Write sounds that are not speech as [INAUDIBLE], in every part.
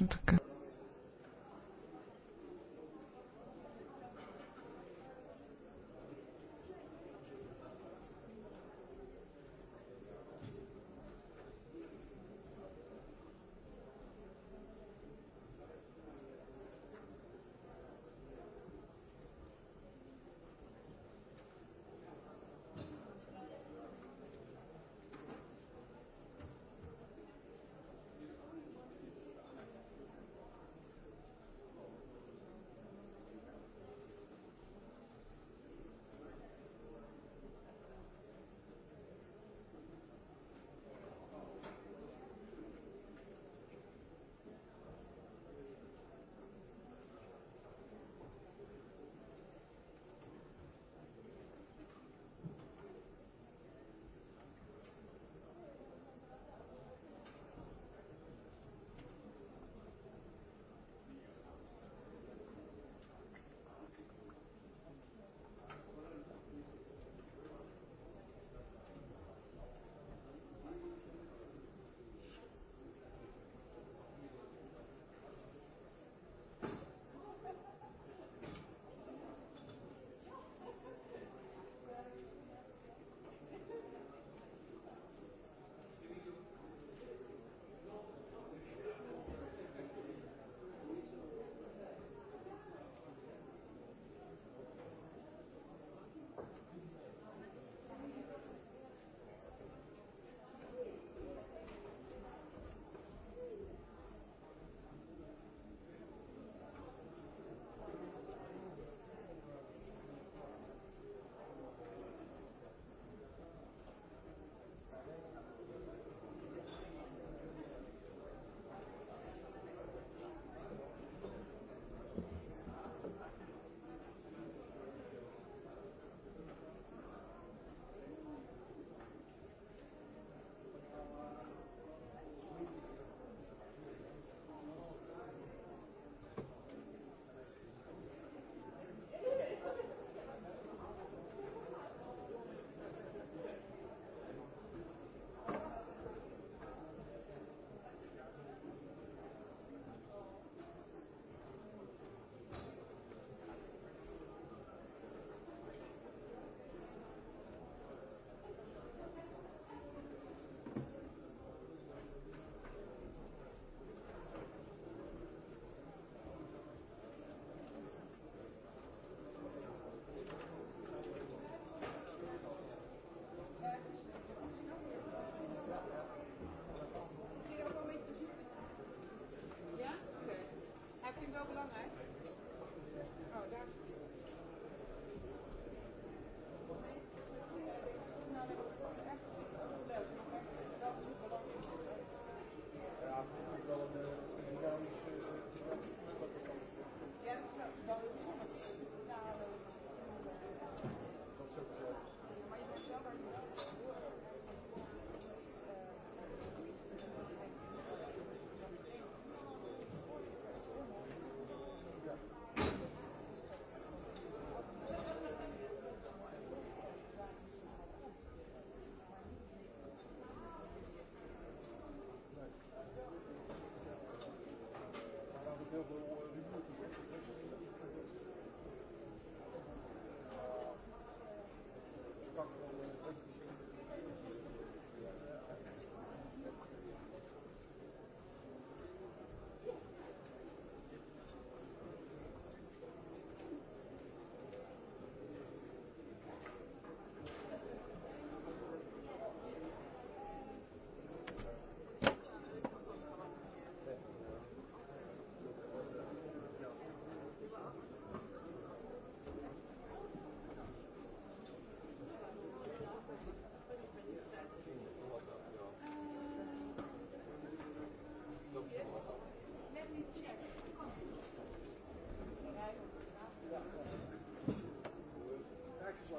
Точно така.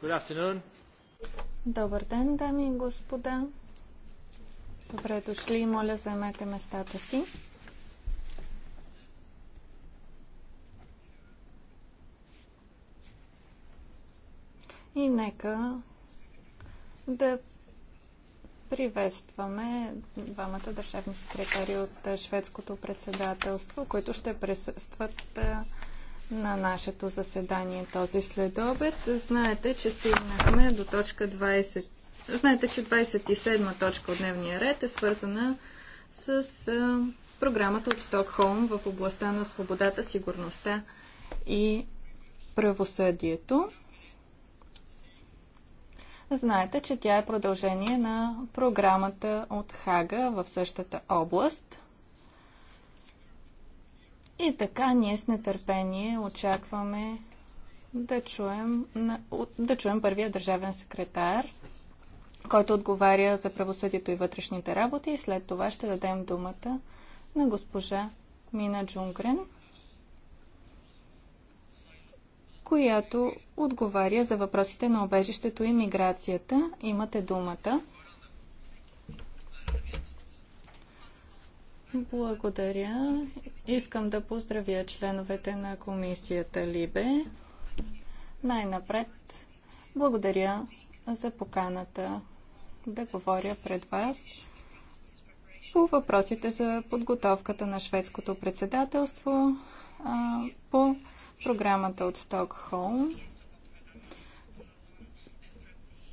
Good afternoon. Добър ден, дами и господа. Добре дошли. Моля, заемете местата си. И нека да приветстваме двамата държавни секретари от шведското председателство, които ще присъстват е, на нашето заседание този следобед. Знаете, че стигнахме до точка 20. Знаете, че 27 точка от дневния ред е свързана с а, програмата от Стокхолм в областта на свободата, сигурността и правосъдието. Знаете, че тя е продължение на програмата от Хага в същата област – и така ние с нетърпение очакваме да чуем, да чуем първия държавен секретар, който отговаря за правосъдието и вътрешните работи. И след това ще дадем думата на госпожа Мина Джунгрен, която отговаря за въпросите на обежището и миграцията. Имате думата. Благодаря. Искам да поздравя членовете на комисията Либе. Най-напред благодаря за поканата да говоря пред вас по въпросите за подготовката на шведското председателство по програмата от Стокхолм.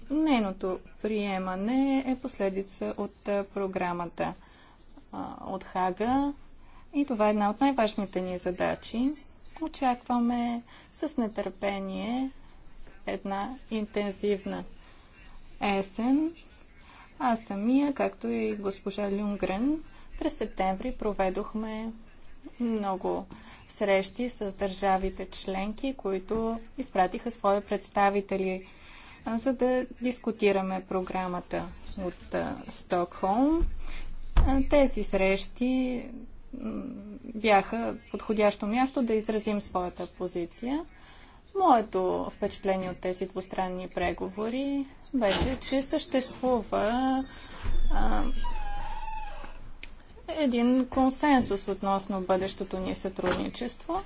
Нейното приемане е последица от програмата – от Хага и това е една от най-важните ни задачи. Очакваме с нетърпение една интензивна есен. Аз самия, както и госпожа Люнгрен, през септември проведохме много срещи с държавите членки, които изпратиха свои представители, за да дискутираме програмата от Стокхолм. Тези срещи бяха подходящо място да изразим своята позиция. Моето впечатление от тези двустранни преговори беше, че съществува а, един консенсус относно бъдещото ни сътрудничество.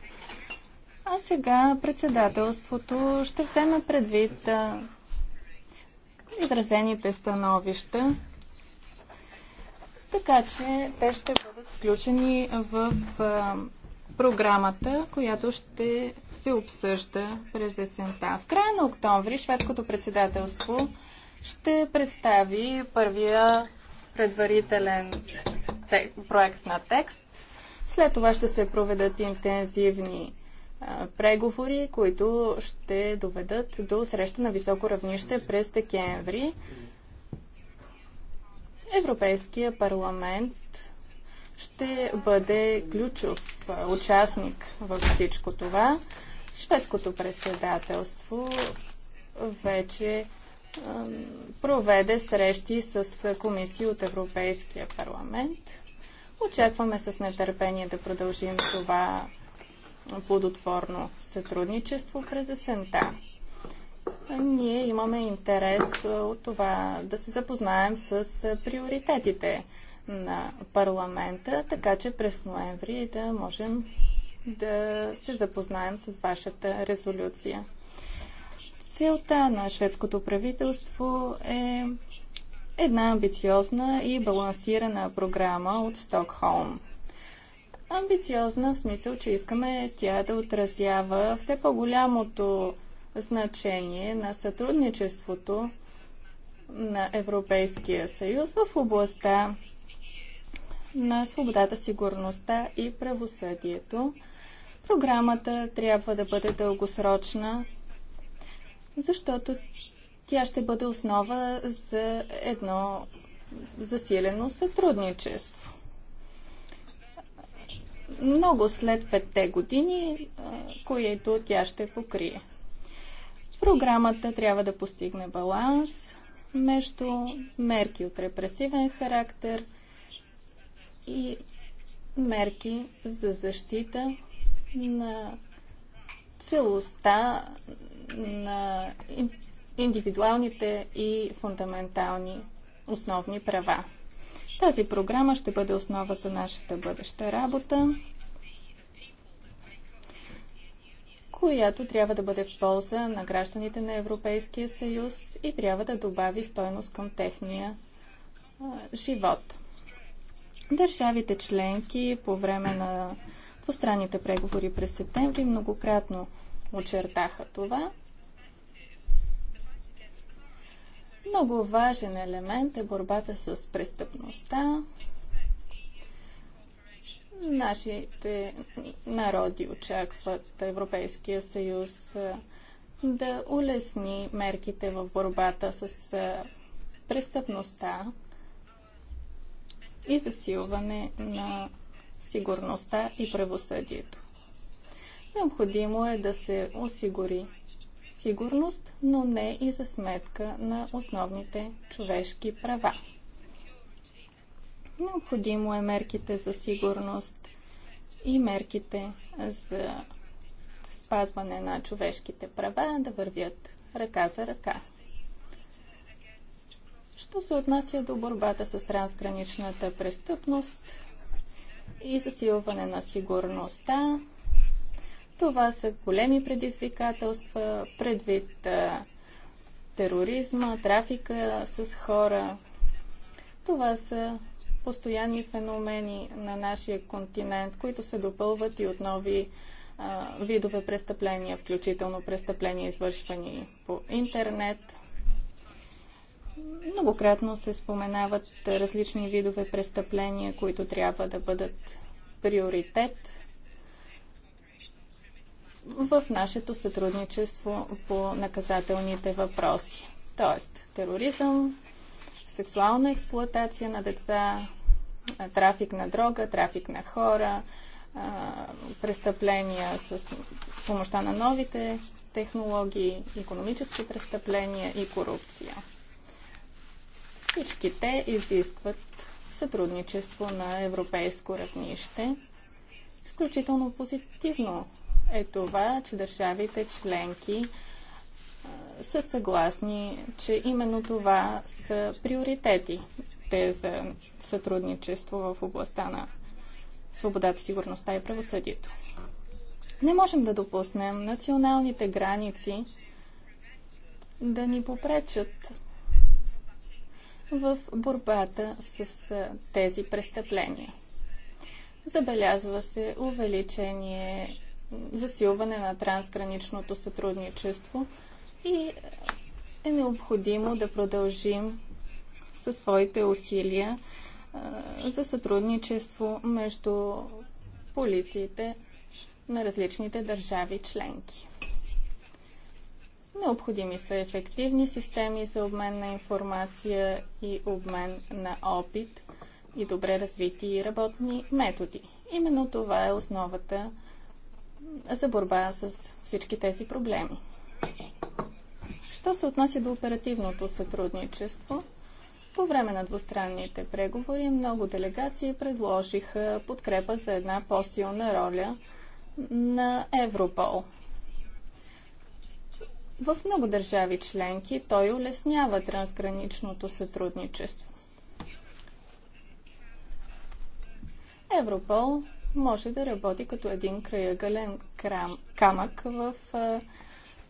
А сега председателството ще вземе предвид а, изразените становища така че те ще бъдат включени в а, програмата, която ще се обсъжда през есента. В края на октомври шведското председателство ще представи първия предварителен те, проект на текст. След това ще се проведат интензивни преговори, които ще доведат до среща на високо равнище през декември. Европейския парламент ще бъде ключов участник във всичко това. Шведското председателство вече проведе срещи с комисии от Европейския парламент. Очакваме с нетърпение да продължим това плодотворно сътрудничество през есента ние имаме интерес е, от това да се запознаем с е, приоритетите на парламента, така че през ноември да можем да се запознаем с вашата резолюция. Целта на шведското правителство е една амбициозна и балансирана програма от Стокхолм. Амбициозна в смисъл, че искаме тя да отразява все по-голямото значение на сътрудничеството на Европейския съюз в областта на свободата, сигурността и правосъдието. Програмата трябва да бъде дългосрочна, защото тя ще бъде основа за едно засилено сътрудничество. Много след петте години, които тя ще покрие. Програмата трябва да постигне баланс между мерки от репресивен характер и мерки за защита на целостта на индивидуалните и фундаментални основни права. Тази програма ще бъде основа за нашата бъдеща работа. която трябва да бъде в полза на гражданите на Европейския съюз и трябва да добави стойност към техния живот. Държавите членки по време на двустранните преговори през септември многократно очертаха това. Много важен елемент е борбата с престъпността, Нашите народи очакват Европейския съюз да улесни мерките в борбата с престъпността и засилване на сигурността и правосъдието. Необходимо е да се осигури сигурност, но не и за сметка на основните човешки права. Необходимо е мерките за сигурност и мерките за спазване на човешките права да вървят ръка за ръка. Що се отнася до борбата с трансграничната престъпност и засилване на сигурността, това са големи предизвикателства предвид тероризма, трафика с хора. Това са постоянни феномени на нашия континент, които се допълват и от нови а, видове престъпления, включително престъпления, извършвани по интернет. Многократно се споменават различни видове престъпления, които трябва да бъдат приоритет в нашето сътрудничество по наказателните въпроси. Тоест, тероризъм, сексуална експлоатация на деца, трафик на дрога, трафик на хора, престъпления с помощта на новите технологии, економически престъпления и корупция. Всички те изискват сътрудничество на европейско равнище. Изключително позитивно е това, че държавите членки са съгласни, че именно това са приоритети те за сътрудничество в областта на свободата, сигурността и правосъдието. Не можем да допуснем националните граници да ни попречат в борбата с тези престъпления. Забелязва се увеличение, засилване на трансграничното сътрудничество – и е необходимо да продължим със своите усилия за сътрудничество между полициите на различните държави членки. Необходими са ефективни системи за обмен на информация и обмен на опит и добре развити работни методи. Именно това е основата за борба с всички тези проблеми. Що се отнася до оперативното сътрудничество, по време на двустранните преговори много делегации предложиха подкрепа за една по-силна роля на Европол. В много държави членки той улеснява трансграничното сътрудничество. Европол може да работи като един краягален камък в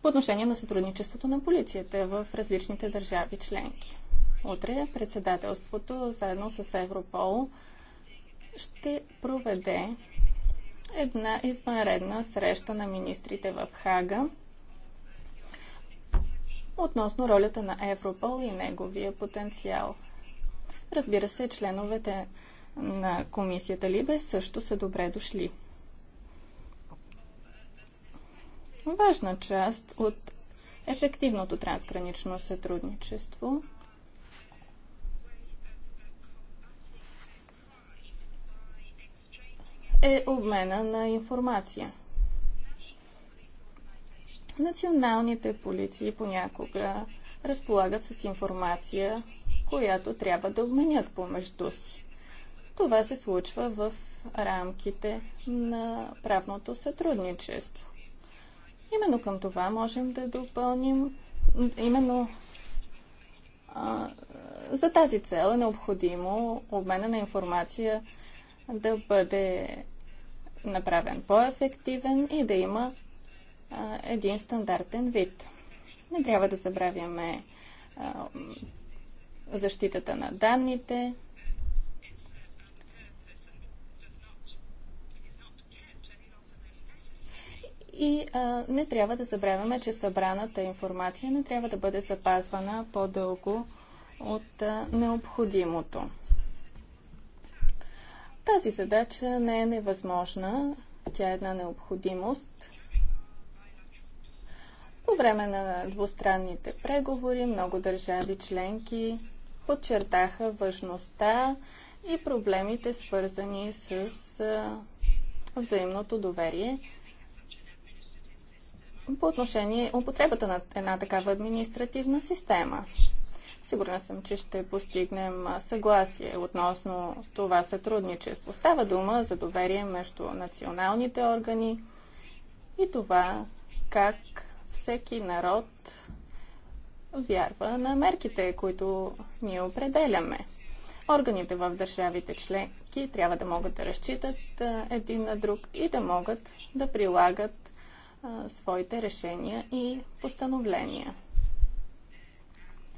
по отношение на сътрудничеството на полицията в различните държави членки. Утре председателството заедно с Европол ще проведе една извънредна среща на министрите в Хага относно ролята на Европол и неговия потенциал. Разбира се, членовете на комисията Либе също са добре дошли. важна част от ефективното трансгранично сътрудничество. е обмена на информация. Националните полиции понякога разполагат с информация, която трябва да обменят помежду си. Това се случва в рамките на правното сътрудничество. Именно към това можем да допълним, именно а, за тази цел е необходимо обмена на информация да бъде направен по-ефективен и да има а, един стандартен вид. Не трябва да забравяме а, защитата на данните, И а, не трябва да забравяме, че събраната информация не трябва да бъде запазвана по-дълго от а, необходимото. Тази задача не е невъзможна, тя е една необходимост. По време на двустранните преговори много държави членки подчертаха важността и проблемите свързани с а, взаимното доверие по отношение употребата на една такава административна система. Сигурна съм, че ще постигнем съгласие относно това сътрудничество. Става дума за доверие между националните органи и това как всеки народ вярва на мерките, които ние определяме. Органите в държавите членки трябва да могат да разчитат един на друг и да могат да прилагат своите решения и постановления.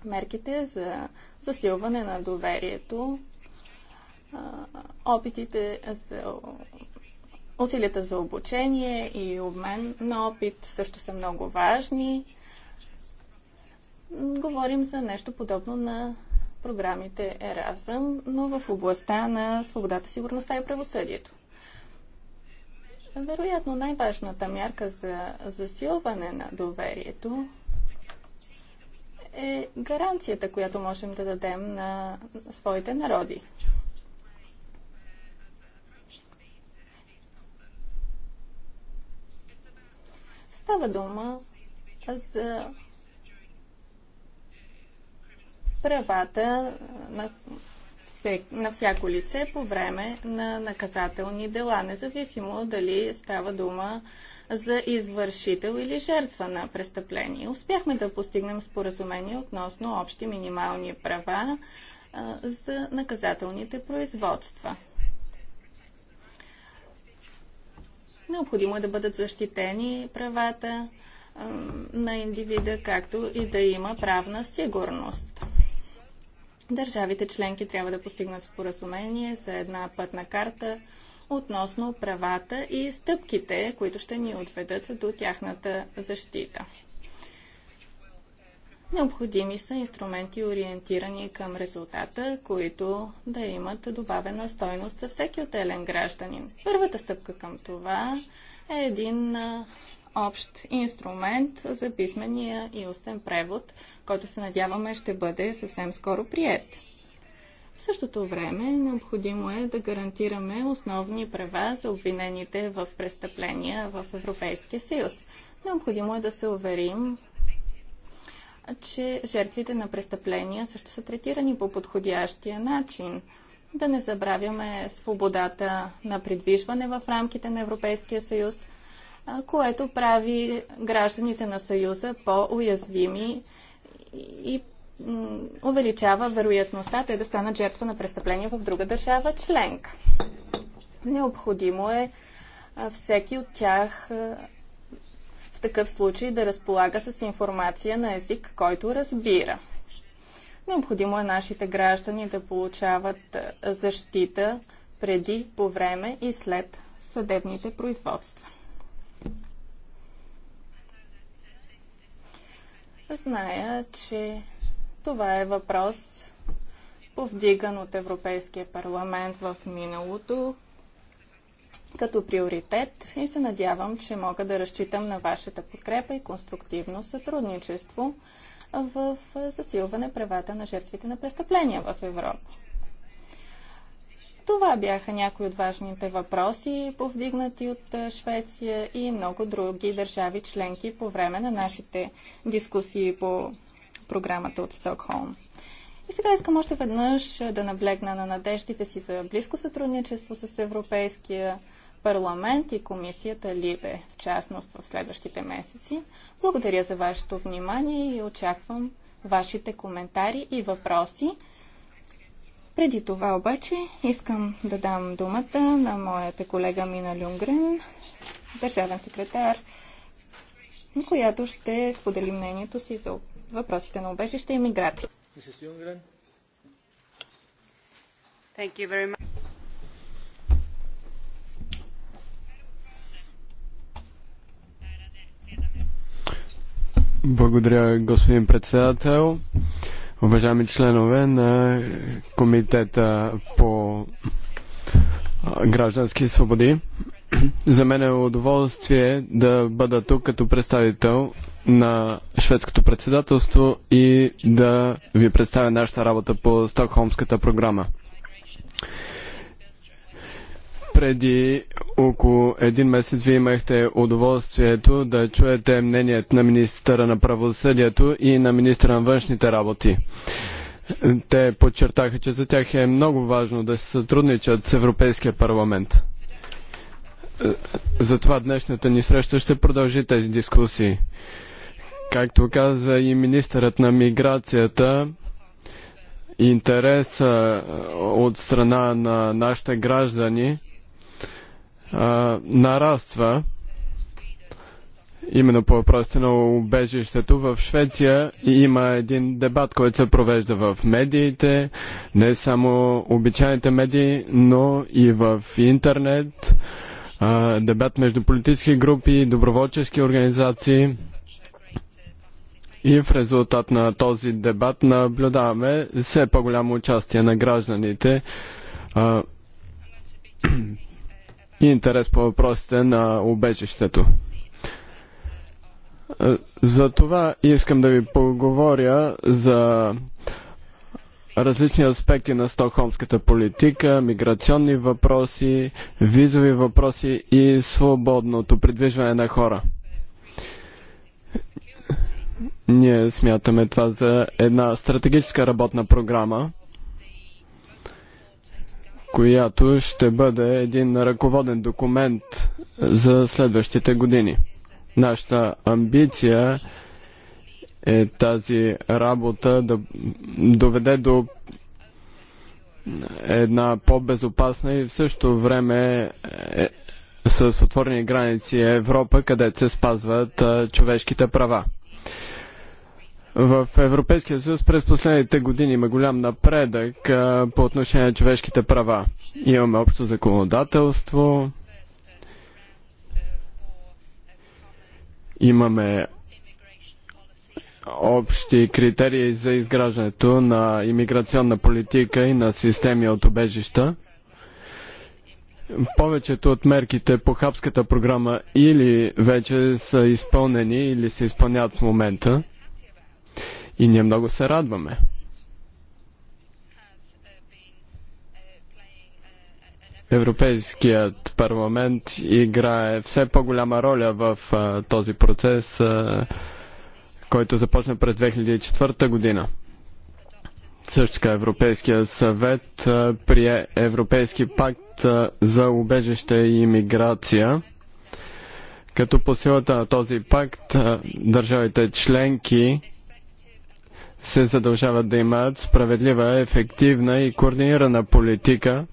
Мерките за засилване на доверието, опитите за усилията за обучение и обмен на опит също са много важни. Говорим за нещо подобно на програмите Еразъм, но в областта на свободата, сигурността и правосъдието. Вероятно най-важната мярка за засилване на доверието е гаранцията, която можем да дадем на своите народи. Става дума за правата на на всяко лице по време на наказателни дела, независимо дали става дума за извършител или жертва на престъпление. Успяхме да постигнем споразумение относно общи минимални права за наказателните производства. Необходимо е да бъдат защитени правата на индивида, както и да има правна сигурност. Държавите членки трябва да постигнат споразумение за една пътна карта относно правата и стъпките, които ще ни отведат до тяхната защита. Необходими са инструменти, ориентирани към резултата, които да имат добавена стойност за всеки отделен гражданин. Първата стъпка към това е един общ инструмент за писмения и устен превод, който се надяваме ще бъде съвсем скоро прият. В същото време необходимо е да гарантираме основни права за обвинените в престъпления в Европейския съюз. Необходимо е да се уверим, че жертвите на престъпления също са третирани по подходящия начин. Да не забравяме свободата на придвижване в рамките на Европейския съюз – което прави гражданите на Съюза по-уязвими и увеличава вероятността те да станат жертва на престъпление в друга държава членка. Необходимо е всеки от тях в такъв случай да разполага с информация на език, който разбира. Необходимо е нашите граждани да получават защита преди, по време и след съдебните производства. Зная, че това е въпрос, повдиган от Европейския парламент в миналото като приоритет и се надявам, че мога да разчитам на вашата подкрепа и конструктивно сътрудничество в засилване правата на жертвите на престъпления в Европа. Това бяха някои от важните въпроси, повдигнати от е, Швеция и много други държави членки по време на нашите дискусии по програмата от Стокхолм. И сега искам още веднъж е, да наблегна на надеждите си за близко сътрудничество с Европейския парламент и комисията Либе, в частност в следващите месеци. Благодаря за вашето внимание и очаквам вашите коментари и въпроси. Преди това обаче искам да дам думата на моята колега Мина Люнгрен, държавен секретар, която ще сподели мнението си за въпросите на обежище и миграция. Благодаря, господин председател. Уважаеми членове на Комитета по граждански свободи, за мен е удоволствие да бъда тук като представител на шведското председателство и да ви представя нашата работа по Стокхолмската програма. Преди около един месец вие имахте удоволствието да чуете мнението на министъра на правосъдието и на министъра на външните работи. Те подчертаха, че за тях е много важно да се сътрудничат с Европейския парламент. Затова днешната ни среща ще продължи тези дискусии. Както каза и министърът на миграцията, интереса от страна на нашите граждани – нараства именно по въпросите на убежището. В Швеция има един дебат, който се провежда в медиите, не само обичайните медии, но и в интернет. А, дебат между политически групи, доброволчески организации. И в резултат на този дебат наблюдаваме все по-голямо участие на гражданите. А, интерес по въпросите на убежището. За това искам да ви поговоря за различни аспекти на стокхолмската политика, миграционни въпроси, визови въпроси и свободното придвижване на хора. Ние смятаме това за една стратегическа работна програма, която ще бъде един ръководен документ за следващите години. Нашата амбиция е тази работа да доведе до една по-безопасна и в същото време е, с отворени граници Европа, където се спазват а, човешките права. В Европейския съюз през последните години има голям напредък по отношение на човешките права. Имаме общо законодателство, имаме общи критерии за изграждането на имиграционна политика и на системи от обежища. Повечето от мерките по хабската програма или вече са изпълнени или се изпълняват в момента и ние много се радваме. Европейският парламент играе все по-голяма роля в а, този процес, а, който започна през 2004 година. Също така Европейския съвет а, прие Европейски пакт а, за убежище и иммиграция. Като по силата на този пакт а, държавите членки се задължават да имат справедлива, ефективна и координирана политика,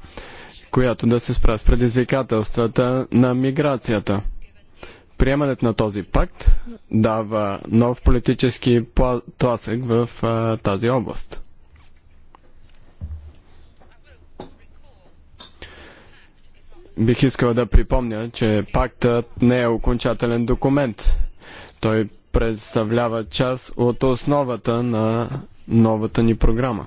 която да се спра с предизвикателствата на миграцията. Приемането на този пакт дава нов политически тласък в а, тази област. Бих искал да припомня, че пактът не е окончателен документ. Той представлява част от основата на новата ни програма.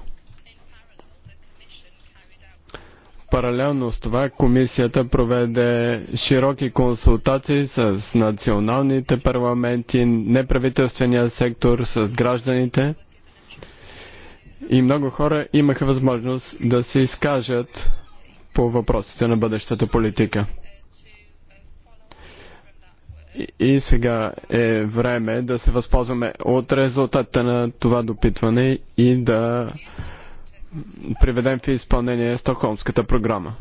Паралелно с това комисията проведе широки консултации с националните парламенти, неправителствения сектор, с гражданите. И много хора имаха възможност да се изкажат по въпросите на бъдещата политика. И сега е време да се възползваме от резултата на това допитване и да приведем в изпълнение Стокхолмската програма.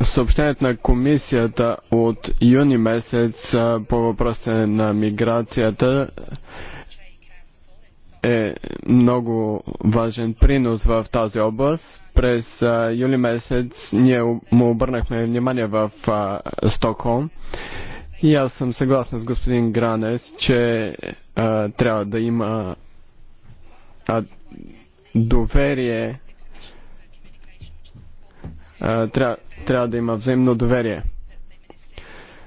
Съобщението на комисията от юни месец по въпросите на миграцията е много важен принос в тази област. През а, юли месец ние му обърнахме внимание в а, Стокхолм. И аз съм съгласен с господин Гранес, че а, трябва да има а, доверие. А, тря, трябва да има взаимно доверие.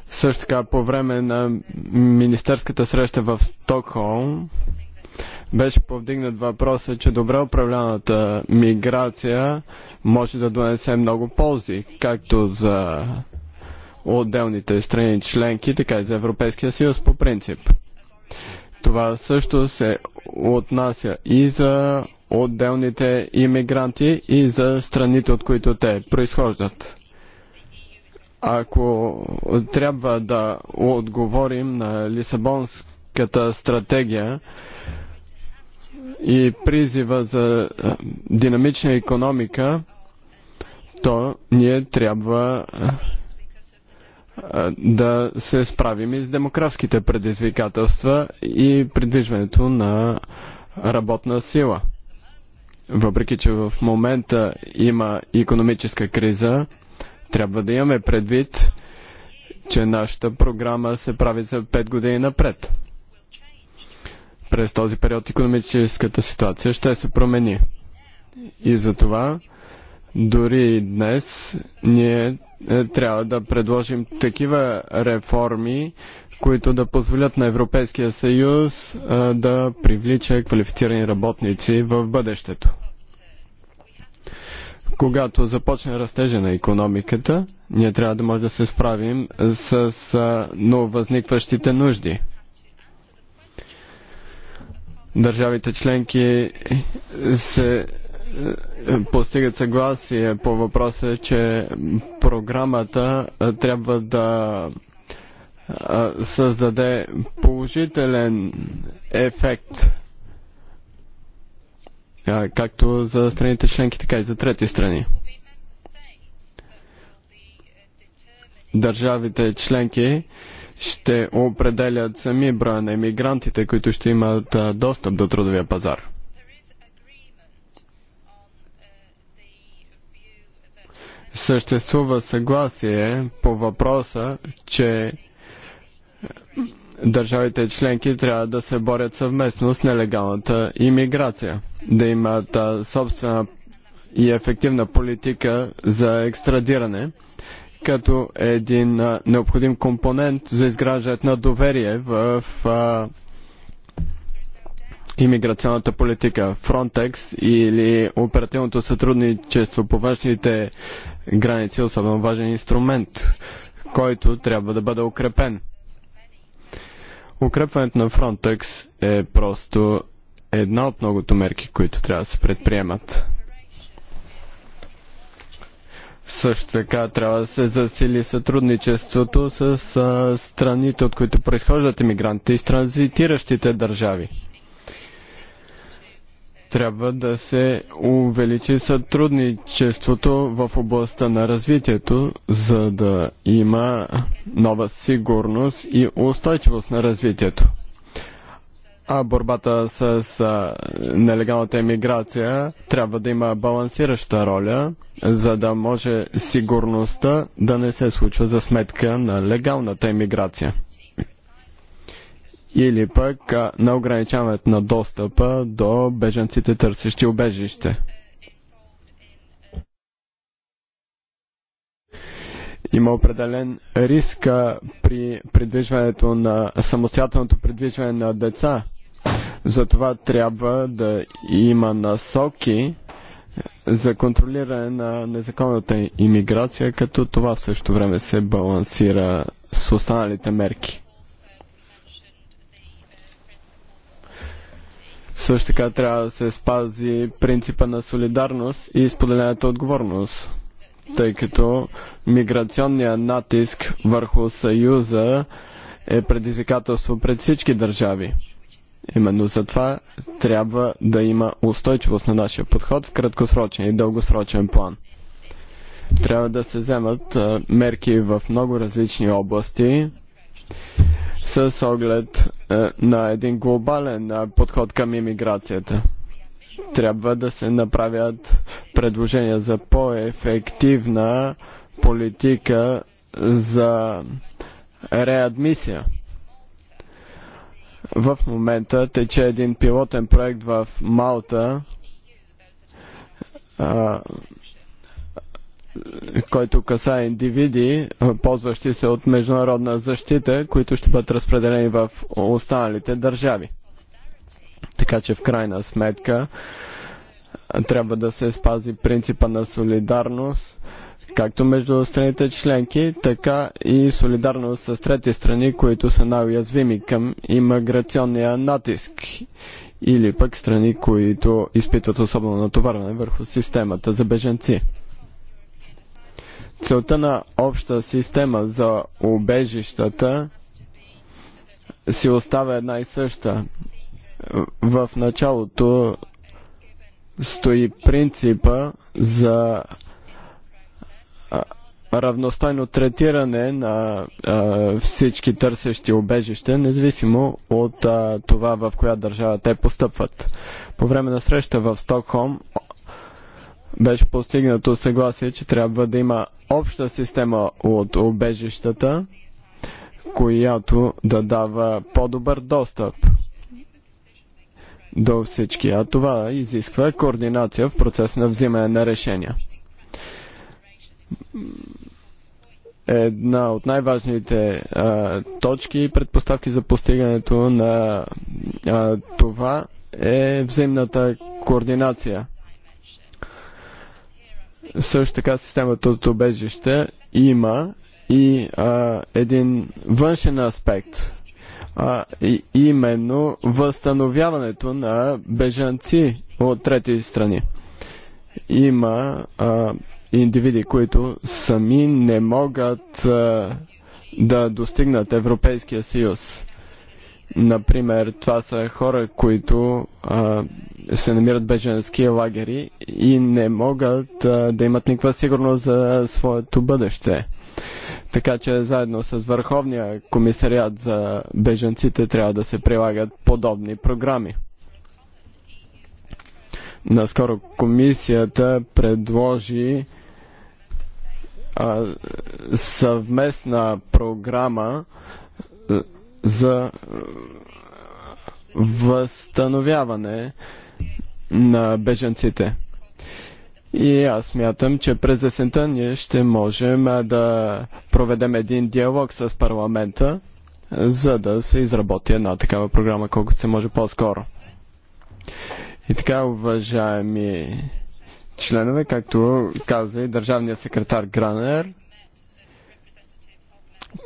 Също така, по време на министерската среща в Стокхолм, беше повдигнат въпросът, че добре управляната миграция може да донесе много ползи, както за отделните страни членки, така и за Европейския съюз по принцип. Това също се отнася и за отделните иммигранти и за страните, от които те произхождат. Ако трябва да отговорим на Лисабонската стратегия, и призива за динамична економика, то ние трябва да се справим и с демографските предизвикателства и придвижването на работна сила. Въпреки, че в момента има економическа криза, трябва да имаме предвид, че нашата програма се прави за 5 години напред през този период економическата ситуация ще се промени. И затова дори и днес ние е, трябва да предложим такива реформи, които да позволят на Европейския съюз е, да привлича квалифицирани работници в бъдещето. Когато започне растежа на економиката, ние трябва да може да се справим с е, нововъзникващите нужди – държавите членки се е, постигат съгласие по въпроса, че програмата е, трябва да е, създаде положителен ефект както за страните членки, така и за трети страни. Държавите членки ще определят сами броя на емигрантите, които ще имат достъп до трудовия пазар. Съществува съгласие по въпроса, че държавите членки трябва да се борят съвместно с нелегалната иммиграция, да имат собствена и ефективна политика за екстрадиране като един а, необходим компонент за изграждането на доверие в а, имиграционната политика. Frontex или оперативното сътрудничество по външните граници е особено важен инструмент, който трябва да бъде укрепен. Укрепването на Frontex е просто една от многото мерки, които трябва да се предприемат. Също така трябва да се засили сътрудничеството с страните, от които произхождат иммигрантите и с транзитиращите държави. Трябва да се увеличи сътрудничеството в областта на развитието, за да има нова сигурност и устойчивост на развитието а борбата с нелегалната емиграция трябва да има балансираща роля, за да може сигурността да не се случва за сметка на легалната емиграция. Или пък на ограничаването на достъпа до беженците, търсещи убежище. има определен риск при придвижването на самостоятелното придвижване на деца затова трябва да има насоки за контролиране на незаконната иммиграция, като това в същото време се балансира с останалите мерки. Също така трябва да се спази принципа на солидарност и споделената отговорност, тъй като миграционният натиск върху Съюза е предизвикателство пред всички държави. Именно за това трябва да има устойчивост на нашия подход в краткосрочен и дългосрочен план. Трябва да се вземат мерки в много различни области с оглед на един глобален подход към иммиграцията. Трябва да се направят предложения за по-ефективна политика за реадмисия в момента тече един пилотен проект в Малта, който каса индивиди, ползващи се от международна защита, които ще бъдат разпределени в останалите държави. Така че в крайна сметка трябва да се спази принципа на солидарност както между страните членки, така и солидарно с трети страни, които са най-уязвими към иммиграционния натиск или пък страни, които изпитват особено натоварване върху системата за беженци. Целта на обща система за убежищата си остава една и съща. В началото стои принципа за равностойно третиране на а, всички търсещи обежище, независимо от а, това в коя държава те постъпват. По време на среща в Стокхолм беше постигнато съгласие, че трябва да има обща система от обежищата, която да дава по-добър достъп до всички. А това изисква координация в процес на взимане на решения една от най-важните точки и предпоставки за постигането на а, това е взаимната координация. Също така системата от обежище има и а, един външен аспект, а и именно възстановяването на бежанци от трети страни. Има а, индивиди, които сами не могат да достигнат Европейския съюз. Например, това са хора, които а, се намират без женски лагери и не могат а, да имат никаква сигурност за своето бъдеще. Така че заедно с Върховния комисариат за беженците трябва да се прилагат подобни програми. Наскоро комисията предложи съвместна програма за възстановяване на беженците. И аз мятам, че през есента ние ще можем да проведем един диалог с парламента, за да се изработи една такава програма, колкото се може по-скоро. И така, уважаеми членове, както каза и държавният секретар Гранер.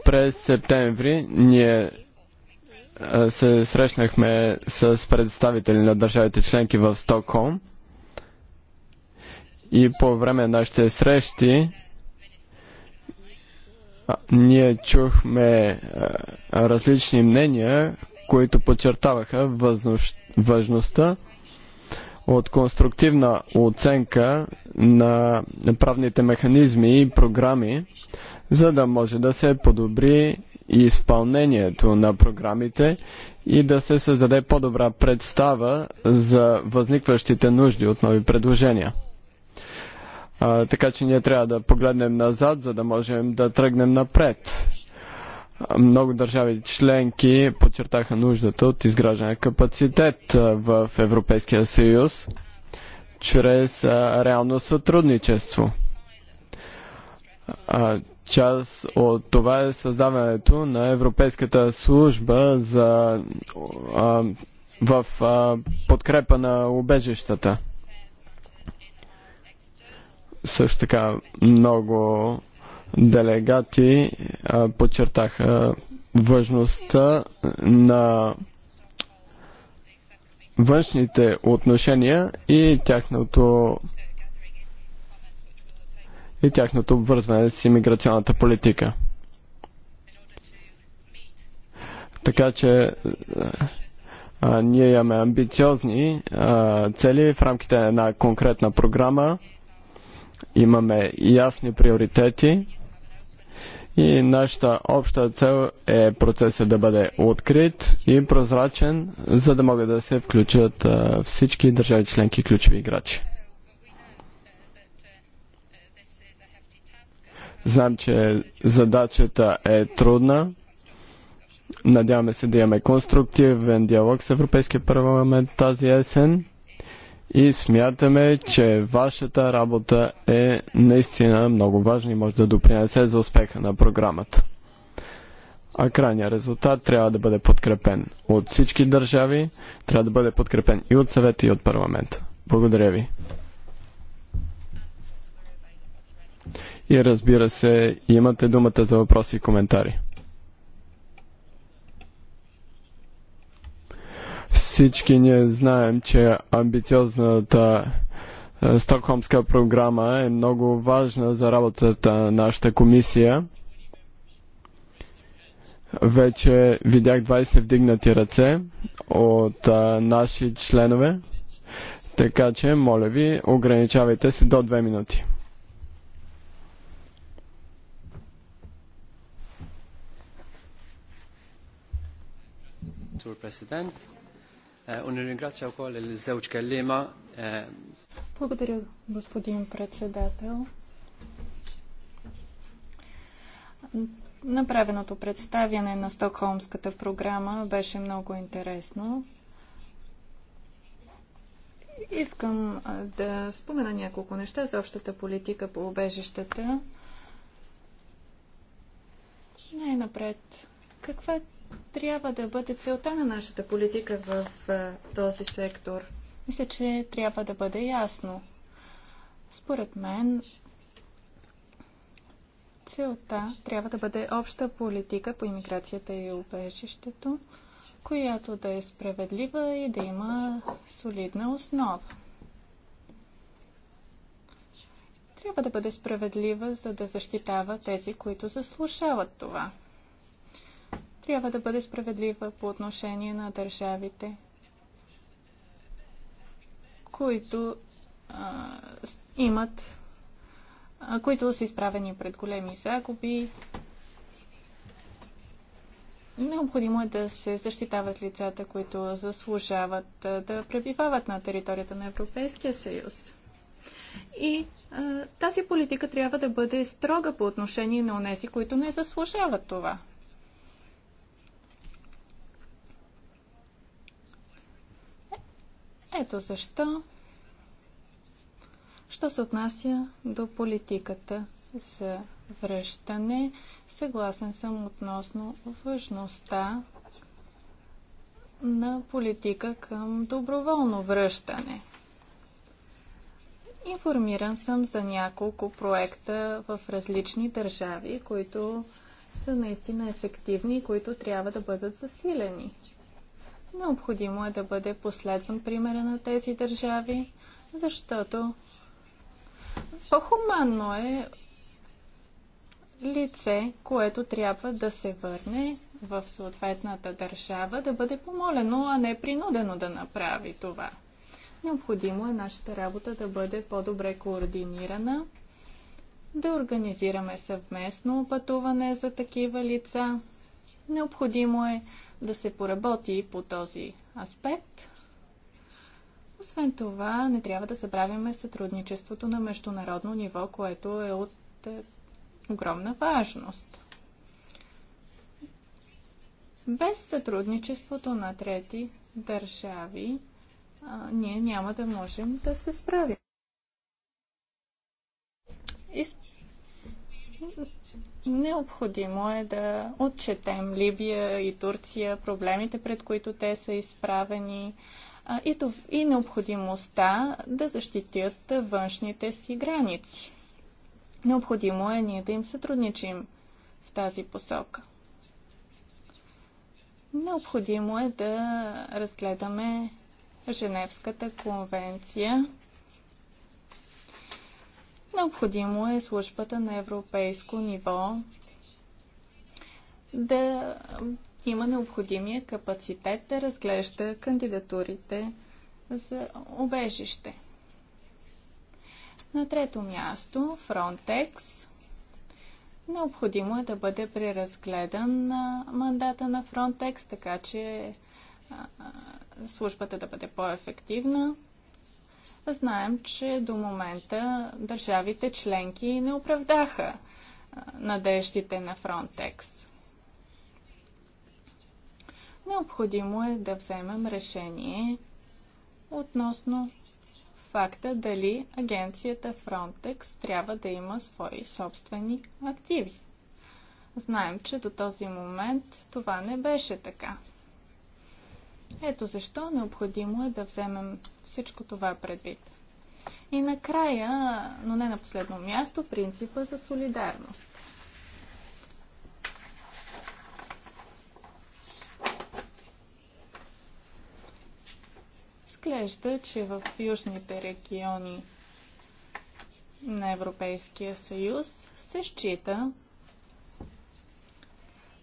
През септември ние се срещнахме с представители на държавите членки в Стокхолм и по време на нашите срещи ние чухме различни мнения, които подчертаваха важността от конструктивна оценка на правните механизми и програми, за да може да се подобри изпълнението на програмите и да се създаде по-добра представа за възникващите нужди от нови предложения. А, така че ние трябва да погледнем назад, за да можем да тръгнем напред много държави членки подчертаха нуждата от изграждане капацитет в Европейския съюз чрез реално сътрудничество. Част от това е създаването на Европейската служба за, в подкрепа на убежищата. Също така много делегати подчертаха важността на външните отношения и тяхното и тяхното обвързване с иммиграционната политика. Така че а, ние имаме амбициозни а, цели в рамките на една конкретна програма. Имаме ясни приоритети и нашата обща цел е процесът да бъде открит и прозрачен, за да могат да се включат всички държави членки ключови играчи. Знам, че задачата е трудна. Надяваме се да имаме конструктивен диалог с Европейския парламент тази есен и смятаме, че вашата работа е наистина много важна и може да допринесе за успеха на програмата. А крайният резултат трябва да бъде подкрепен от всички държави, трябва да бъде подкрепен и от съвета и от парламента. Благодаря ви. И разбира се, имате думата за въпроси и коментари. Всички ние знаем, че амбициозната е, Стокхолмска програма е много важна за работата на нашата комисия. Вече видях 20 вдигнати ръце от а, е, наши членове, така че, моля ви, ограничавайте се до 2 минути. Господин президент, е, е е, Благодаря, господин председател. Направеното представяне на Стокхолмската програма беше много интересно. Искам да спомена няколко неща за общата политика по убежищата. Най-напред, каква трябва да бъде целта на нашата политика в този сектор? Мисля, че трябва да бъде ясно. Според мен, целта трябва да бъде обща политика по иммиграцията и убежището, която да е справедлива и да има солидна основа. Трябва да бъде справедлива, за да защитава тези, които заслушават това трябва да бъде справедлива по отношение на държавите, които а, имат, а, които са изправени пред големи загуби. Необходимо е да се защитават лицата, които заслужават да пребивават на територията на Европейския съюз. И а, тази политика трябва да бъде строга по отношение на онези, които не заслужават това. Ето защо, що се отнася до политиката за връщане, съгласен съм относно важността на политика към доброволно връщане. Информиран съм за няколко проекта в различни държави, които са наистина ефективни и които трябва да бъдат засилени. Необходимо е да бъде последван примера на тези държави, защото по-хуманно е лице, което трябва да се върне в съответната държава, да бъде помолено, а не принудено да направи това. Необходимо е нашата работа да бъде по-добре координирана, да организираме съвместно пътуване за такива лица. Необходимо е да се поработи по този аспект. Освен това, не трябва да забравяме сътрудничеството на международно ниво, което е от е, огромна важност. Без сътрудничеството на трети държави, а, ние няма да можем да се справим. Необходимо е да отчетем Либия и Турция, проблемите, пред които те са изправени и, необходимостта да защитят външните си граници. Необходимо е ние да им сътрудничим в тази посока. Необходимо е да разгледаме Женевската конвенция Необходимо е службата на европейско ниво да има необходимия капацитет да разглежда кандидатурите за обежище. На трето място Frontex. Необходимо е да бъде преразгледан на мандата на Frontex, така че службата да бъде по-ефективна. Знаем, че до момента държавите членки не оправдаха надеждите на Фронтекс. Необходимо е да вземем решение относно факта дали агенцията Frontex трябва да има свои собствени активи. Знаем, че до този момент това не беше така. Ето защо необходимо е да вземем всичко това предвид. И накрая, но не на последно място, принципа за солидарност. Изглежда, че в южните региони на Европейския съюз се счита,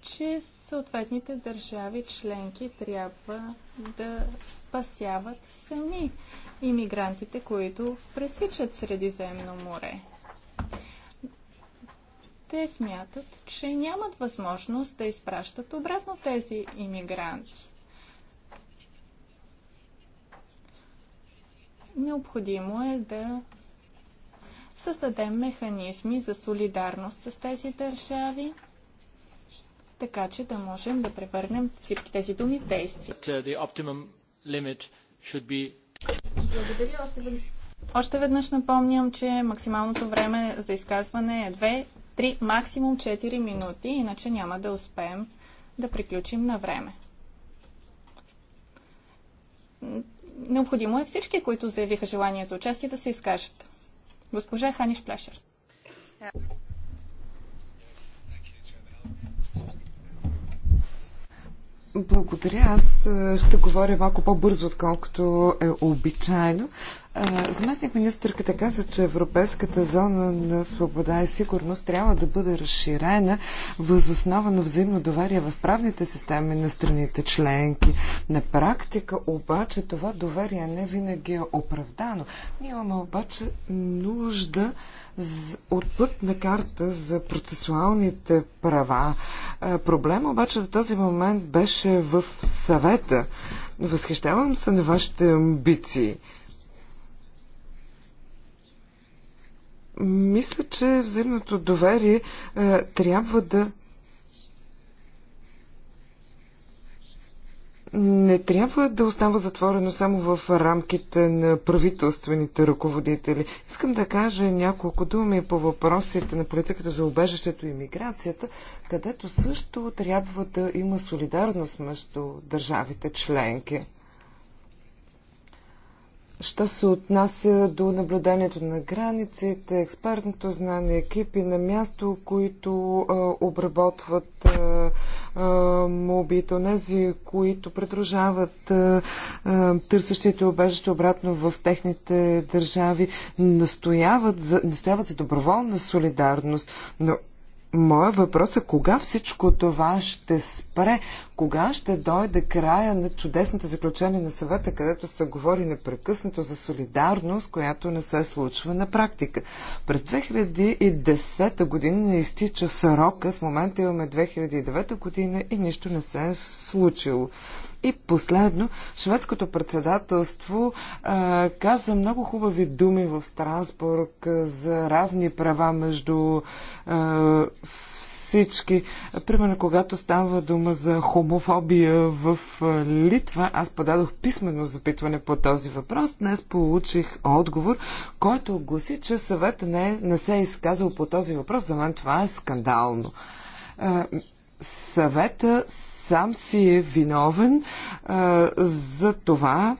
че съответните държави членки трябва да спасяват сами иммигрантите, които пресичат Средиземно море. Те смятат, че нямат възможност да изпращат обратно тези иммигранти. Необходимо е да създадем механизми за солидарност с тези държави – така че да можем да превърнем всички тези думи в действия. Uh, Благодаря още веднъж. Още веднъж напомням, че максималното време за изказване е 2, 3, максимум 4 минути, иначе няма да успеем да приключим на време. Необходимо е всички, които заявиха желание за участие, да се изкажат. Госпожа Ханиш Плешер. Благодаря. Аз ще говоря малко по-бързо, отколкото е обичайно. Заместник министърката каза, че Европейската зона на свобода и сигурност трябва да бъде разширена възоснова на взаимно доверие в правните системи на страните членки. На практика обаче това доверие не винаги е оправдано. Ние имаме обаче нужда от пътна карта за процесуалните права. Проблема обаче до този момент беше в съвета. Възхищавам се на вашите амбиции. Мисля, че взаимното доверие е, трябва да не трябва да остава затворено само в рамките на правителствените ръководители. Искам да кажа няколко думи по въпросите на политиката за убежището и миграцията, където също трябва да има солидарност между държавите членки. Що се отнася до наблюдението на границите, експертното знание, екипи на място, които а, обработват а, а, които придружават а, а, търсещите обежище обратно в техните държави, настояват за, настояват за доброволна солидарност, но Моя въпрос е кога всичко това ще спре? Кога ще дойде края на чудесните заключения на съвета, където се говори непрекъснато за солидарност, която не се случва на практика? През 2010 година не изтича срока, в момента имаме 2009 година и нищо не се е случило. И последно, шведското председателство а, каза много хубави думи в Страсбург а, за равни права между а, всички. Примерно, когато става дума за хомофобия в Литва, аз подадох писменно запитване по този въпрос. Днес получих отговор, който гласи, че съвет не, не се е изказал по този въпрос. За мен това е скандално. Съвета сам си е виновен а, за това,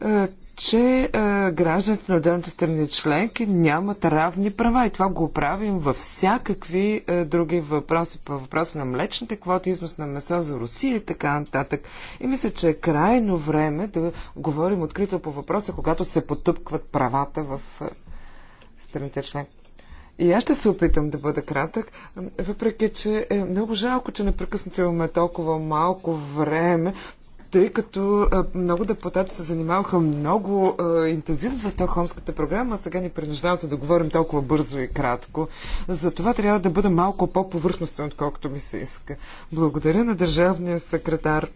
а, че а, гражданите на отделните страни членки нямат равни права и това го правим във всякакви а, други въпроси. По въпроса на млечните квоти, износ на месо за Русия и така нататък. И мисля, че е крайно време да говорим открито по въпроса, когато се потъпкват правата в страните членки. И аз ще се опитам да бъда кратък, въпреки че е много жалко, че непрекъснато имаме толкова малко време, тъй като е, много депутати се занимаваха много е, интензивно с Стокхолмската програма, а сега ни принуждавате да говорим толкова бързо и кратко. Затова трябва да бъда малко по-повърхностен, отколкото ми се иска. Благодаря на държавния секретар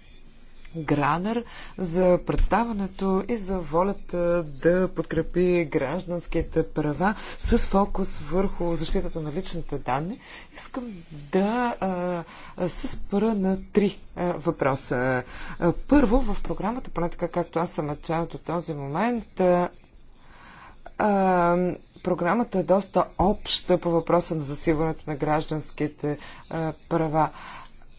Гранер за представането и за волята да подкрепи гражданските права с фокус върху защитата на личните данни. Искам да а, се спра на три а, въпроса. Първо, в програмата, поне така както аз съм начал до този момент, а, програмата е доста обща по въпроса на засилването на гражданските а, права.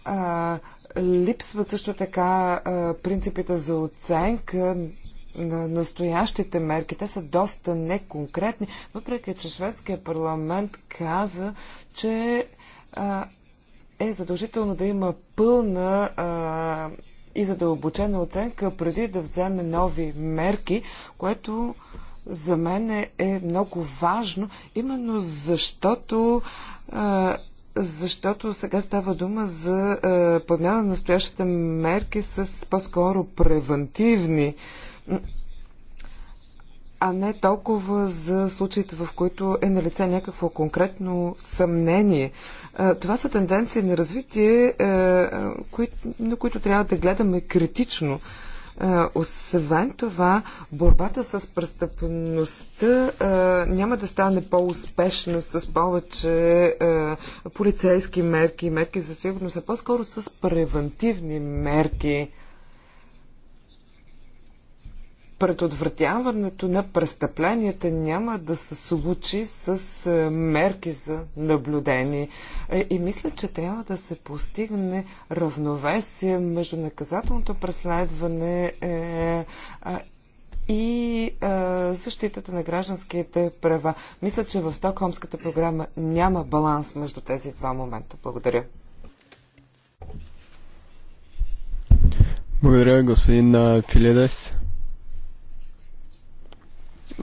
А, липсват също така а, принципите за оценка на настоящите мерки. Те са доста неконкретни, въпреки че шведския парламент каза, че а, е задължително да има пълна а, и задълбочена оценка преди да вземе нови мерки, което за мен е много важно, именно защото а, защото сега става дума за е, подмяна на настоящите мерки с по-скоро превентивни а не толкова за случаите, в които е на лице някакво конкретно съмнение. Е, това са тенденции на развитие, е, на които трябва да гледаме критично. Освен това, борбата с престъпността няма да стане по-успешна с повече полицейски мерки, мерки за сигурност, а по-скоро с превентивни мерки предотвратяването на престъпленията няма да се случи с е, мерки за наблюдение. Е, и мисля, че трябва да се постигне равновесие между наказателното преследване е, и защитата на гражданските права. Мисля, че в Стокхолмската програма няма баланс между тези два момента. Благодаря. Благодаря, господин Филидес.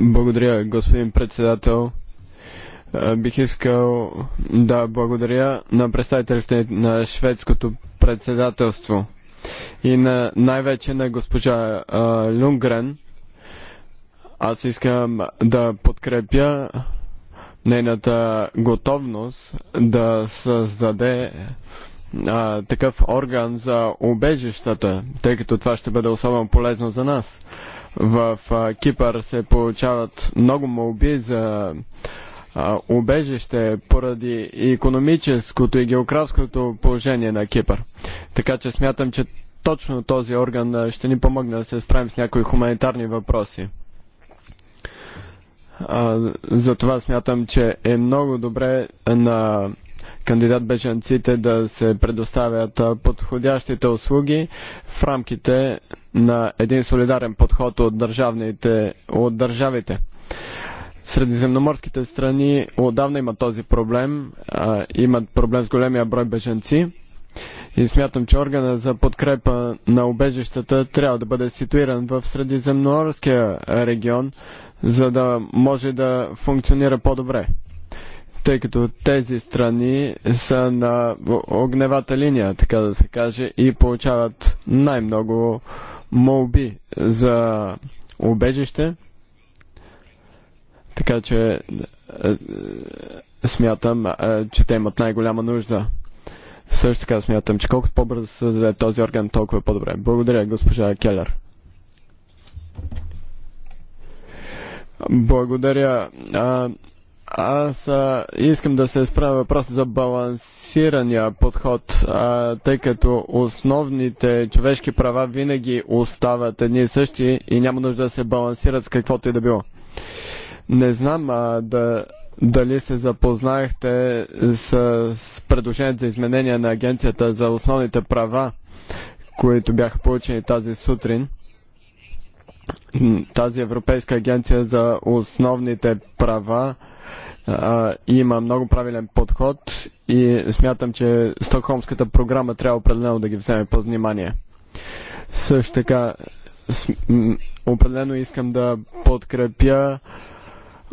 Благодаря, господин председател. Бих искал да благодаря на представителите на шведското председателство и на, най-вече на госпожа а, Аз искам да подкрепя нейната готовност да създаде а, такъв орган за убежищата, тъй като това ще бъде особено полезно за нас. В Кипър се получават много молби за убежище поради економическото и географското положение на Кипър. Така че смятам, че точно този орган ще ни помогне да се справим с някои хуманитарни въпроси. Затова смятам, че е много добре на кандидат бежанците да се предоставят подходящите услуги в рамките на един солидарен подход от, държавните, от държавите. Средиземноморските страни отдавна имат този проблем, а, имат проблем с големия брой бежанци и смятам, че органа за подкрепа на убежищата трябва да бъде ситуиран в Средиземноморския регион, за да може да функционира по-добре тъй като тези страни са на огневата линия, така да се каже, и получават най-много молби за убежище. Така че е, е, смятам, е, че те имат най-голяма нужда. Също така смятам, че колкото по-бързо се създаде този орган, толкова по-добре. Благодаря, госпожа Келер. Благодаря. Аз а, искам да се справя въпроса за балансирания подход, а, тъй като основните човешки права винаги остават едни и същи и няма нужда да се балансират с каквото и да било. Не знам а, да, дали се запознаехте с, с предложението за изменение на Агенцията за основните права, които бяха получени тази сутрин тази Европейска агенция за основните права а, има много правилен подход и смятам, че Стокхолмската програма трябва определено да ги вземе под внимание. Също така, определено искам да подкрепя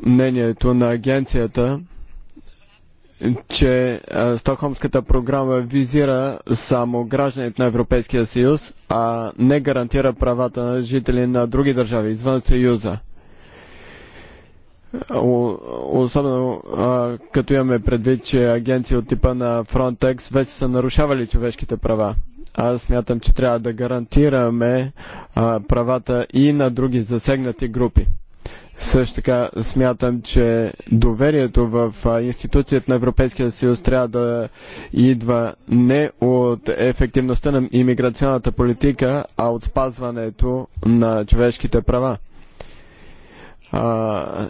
мнението на агенцията че Стокхолмската програма визира само гражданите на Европейския съюз, а не гарантира правата на жители на други държави извън съюза. Особено като имаме предвид, че агенции от типа на Frontex вече са нарушавали човешките права. Аз смятам, че трябва да гарантираме правата и на други засегнати групи. Също така смятам, че доверието в институцията на Европейския съюз трябва да идва не от ефективността на имиграционната политика, а от спазването на човешките права. А,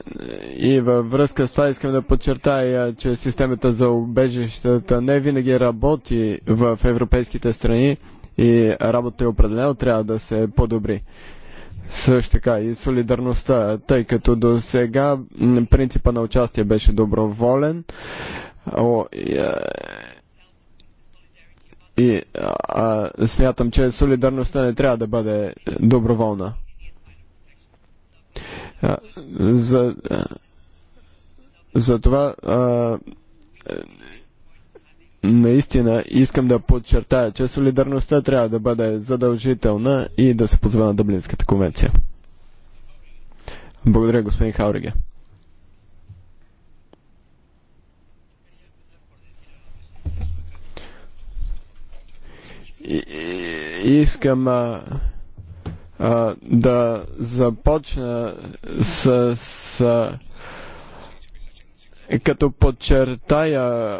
и във връзка с това искам да подчертая, че системата за убежищата не винаги работи в европейските страни и работа е определено трябва да се подобри. Също така и солидарността, тъй като до сега принципа на участие беше доброволен. О, и а, смятам, че солидарността не трябва да бъде доброволна. А, за, а, за това а, наистина искам да подчертая, че солидарността трябва да бъде задължителна и да се позва на Дъблинската конвенция. Благодаря, господин Хауриге. И, искам а, а, да започна с, с като подчертая е,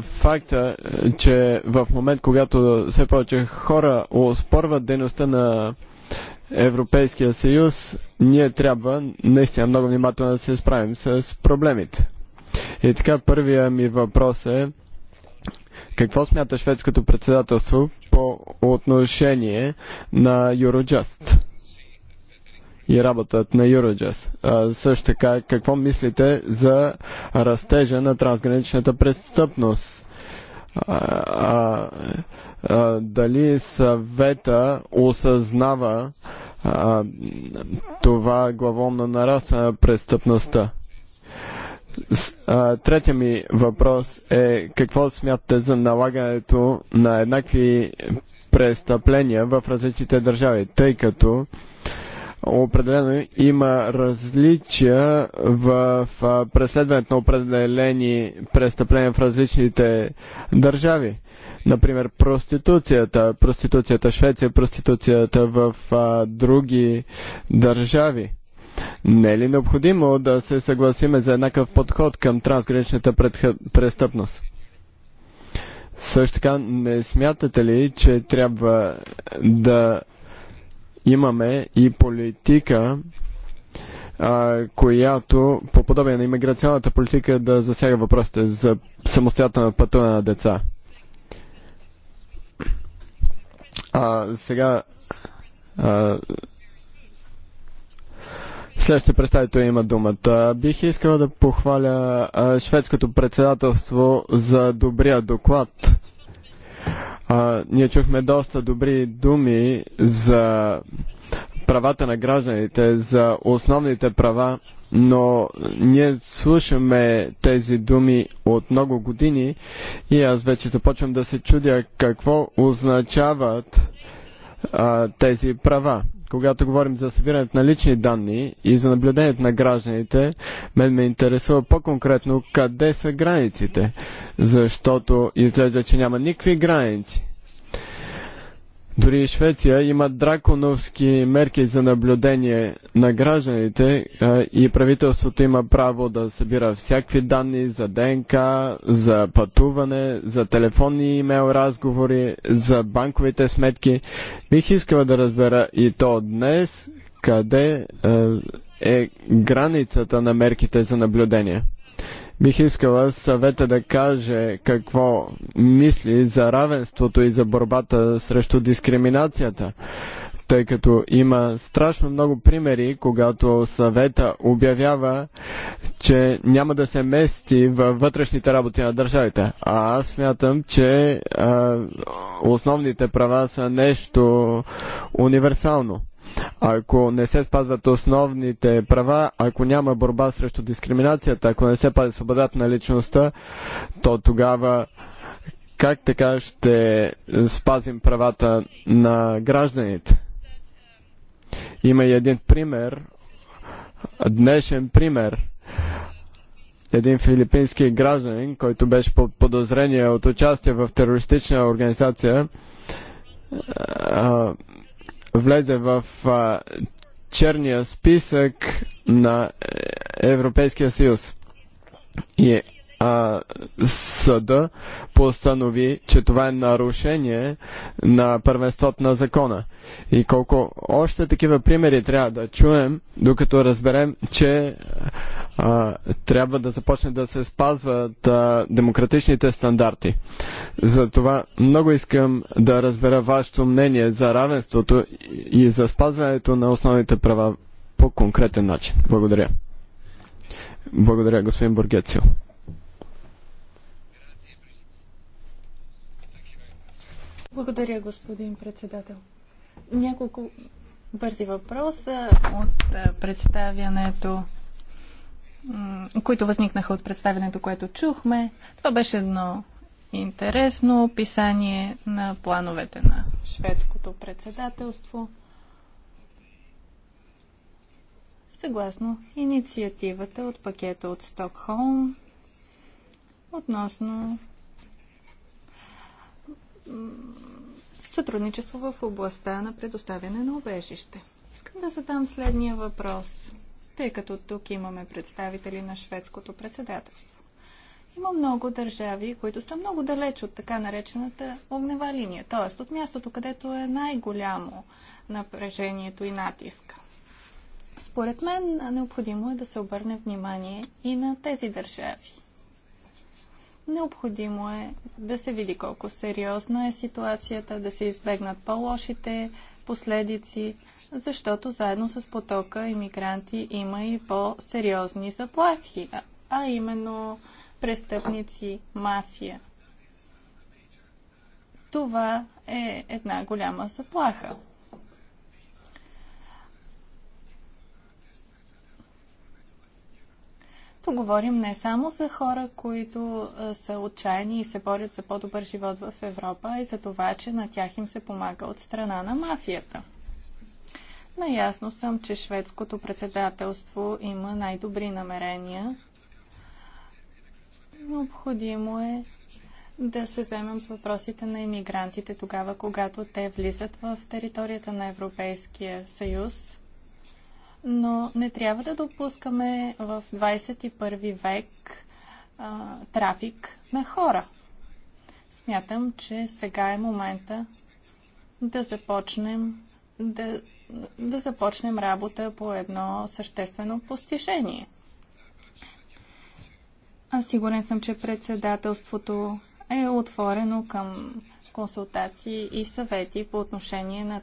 факта, че в момент, когато все повече хора оспорват дейността на Европейския съюз, ние трябва наистина много внимателно да се справим с проблемите. И така, първия ми въпрос е какво смята шведското председателство по отношение на Eurojust? и работата на Eurojust. също така, какво мислите за растежа на трансграничната престъпност? А, а, а, дали съвета осъзнава а, това главомно нарастване на престъпността? Третия ми въпрос е какво смятате за налагането на еднакви престъпления в различните държави, тъй като а, Определено има различия в преследването на определени престъпления в различните държави. Например, проституцията, проституцията в Швеция, проституцията в други държави. Не е ли необходимо да се съгласиме за еднакъв подход към трансграничната престъпност? Също така, не смятате ли, че трябва да имаме и политика, която по подобие на иммиграционната политика да засяга въпросите за самостоятелно пътуване на деца. А, сега Следващия представител има думата. Бих искал да похваля шведското председателство за добрия доклад. А, ние чухме доста добри думи за правата на гражданите, за основните права, но ние слушаме тези думи от много години и аз вече започвам да се чудя какво означават а, тези права когато говорим за събирането на лични данни и за наблюдението на гражданите, мен ме интересува по-конкретно къде са границите, защото изглежда, че няма никакви граници. Дори Швеция има драконовски мерки за наблюдение на гражданите и правителството има право да събира всякакви данни за ДНК, за пътуване, за телефонни имейл разговори, за банковите сметки. Бих искала да разбера и то днес къде е границата на мерките за наблюдение. Бих искала съвета да каже какво мисли за равенството и за борбата срещу дискриминацията, тъй като има страшно много примери, когато съвета обявява, че няма да се мести във вътрешните работи на държавите. А аз смятам, че а, основните права са нещо универсално. Ако не се спазват основните права, ако няма борба срещу дискриминацията, ако не се пази свободата на личността, то тогава как така ще спазим правата на гражданите? Има и един пример, днешен пример. Един филипински гражданин, който беше под подозрение от участие в терористична организация, влезе в а, черния списък на е, Европейския съюз. И а, съда постанови, че това е нарушение на първенството на закона. И колко още такива примери трябва да чуем, докато разберем, че а, трябва да започне да се спазват а, демократичните стандарти. Затова много искам да разбера вашето мнение за равенството и за спазването на основните права по конкретен начин. Благодаря. Благодаря, господин Бургецио. Благодаря, господин председател. Няколко бързи въпроса от представянето, които възникнаха от представянето, което чухме. Това беше едно интересно описание на плановете на шведското председателство. Съгласно инициативата от пакета от Стокхолм относно сътрудничество в областта на предоставяне на обежище. Искам да задам следния въпрос, тъй като тук имаме представители на шведското председателство. Има много държави, които са много далеч от така наречената огнева линия, т.е. от мястото, където е най-голямо напрежението и натиска. Според мен необходимо е да се обърне внимание и на тези държави. Необходимо е да се види колко сериозна е ситуацията, да се избегнат по-лошите последици, защото заедно с потока иммигранти има и по-сериозни заплахи, а именно престъпници, мафия. Това е една голяма заплаха. Тук говорим не само за хора, които са отчаяни и се борят за по-добър живот в Европа, а и за това, че на тях им се помага от страна на мафията. Наясно съм, че шведското председателство има най-добри намерения. Необходимо е да се вземем с въпросите на иммигрантите тогава, когато те влизат в територията на Европейския съюз но не трябва да допускаме в 21 век а, трафик на хора. Смятам, че сега е момента да започнем да, да започнем работа по едно съществено постижение. Аз сигурен съм, че председателството е отворено към консултации и съвети по отношение на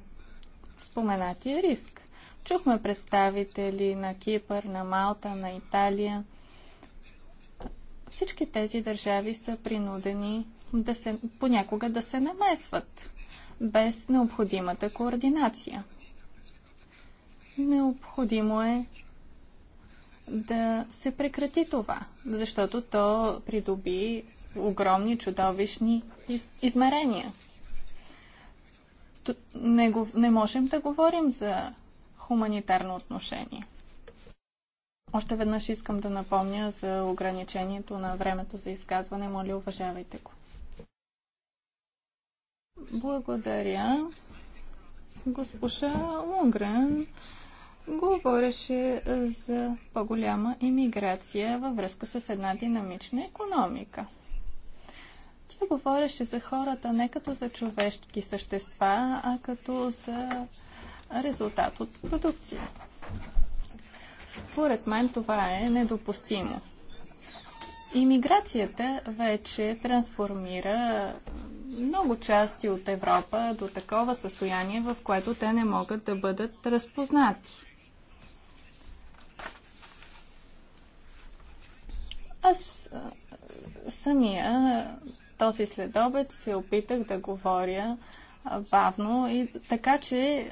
споменатия риск. Чухме представители на Кипър, на Малта, на Италия. Всички тези държави са принудени да се, понякога да се намесват без необходимата координация. Необходимо е да се прекрати това, защото то придоби огромни чудовищни из измерения. Не, го, не можем да говорим за хуманитарно отношение. Още веднъж искам да напомня за ограничението на времето за изказване. Моля, уважавайте го. Благодаря. Госпожа Лунгрен говореше за по-голяма иммиграция във връзка с една динамична економика. Тя говореше за хората не като за човешки същества, а като за резултат от продукция. Според мен това е недопустимо. Имиграцията вече трансформира много части от Европа до такова състояние, в което те не могат да бъдат разпознати. Аз самия този следобед се опитах да говоря бавно и така, че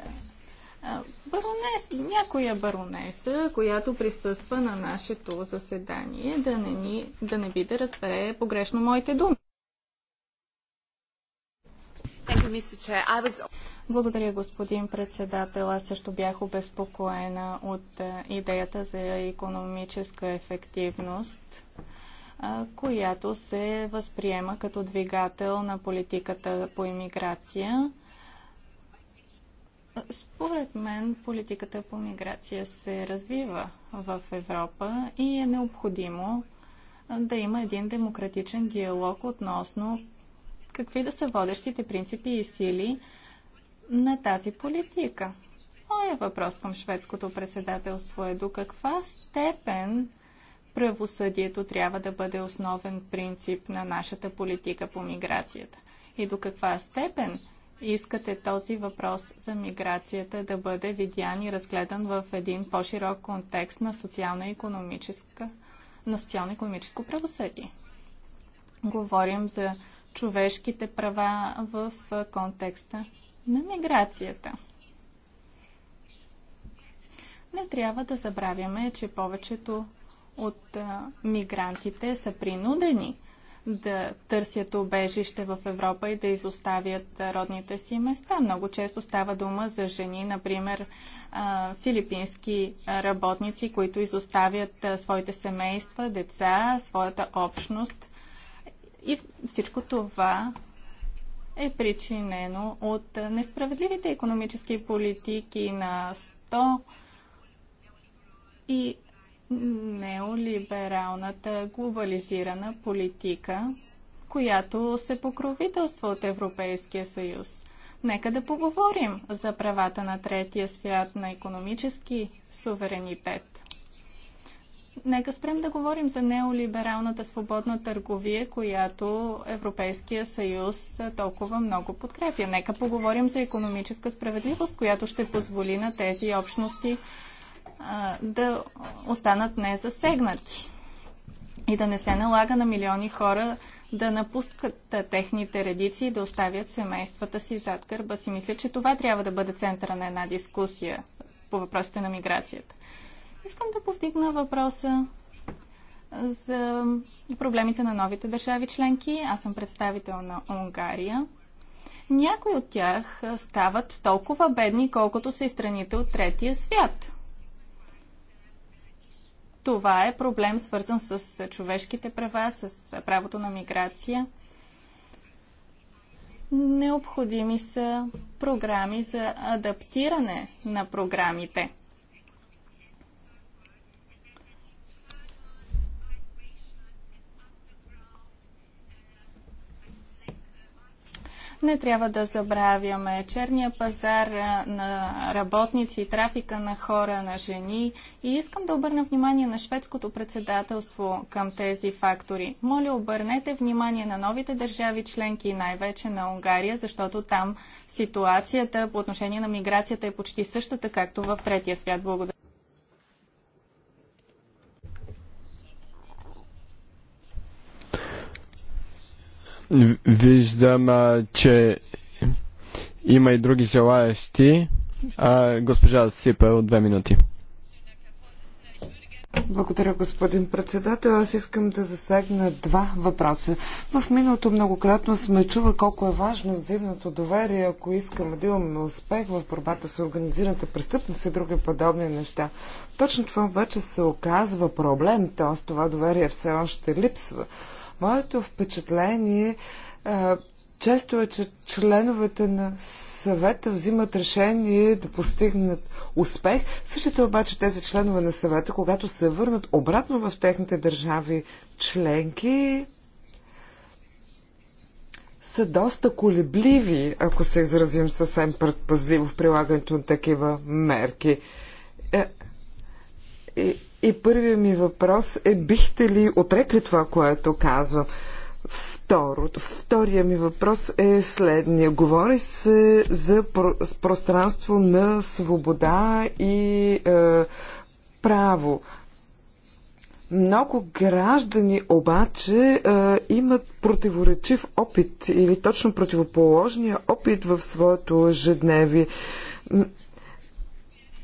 баронес, някоя баронеса, която присъства на нашето заседание, да не, ни, да не би да разбере погрешно моите думи. Благодаря, господин председател. Аз също бях обезпокоена от идеята за економическа ефективност, която се възприема като двигател на политиката по иммиграция. Според мен политиката по миграция се развива в Европа и е необходимо да има един демократичен диалог относно какви да са водещите принципи и сили на тази политика. Моят въпрос към шведското председателство е до каква степен правосъдието трябва да бъде основен принцип на нашата политика по миграцията и до каква степен искате този въпрос за миграцията да бъде видян и разгледан в един по-широк контекст на социално-економическа на социално-економическо правосъдие. Говорим за човешките права в контекста на миграцията. Не трябва да забравяме, че повечето от мигрантите са принудени – да търсят обежище в Европа и да изоставят родните си места. Много често става дума за жени, например филипински работници, които изоставят своите семейства, деца, своята общност. И всичко това е причинено от несправедливите економически политики на 100 и неолибералната глобализирана политика, която се покровителства от Европейския съюз. Нека да поговорим за правата на третия свят на економически суверенитет. Нека спрем да говорим за неолибералната свободна търговия, която Европейския съюз толкова много подкрепя. Нека поговорим за економическа справедливост, която ще позволи на тези общности да останат незасегнати и да не се налага на милиони хора да напускат техните редици и да оставят семействата си зад гърба си. Мисля, че това трябва да бъде центъра на една дискусия по въпросите на миграцията. Искам да повдигна въпроса за проблемите на новите държави членки. Аз съм представител на Унгария. Някои от тях стават толкова бедни, колкото са и страните от третия свят. Това е проблем свързан с човешките права, с правото на миграция. Необходими са програми за адаптиране на програмите – Не трябва да забравяме черния пазар на работници, трафика на хора, на жени. И искам да обърна внимание на шведското председателство към тези фактори. Моля, обърнете внимание на новите държави членки и най-вече на Унгария, защото там ситуацията по отношение на миграцията е почти същата, както в третия свят. Благодаря. Виждам, а, че има и други желаящи. А, госпожа Сипа от две минути. Благодаря, господин председател. Аз искам да засегна два въпроса. В миналото многократно сме чува колко е важно взаимното доверие, ако искаме да имаме успех в борбата с организираната престъпност и други подобни неща. Точно това обаче се оказва проблем, т.е. това доверие все още липсва. Моето впечатление а, често е, че членовете на съвета взимат решение да постигнат успех. Същите обаче тези членове на съвета, когато се върнат обратно в техните държави членки, са доста колебливи, ако се изразим съвсем предпазливо в прилагането на такива мерки. Е, и, и първият ми въпрос е, бихте ли отрекли това, което казвам? Второ, втория ми въпрос е следния. Говори се за про, пространство на свобода и е, право. Много граждани обаче е, имат противоречив опит или точно противоположния опит в своето ежедневие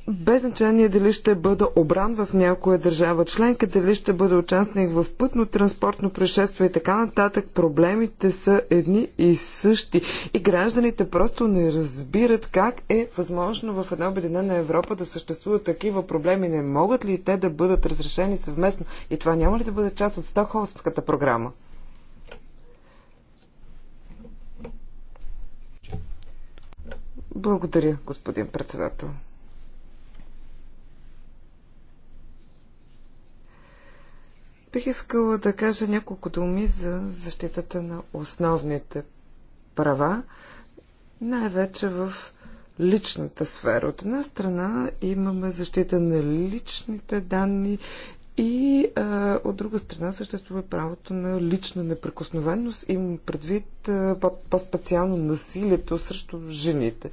без значение дали ще бъда обран в някоя държава членка, дали ще бъда участник в пътно-транспортно происшествие и така нататък, проблемите са едни и същи. И гражданите просто не разбират как е възможно в една обединена Европа да съществуват такива проблеми. Не могат ли те да бъдат разрешени съвместно? И това няма ли да бъде част от Стокхолмската програма? Благодаря, господин председател. Бих искала да кажа няколко думи за защитата на основните права, най-вече в личната сфера. От една страна имаме защита на личните данни и а, от друга страна съществува правото на лична неприкосновеност, имам предвид по-специално насилието срещу жените.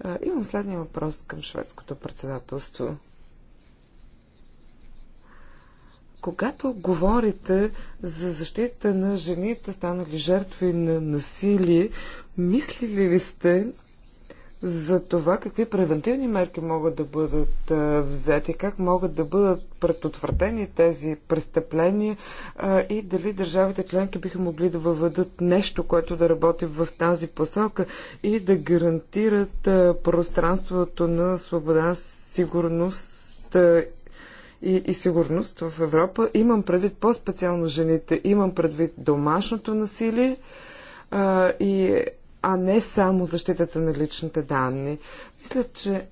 А, имам следния въпрос към шведското председателство. Когато говорите за защита на жените, станали жертви на насилие, мислили ли сте за това какви превентивни мерки могат да бъдат взети, как могат да бъдат предотвратени тези престъпления и дали държавите членки биха могли да въведат нещо, което да работи в тази посока и да гарантират пространството на свобода, сигурност и, и сигурност в Европа. Имам предвид по-специално жените, имам предвид домашното насилие а, и, а не само защитата на личните данни. Мисля, че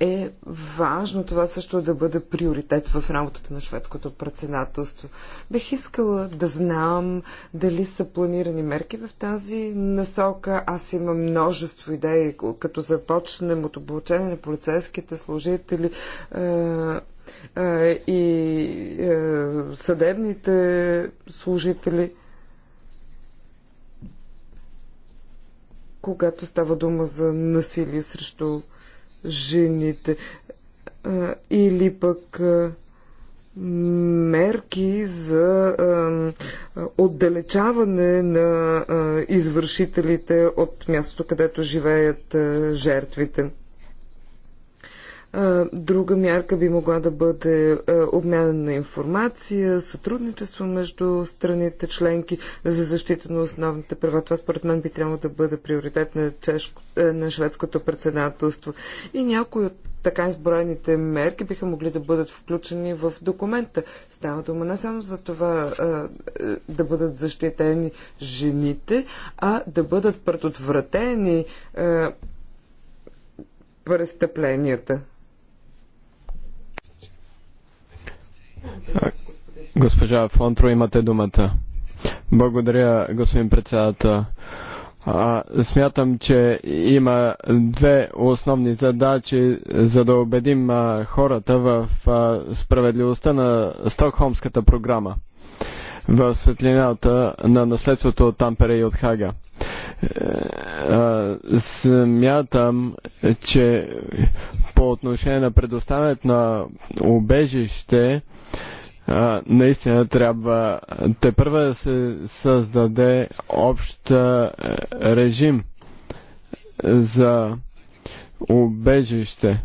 е важно това също да бъде приоритет в работата на шведското председателство. Бих искала да знам дали са планирани мерки в тази насока. Аз имам множество идеи, като започнем от обучение на полицейските служители, и е, съдебните служители, когато става дума за насилие срещу жените или пък мерки за отдалечаване на извършителите от мястото, където живеят жертвите. Друга мярка би могла да бъде обмяна на информация, сътрудничество между страните членки за защита на основните права. Това според мен би трябвало да бъде приоритет на, чешко, на шведското председателство. И някои от така изброените мерки биха могли да бъдат включени в документа. Става дума не само за това да бъдат защитени жените, а да бъдат предотвратени престъпленията. Госпожа Фонтро, имате думата. Благодаря, господин председател. А, смятам, че има две основни задачи, за да убедим а, хората в а, справедливостта на Стокхолмската програма в светлината на наследството от Тампере и от Хага. Е, смятам, че по отношение на предоставянето на убежище, наистина трябва те първа да се създаде общ режим за убежище.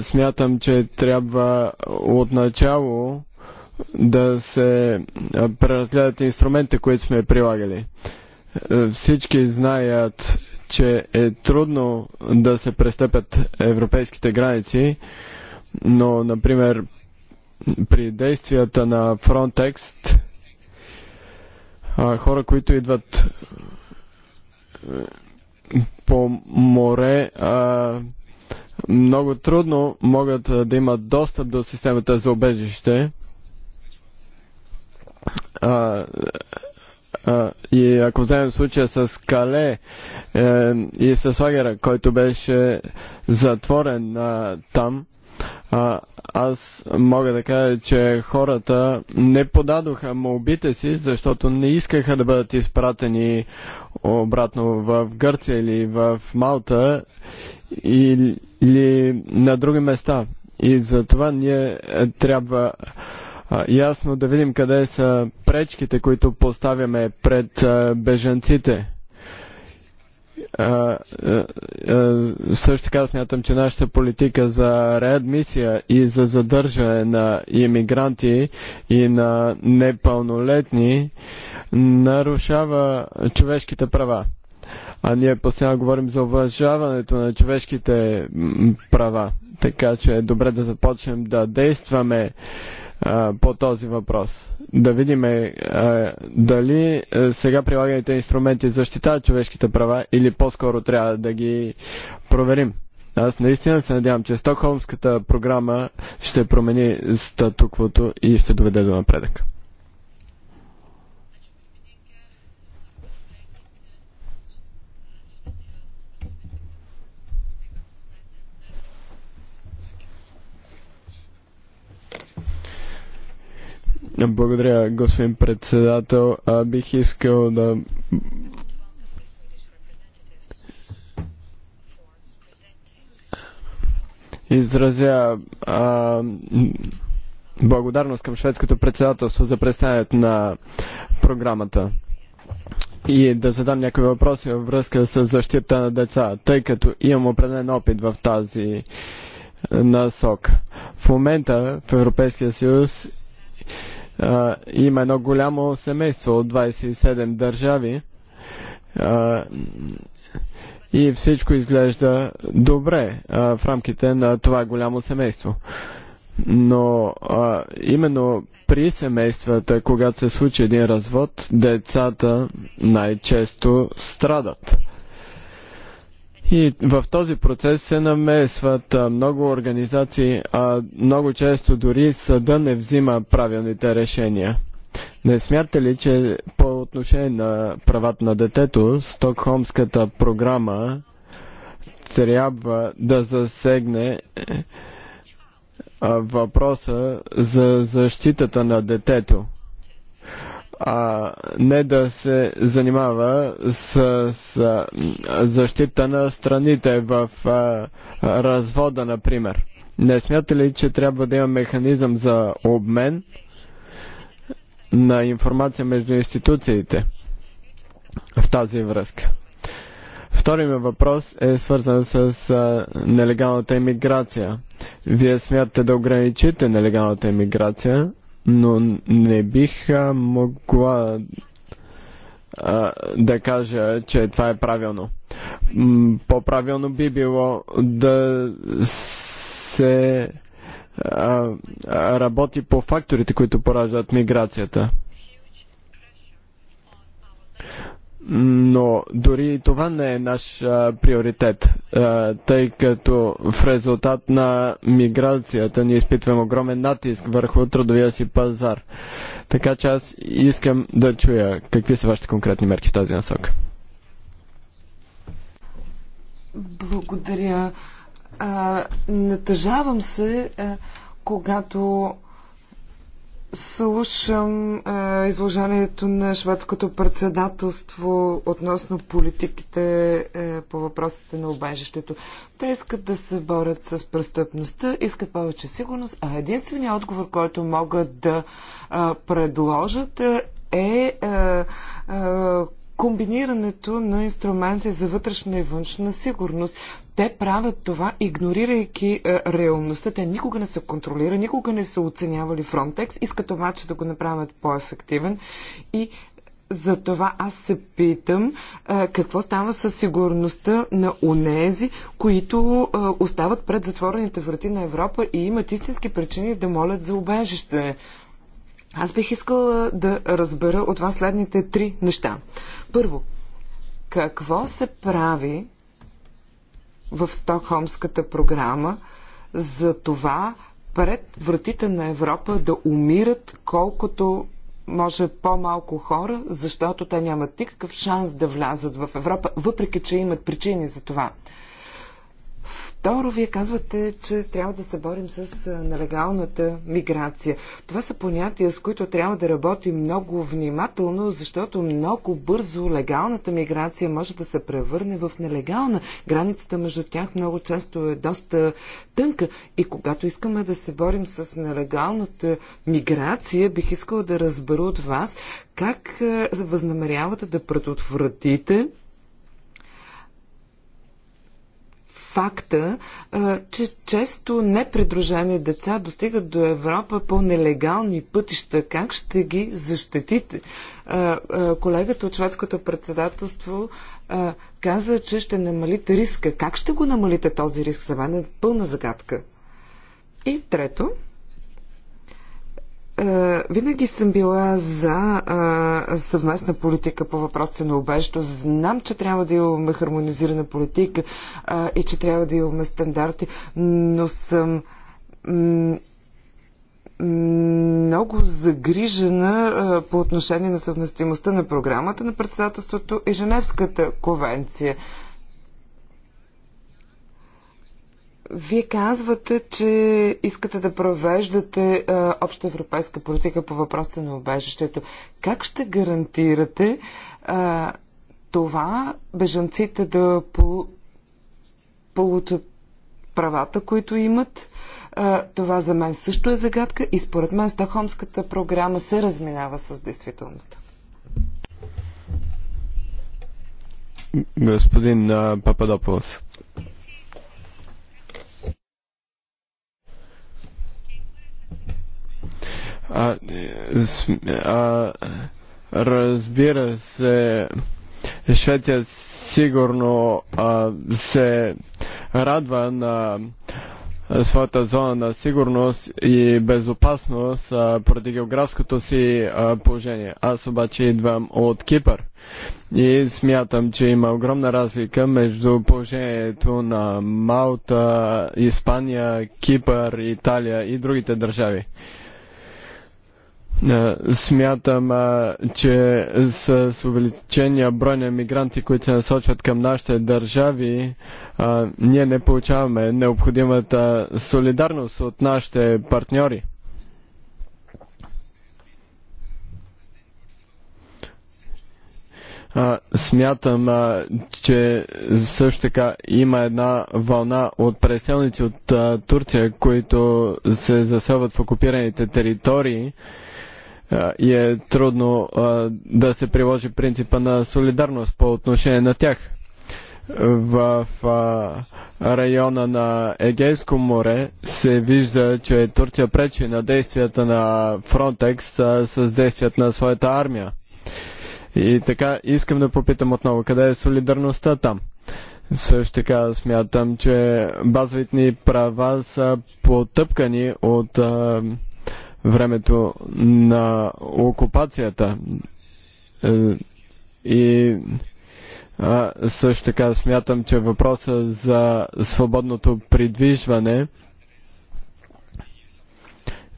смятам, че трябва отначало да се преразгледат инструментите, които сме прилагали. Е, всички знаят, че е трудно да се престъпят европейските граници, но, например, при действията на Frontex хора, които идват е, по море, много трудно могат да имат достъп до системата за обежище и ако вземем случая с Кале е, и с лагера, който беше затворен там, аз мога да кажа, че хората не подадоха молбите си, защото не искаха да бъдат изпратени обратно в Гърция или в Малта или на други места. И затова ние е, трябва ясно да видим къде са пречките, които поставяме пред бежанците. Също така смятам, че нашата политика за реадмисия и за задържане на иммигранти и на непълнолетни нарушава човешките права. А ние постоянно говорим за уважаването на човешките права. Така че е добре да започнем да действаме по този въпрос. Да видим дали сега прилаганите инструменти защитават човешките права или по-скоро трябва да ги проверим. Аз наистина се надявам, че Стокхолмската програма ще промени статуквото и ще доведе до напредък. Благодаря, господин председател. А, бих искал да изразя а, благодарност към шведското председателство за представянето на програмата и да задам някои въпроси във връзка с защита на деца, тъй като имам определен опит в тази насок. В момента в Европейския съюз има едно голямо семейство от 27 държави а, и всичко изглежда добре а, в рамките на това голямо семейство. Но а, именно при семействата, когато се случи един развод, децата най-често страдат. И в този процес се намесват много организации, а много често дори съда не взима правилните решения. Не смятате ли, че по отношение на правата на детето, Стокхолмската програма трябва да засегне е, въпроса за защитата на детето? а не да се занимава с, с защита на страните в а, развода, например. Не смята ли, че трябва да има механизъм за обмен на информация между институциите в тази връзка? Втори ми въпрос е свързан с а, нелегалната иммиграция. Вие смятате да ограничите нелегалната иммиграция, но не бих могла да кажа, че това е правилно. По-правилно би било да се работи по факторите, които пораждат миграцията но дори това не е наш а, приоритет, а, тъй като в резултат на миграцията ние изпитваме огромен натиск върху трудовия си пазар. Така че аз искам да чуя какви са вашите конкретни мерки в тази насока. Благодаря. А, натъжавам се, а, когато Слушам а, изложението на шведското председателство относно политиките а, е, по въпросите на обежището. Те искат да се борят с престъпността, искат повече сигурност, а единственият отговор, който могат да а, предложат е, е а, а, комбинирането на инструменти за вътрешна и външна сигурност те правят това, игнорирайки е, реалността. Те никога не са контролирани, никога не са оценявали Frontex. Искат обаче да го направят по-ефективен и за това аз се питам е, какво става със сигурността на онези, които е, остават пред затворените врати на Европа и имат истински причини да молят за убежище. Аз бих искала да разбера от вас следните три неща. Първо, какво се прави в Стокхолмската програма за това пред вратите на Европа да умират колкото може по-малко хора, защото те нямат никакъв шанс да влязат в Европа, въпреки че имат причини за това. Второ, вие казвате, че трябва да се борим с нелегалната миграция. Това са понятия, с които трябва да работим много внимателно, защото много бързо легалната миграция може да се превърне в нелегална. Границата между тях много често е доста тънка. И когато искаме да се борим с нелегалната миграция, бих искала да разбера от вас как възнамерявате да предотвратите факта, че често непредружени деца достигат до Европа по нелегални пътища. Как ще ги защитите? Колегата от шведското председателство каза, че ще намалите риска. Как ще го намалите този риск? За мен е пълна загадка. И трето, е, винаги съм била за а, е, съвместна политика по въпросите на обежето. Знам, че трябва да имаме хармонизирана политика а, е, и че трябва да имаме стандарти, но съм много загрижена а, по отношение на съвместимостта на програмата на председателството и Женевската конвенция. Вие казвате, че искате да провеждате а, обща европейска политика по въпросите на обежището. Как ще гарантирате а, това бежанците да по, получат правата, които имат? А, това за мен също е загадка и според мен Стахомската програма се разминава с действителността. Господин Пападополос. А, а, разбира се, Швеция сигурно а, се радва на своята зона на сигурност и безопасност а, поради географското си а, положение. Аз обаче идвам от Кипър и смятам, че има огромна разлика между положението на Малта, Испания, Кипър, Италия и другите държави. Е, смятам, е, че с увеличения брой на мигранти, които се насочват към нашите държави, е, ние не получаваме необходимата солидарност от нашите партньори. смятам, че също така има една вълна от преселници от Турция, които се заселват в окупираните територии е трудно да се приложи принципа на солидарност по отношение на тях. В района на Егейско море се вижда, че Турция пречи на действията на Фронтекс с действията на своята армия. И така искам да попитам отново, къде е солидарността там? Също така смятам, че базовите ни права са потъпкани от времето на окупацията. Е, и а, също така смятам, че въпроса за свободното придвижване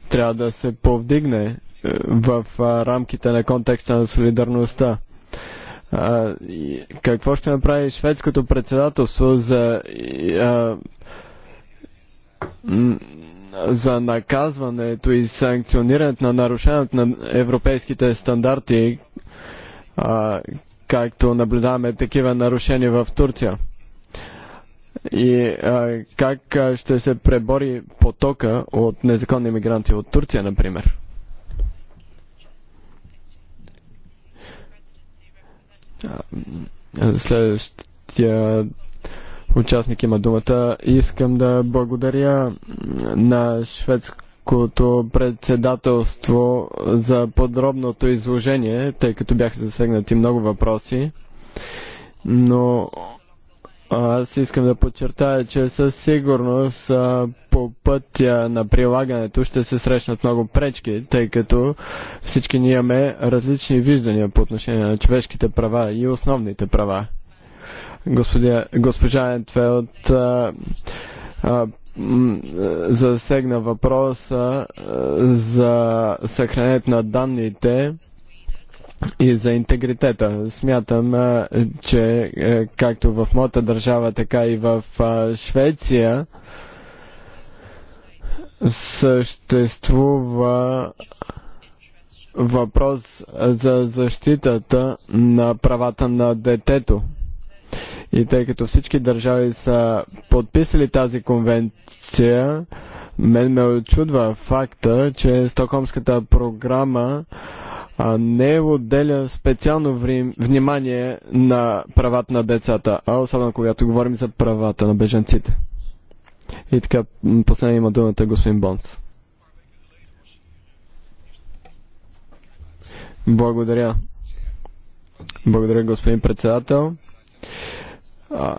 трябва да се повдигне е, в рамките на контекста на солидарността. А, какво ще направи шведското председателство за а, за наказването и санкционирането на нарушението на европейските стандарти, а, както наблюдаваме такива нарушения в Турция. И а, как ще се пребори потока от незаконни мигранти от Турция, например? Следващия участник има думата. Искам да благодаря на Шведското председателство за подробното изложение, тъй като бяха засегнати много въпроси. Но аз искам да подчертая, че със сигурност по пътя на прилагането ще се срещнат много пречки, тъй като всички ние имаме различни виждания по отношение на човешките права и основните права госпожа Ентфелд засегна въпроса за съхранението на данните и за интегритета. Смятам, че както в моята държава, така и в Швеция съществува въпрос за защитата на правата на детето. И тъй като всички държави са подписали тази конвенция, мен ме очудва факта, че Стокхолмската програма а, не отделя специално внимание на правата на децата, а особено когато говорим за правата на беженците. И така, последно има думата господин Бонс. Благодаря. Благодаря, господин председател. А,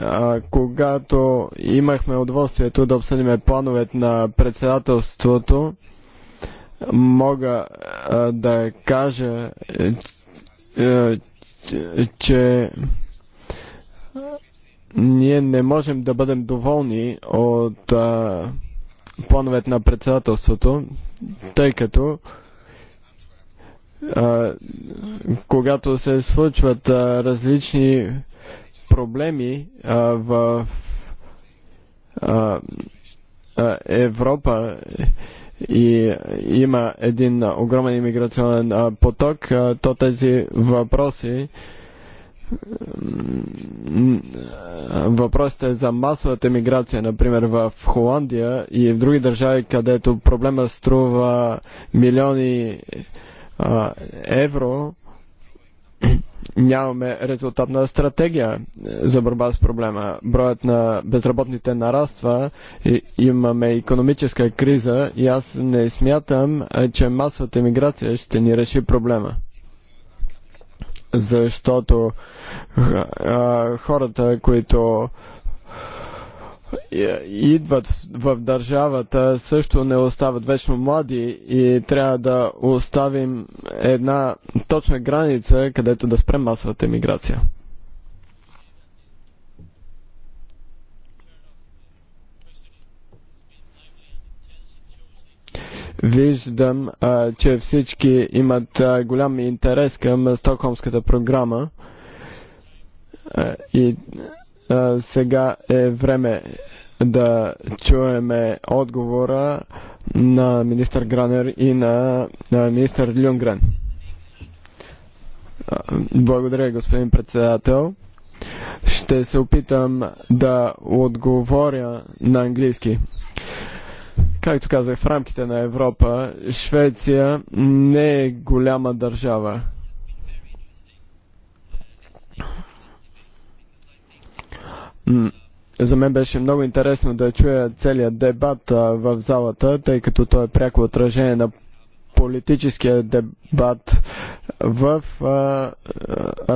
а, когато имахме удоволствието да обсъдиме плановете на председателството, мога а, да кажа, а, е, е, че ние не можем да бъдем доволни от а, плановете на председателството, тъй като а, когато се случват различни проблеми в Европа и има един огромен иммиграционен поток, то тези въпроси въпросите за масовата емиграция, например в Холандия и в други държави, където проблема струва милиони евро нямаме резултатна стратегия е, за борба с проблема. Броят на безработните нараства, имаме економическа криза и аз не смятам, е, че масовата миграция ще ни реши проблема. Защото е, хората, които е, идват в, в държавата, също не остават вечно млади и трябва да оставим една точна граница, където да спрем масовата емиграция. Виждам, а, че всички имат а, голям интерес към Стокхолмската програма а, и сега е време да чуеме отговора на министър Гранер и на министър Люнгрен. Благодаря, господин председател. Ще се опитам да отговоря на английски. Както казах, в рамките на Европа Швеция не е голяма държава. За мен беше много интересно да чуя целият дебат в залата, тъй като то е пряко отражение на политическия дебат в а,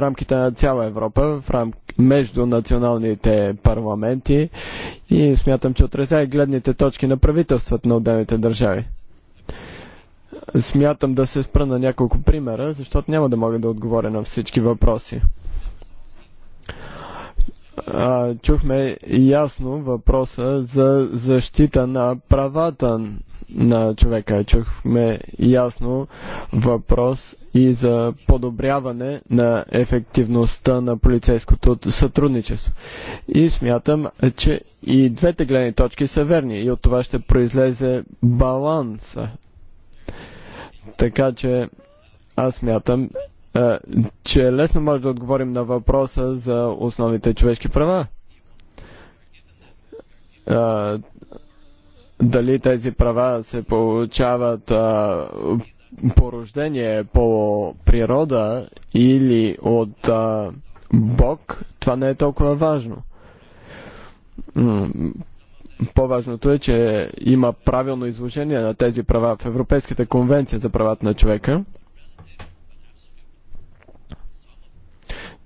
рамките на цяла Европа, в рам... между националните парламенти и смятам, че отразява гледните точки на правителствата на отделните държави. Смятам да се спра на няколко примера, защото няма да мога да отговоря на всички въпроси а, чухме ясно въпроса за защита на правата на човека. Чухме ясно въпрос и за подобряване на ефективността на полицейското сътрудничество. И смятам, че и двете гледни точки са верни и от това ще произлезе баланса. Така че аз смятам, че е лесно може да отговорим на въпроса за основните човешки права. Дали тези права се получават по рождение, по природа или от Бог, това не е толкова важно. По-важното е, че има правилно изложение на тези права в Европейската конвенция за правата на човека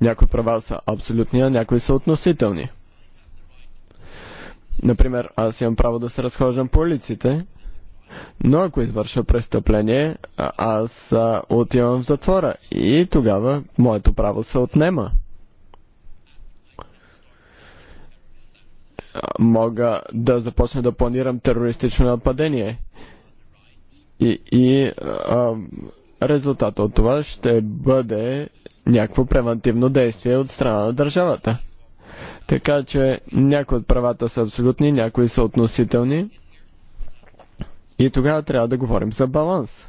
Някои права са абсолютни, а някои са относителни. Например, аз имам право да се разхождам по улиците, но ако извърша престъпление, аз отивам в затвора и тогава моето право се отнема. Мога да започна да планирам терористично нападение. И, и а, резултата от това ще бъде някакво превентивно действие от страна на държавата. Така че някои от правата са абсолютни, някои са относителни. И тогава трябва да говорим за баланс.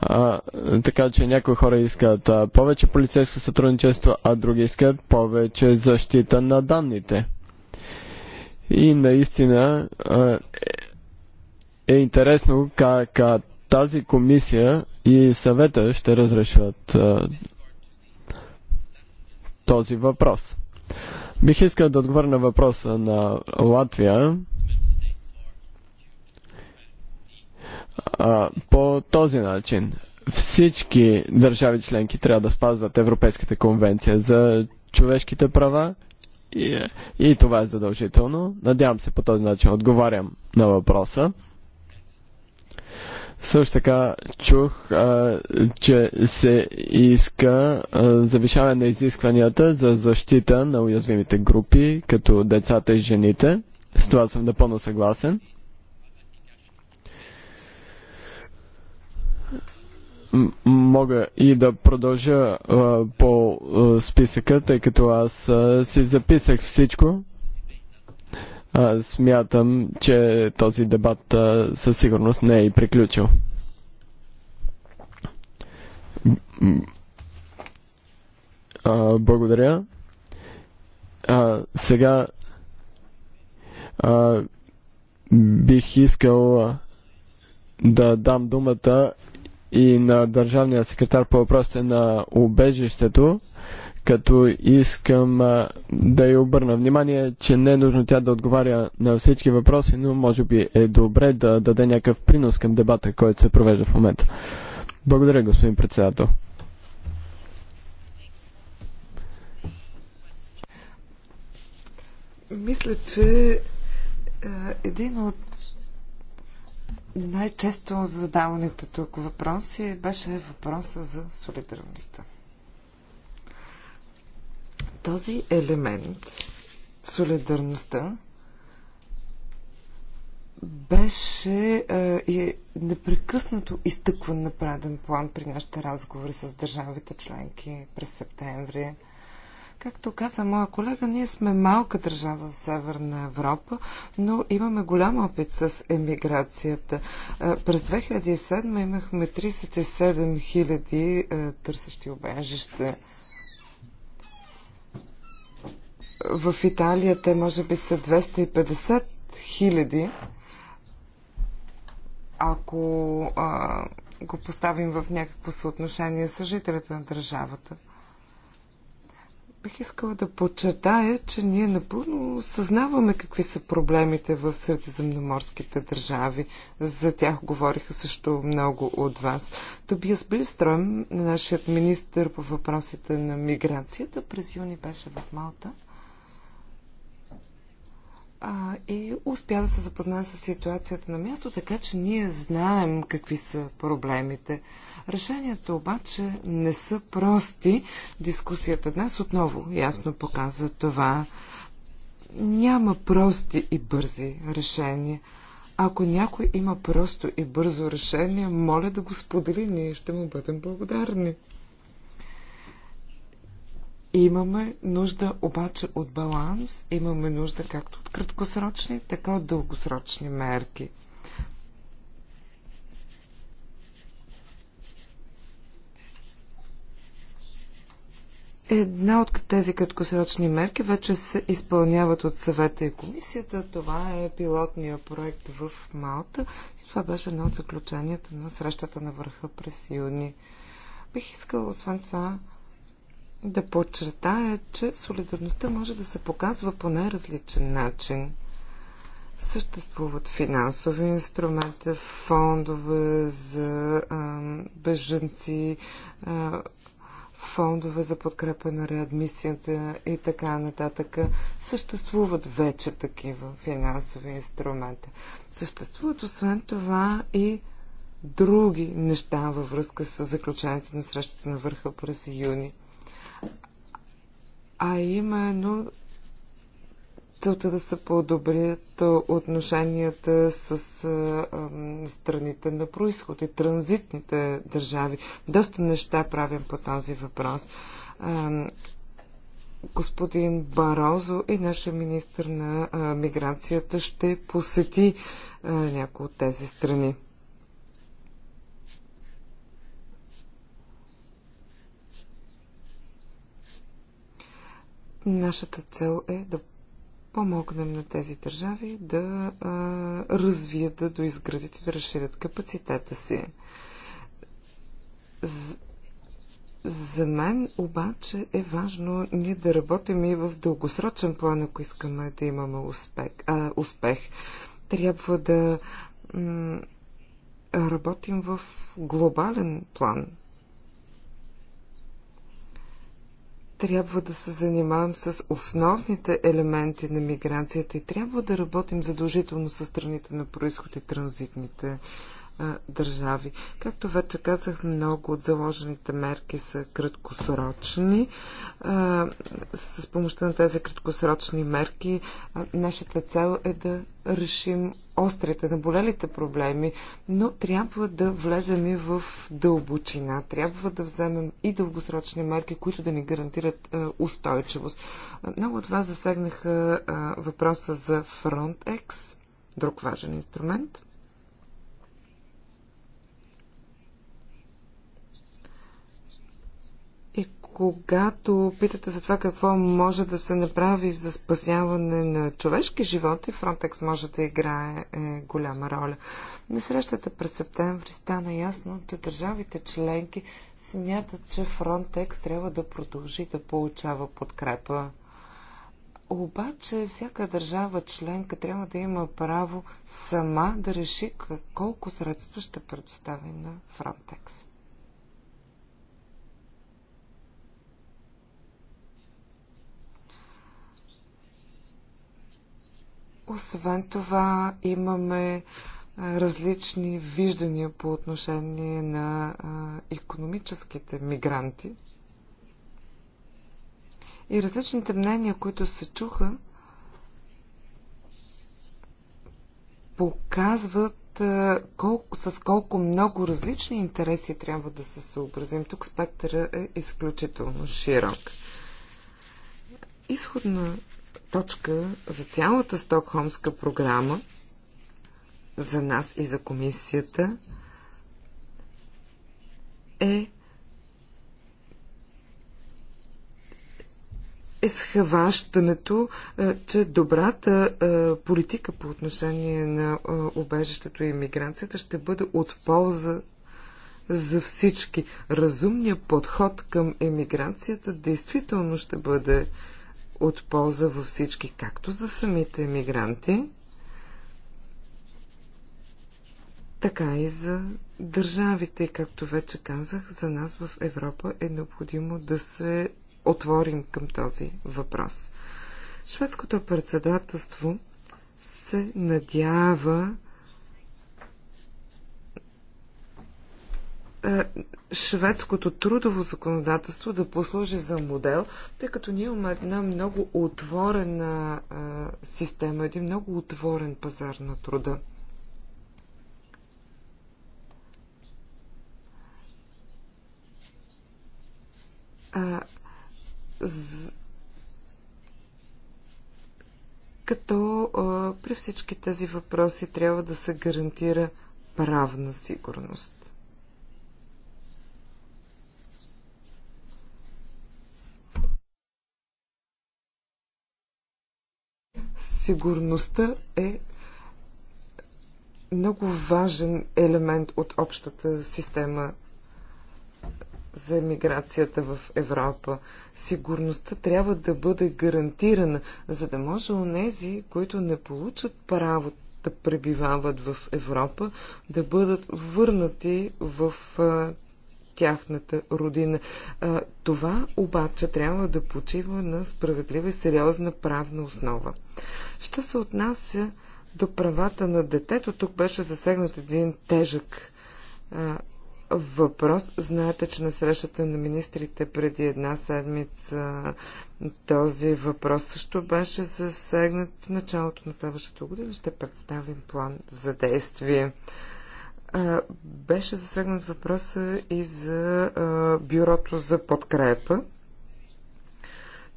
А, така че някои хора искат а, повече полицейско сътрудничество, а други искат повече защита на данните. И наистина а, е, е интересно как а, тази комисия и съвета ще разрешат а, този въпрос. Бих искал да отговоря на въпроса на Латвия. А, по този начин всички държави членки трябва да спазват Европейската конвенция за човешките права и, и това е задължително. Надявам се по този начин отговарям на въпроса. Също така чух, а, че се иска а, завишаване на изискванията за защита на уязвимите групи, като децата и жените. С това съм напълно съгласен. мога и да продължа а, по а, списъка, тъй като аз а, си записах всичко смятам, че този дебат със сигурност не е и приключил. А, благодаря. А, сега а, бих искал да дам думата и на държавния секретар по въпросите на убежището, като искам а, да я обърна внимание, че не е нужно тя да отговаря на всички въпроси, но може би е добре да даде някакъв принос към дебата, който се провежда в момента. Благодаря, господин председател. Мисля, че един от най-често задаваните тук въпроси беше въпроса за солидарността. Този елемент, солидарността, беше е, е, непрекъснато изтъкван на преден план при нашите разговори с държавите членки през септември. Както каза моя колега, ние сме малка държава в Северна Европа, но имаме голям опит с емиграцията. Е, през 2007 имахме 37 000 е, търсещи обежище. В Италия те може би са 250 хиляди. Ако а, го поставим в някакво съотношение с жителите на държавата. Бих искала да подчертая, че ние напълно съзнаваме какви са проблемите в средиземноморските държави. За тях говориха също много от вас. Тобиас Билстройм, нашият министр по въпросите на миграцията, през юни беше в Малта а, и успя да се запознае с ситуацията на място, така че ние знаем какви са проблемите. Решенията обаче не са прости. Дискусията днес отново ясно показа това. Няма прости и бързи решения. Ако някой има просто и бързо решение, моля да го сподели, ние ще му бъдем благодарни. Имаме нужда обаче от баланс, имаме нужда както от краткосрочни, така от дългосрочни мерки. Една от тези краткосрочни мерки вече се изпълняват от съвета и комисията. Това е пилотния проект в Малта. И това беше едно от заключенията на срещата на върха през юни. Бих искала, освен това, да подчертая, че солидарността може да се показва по най-различен начин. Съществуват финансови инструменти, фондове за а, бежанци, а, фондове за подкрепа на реадмисията и така нататък. Съществуват вече такива финансови инструменти. Съществуват освен това и други неща във връзка с заключените на срещата на върха през юни а именно целта да се подобрят отношенията с страните на происход и транзитните държави. Доста неща правим по този въпрос. господин Барозо и нашия министр на миграцията ще посети някои от тези страни. Нашата цел е да помогнем на тези държави да а, развият, да доизградят и да разширят капацитета си. З... За мен обаче е важно ние да работим и в дългосрочен план, ако искаме да имаме успех. А, успех. Трябва да работим в глобален план. трябва да се занимавам с основните елементи на миграцията и трябва да работим задължително с страните на происход и транзитните държави. Както вече казах, много от заложените мерки са краткосрочни. С помощта на тези краткосрочни мерки нашата цел е да решим острите, наболелите проблеми, но трябва да влезем и в дълбочина. Трябва да вземем и дългосрочни мерки, които да ни гарантират устойчивост. Много от вас засегнаха въпроса за Frontex, друг важен инструмент – когато питате за това какво може да се направи за спасяване на човешки животи, Фронтекс може да играе е, голяма роля. На срещата през септември стана ясно, че държавите членки смятат, че Фронтекс трябва да продължи да получава подкрепа. Обаче всяка държава членка трябва да има право сама да реши колко средства ще предостави на Фронтекс. Освен това имаме различни виждания по отношение на економическите мигранти. И различните мнения, които се чуха, показват колко, с колко много различни интереси трябва да се съобразим. Тук спектъра е изключително широк. Изходна точка за цялата Стокхолмска програма за нас и за комисията е е схващането, е, че добрата е, политика по отношение на обежището е, и миграцията ще бъде от полза за всички. Разумният подход към емиграцията действително ще бъде от полза във всички, както за самите мигранти, така и за държавите. И както вече казах, за нас в Европа е необходимо да се отворим към този въпрос. Шведското председателство се надява Е, шведското трудово законодателство да послужи за модел, тъй като ние имаме една много отворена е, система, един много отворен пазар на труда. Като е, при всички тези въпроси трябва да се гарантира правна сигурност. Сигурността е много важен елемент от общата система за емиграцията в Европа. Сигурността трябва да бъде гарантирана, за да може онези, които не получат право да пребивават в Европа, да бъдат върнати в тяхната родина. Това обаче трябва да почива на справедлива и сериозна правна основа. Що се отнася до правата на детето, тук беше засегнат един тежък въпрос. Знаете, че на срещата на министрите преди една седмица този въпрос също беше засегнат. В началото на следващата година ще представим план за действие. Беше засегнат въпроса и за бюрото за подкрепа.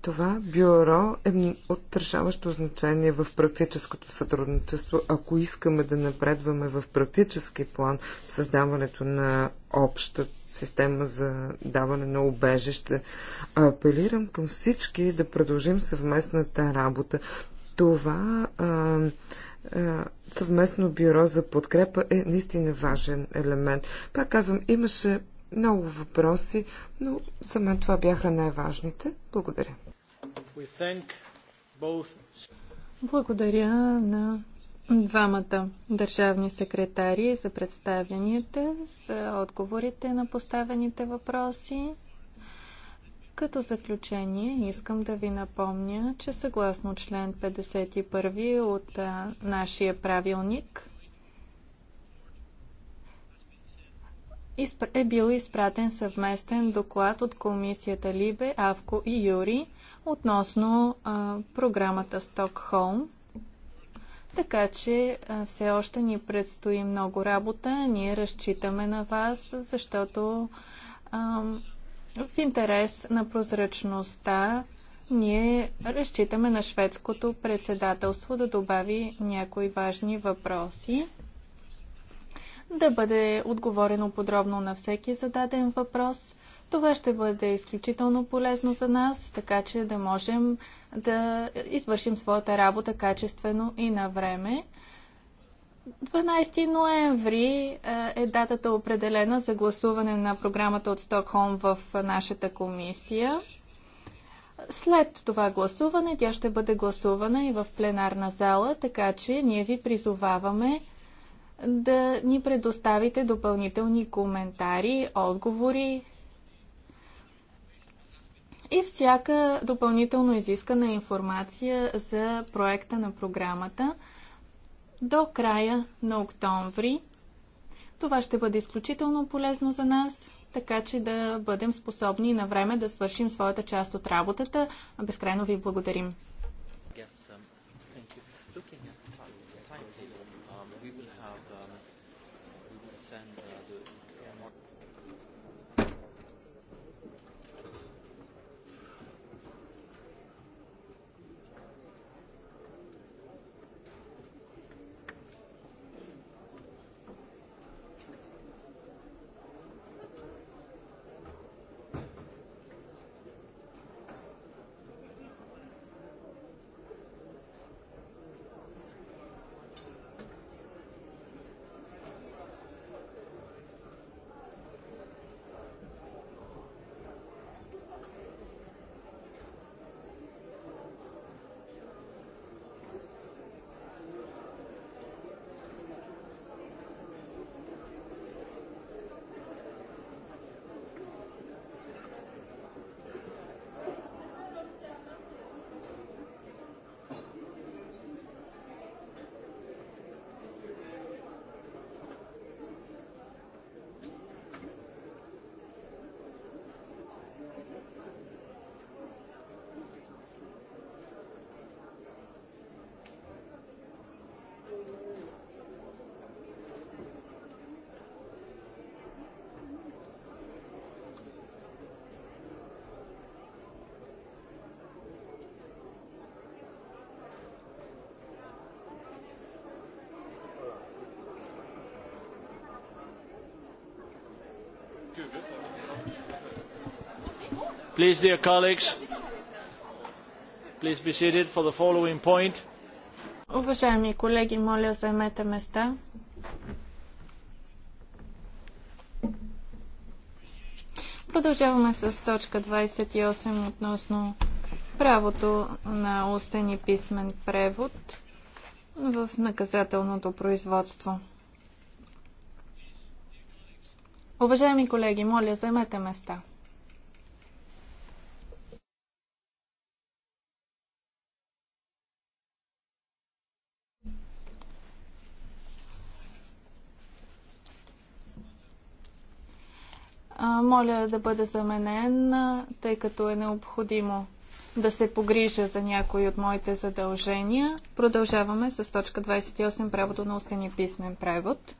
Това бюро е от решаващо значение в практическото сътрудничество, ако искаме да напредваме в практически план в създаването на обща система за даване на обежище. Апелирам към всички да продължим съвместната работа. Това а, е, съвместно бюро за подкрепа е наистина важен елемент. Пак казвам, имаше много въпроси, но за мен това бяха най-важните. Благодаря. Благодаря на двамата държавни секретари за представянията, за отговорите на поставените въпроси. Като заключение искам да ви напомня, че съгласно член 51 от а, нашия правилник е бил изпратен съвместен доклад от комисията Либе, Авко и Юри относно а, програмата Стокхолм. Така че а, все още ни предстои много работа. Ние разчитаме на вас, защото а, в интерес на прозрачността ние разчитаме на шведското председателство да добави някои важни въпроси, да бъде отговорено подробно на всеки зададен въпрос. Това ще бъде изключително полезно за нас, така че да можем да извършим своята работа качествено и на време. 12 ноември е, е датата определена за гласуване на програмата от Стокхолм в нашата комисия. След това гласуване тя ще бъде гласувана и в пленарна зала, така че ние ви призоваваме да ни предоставите допълнителни коментари, отговори и всяка допълнително изискана информация за проекта на програмата – до края на октомври. Това ще бъде изключително полезно за нас, така че да бъдем способни на време да свършим своята част от работата. Безкрайно ви благодарим. Please, dear colleagues, please be seated for the following point. Уважаеми колеги, моля, займете места. Продължаваме с точка 28 относно правото на устен и писмен превод в наказателното производство. Уважаеми колеги, моля, займете места. моля да бъде заменен, тъй като е необходимо да се погрижа за някои от моите задължения. Продължаваме с точка 28, правото на устен и писмен превод.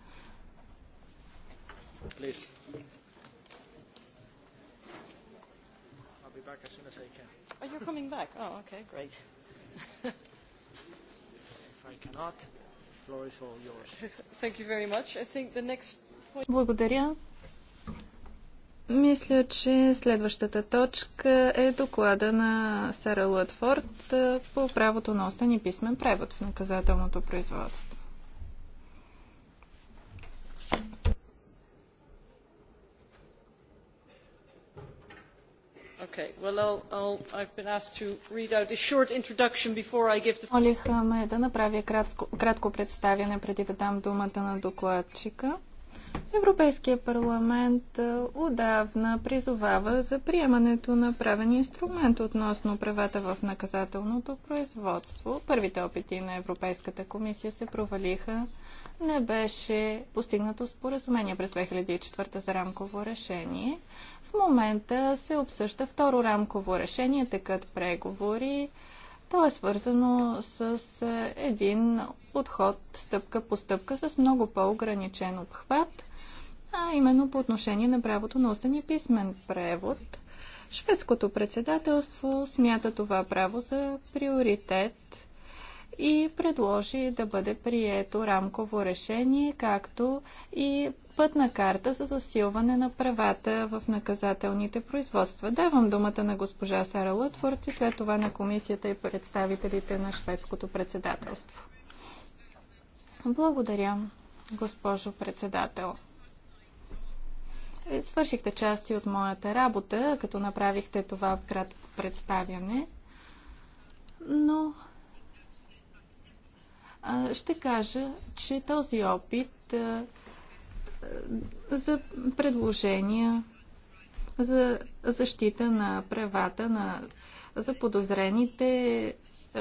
Oh, Благодаря. Мисля, че следващата точка е доклада на Сара Лътфорд по правото на остен и писмен превод в наказателното производство. Молиха ме да направя кратко, кратко представяне преди да дам думата на докладчика. Европейския парламент отдавна призовава за приемането на правен инструмент относно правата в наказателното производство. Първите опити на Европейската комисия се провалиха. Не беше постигнато споразумение през 2004 за рамково решение. В момента се обсъжда второ рамково решение, Такът преговори. То е свързано с е, един отход стъпка по стъпка с много по-ограничен обхват, а именно по отношение на правото на устен и писмен превод. Шведското председателство смята това право за приоритет и предложи да бъде прието рамково решение, както и пътна карта за засилване на правата в наказателните производства. Давам думата на госпожа Сара Лътфорд и след това на комисията и представителите на шведското председателство. Благодаря, госпожо председател. Е, свършихте части от моята работа, като направихте това кратко представяне, но ще кажа, че този опит за предложения за защита на правата на заподозрените е,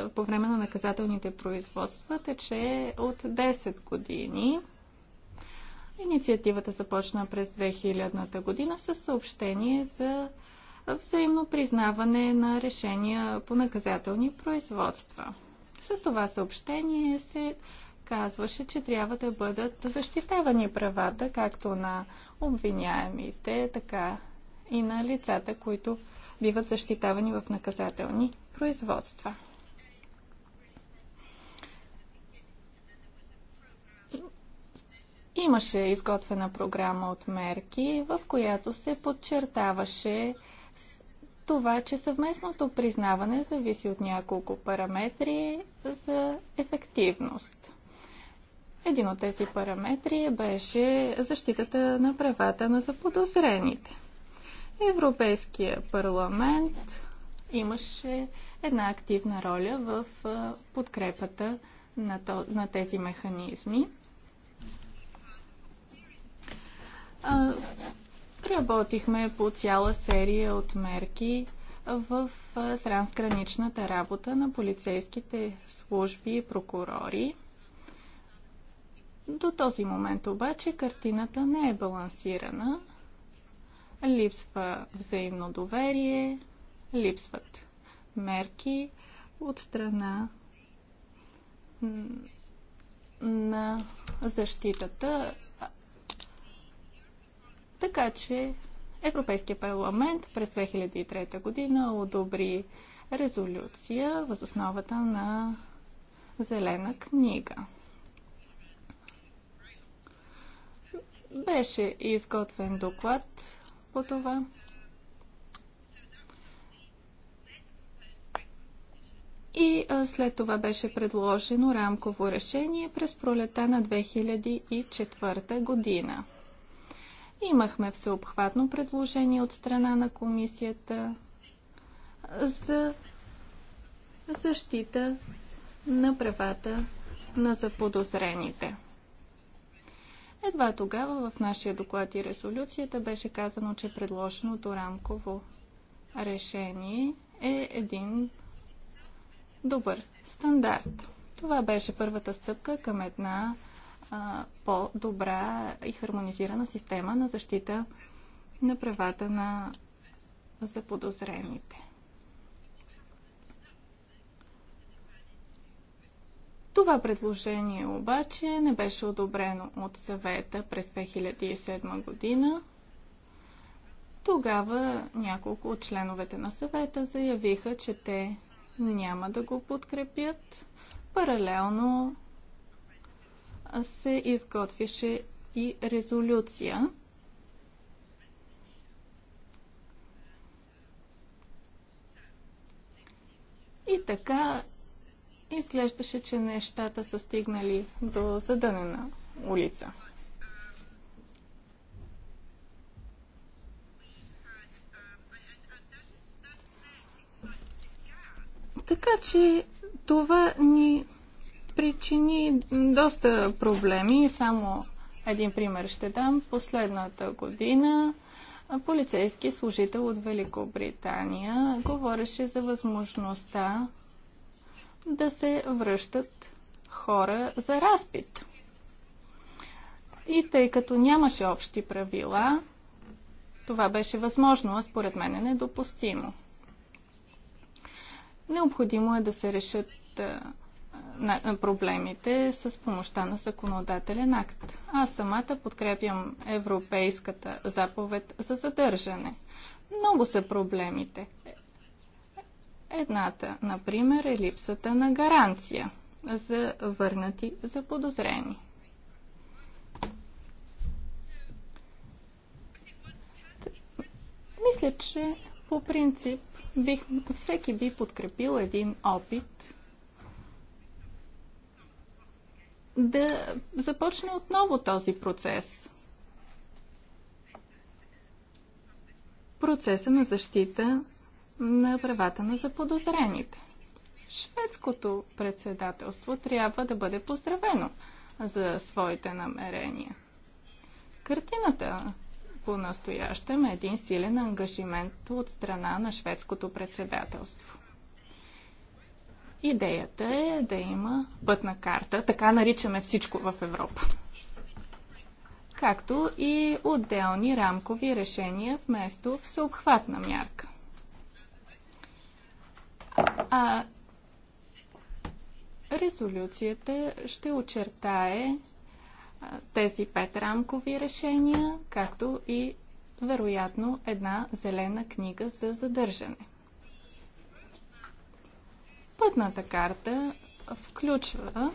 по време на наказателните производства тече от 10 години. Инициативата започна през 2000-та година с съобщение за взаимно признаване на решения по наказателни производства. С това съобщение се казваше, че трябва да бъдат защитавани правата, както на обвиняемите, така и на лицата, които биват защитавани в наказателни производства. Имаше изготвена програма от мерки, в която се подчертаваше това, че съвместното признаване зависи от няколко параметри за ефективност. Един от тези параметри беше защитата на правата на заподозрените. Европейския парламент имаше една активна роля в подкрепата на, на тези механизми. Работихме по цяла серия от мерки в трансграничната работа на полицейските служби и прокурори. До този момент обаче картината не е балансирана. Липсва взаимно доверие, липсват мерки от страна на защитата. Така че Европейския парламент през 2003 година одобри резолюция възосновата на Зелена книга. Беше изготвен доклад по това. И след това беше предложено рамково решение през пролета на 2004 година. Имахме всеобхватно предложение от страна на комисията за защита на правата на заподозрените. Едва тогава в нашия доклад и резолюцията беше казано, че предложеното рамково решение е един добър стандарт. Това беше първата стъпка към една по-добра и хармонизирана система на защита на правата на заподозрените. Това предложение обаче не беше одобрено от съвета през 2007 година. Тогава няколко от членовете на съвета заявиха, че те няма да го подкрепят. Паралелно се изготвяше и резолюция. И така изглеждаше, че нещата са стигнали до задънена улица. Така че това ни причини доста проблеми. Само един пример ще дам. Последната година полицейски служител от Великобритания говореше за възможността да се връщат хора за разпит. И тъй като нямаше общи правила, това беше възможно, а според мен е недопустимо. Необходимо е да се решат проблемите с помощта на законодателен акт. Аз самата подкрепям Европейската заповед за задържане. Много са проблемите. Едната, например, е липсата на гаранция за върнати за подозрени. Мисля, че по принцип бих, всеки би подкрепил един опит да започне отново този процес. Процеса на защита на правата на заподозрените. Шведското председателство трябва да бъде поздравено за своите намерения. Картината по-настоящем е един силен ангажимент от страна на шведското председателство. Идеята е да има пътна карта, така наричаме всичко в Европа. Както и отделни рамкови решения вместо всеобхватна мярка. А резолюцията ще очертае тези пет рамкови решения, както и вероятно една зелена книга за задържане. Пътната карта включва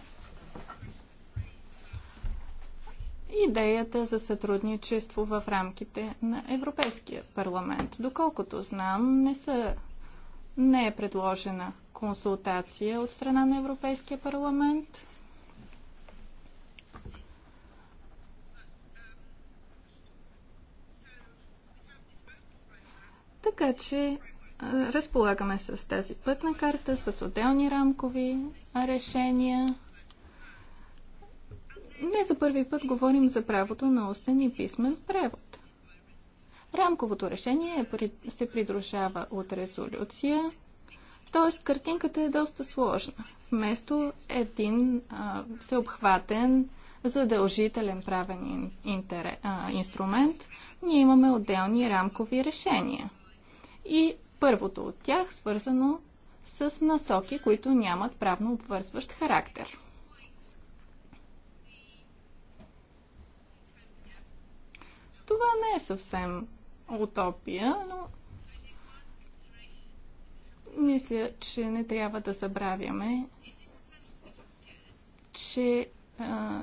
идеята за сътрудничество в рамките на Европейския парламент. Доколкото знам, не са не е предложена консултация от страна на Европейския парламент. Така че разполагаме с тази пътна карта, с отделни рамкови решения. Не за първи път говорим за правото на устен и писмен превод. Рамковото решение е се придружава от резолюция, т.е. картинката е доста сложна. Вместо един а, всеобхватен, задължителен правен а, инструмент, ние имаме отделни рамкови решения. И първото от тях свързано с насоки, които нямат правно обвързващ характер. Това не е съвсем утопия, но мисля, че не трябва да забравяме, че а,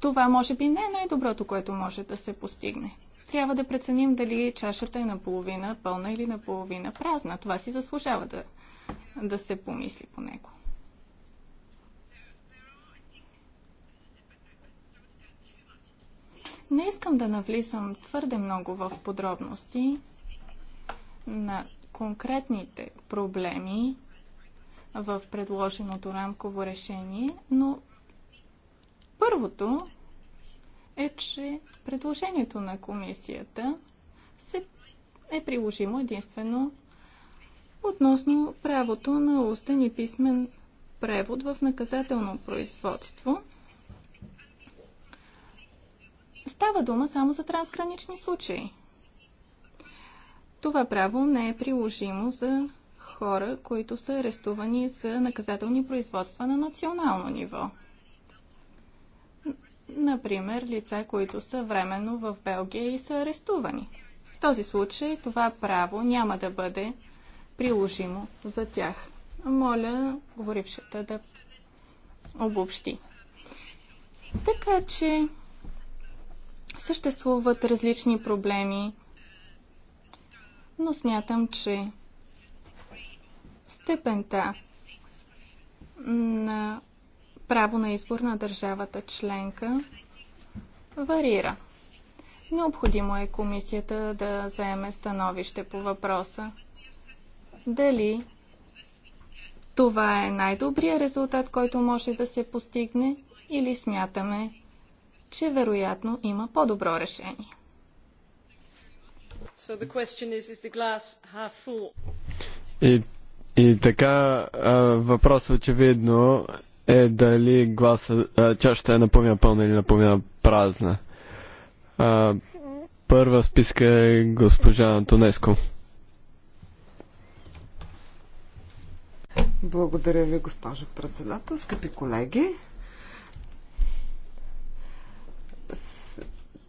това може би не е най-доброто, което може да се постигне. Трябва да преценим дали чашата е наполовина пълна или наполовина празна. Това си заслужава да, да се помисли по него. Не искам да навлизам твърде много в подробности на конкретните проблеми в предложеното рамково решение, но първото е, че предложението на комисията се е приложимо единствено относно правото на устен и писмен превод в наказателно производство – Става дума само за трансгранични случаи. Това право не е приложимо за хора, които са арестувани за наказателни производства на национално ниво. Например, лица, които са временно в Белгия и са арестувани. В този случай това право няма да бъде приложимо за тях. Моля говорившата да обобщи. Така че Съществуват различни проблеми, но смятам, че степента на право на избор на държавата членка варира. Необходимо е комисията да заеме становище по въпроса дали това е най-добрият резултат, който може да се постигне или смятаме, че вероятно има по-добро решение. So the question is, is the glass half full? И, и така въпросът очевидно е дали гласа, чашата е наполовина пълна или наполовина празна. А, първа списка е госпожа Антонеско. Благодаря ви, госпожо председател, скъпи колеги.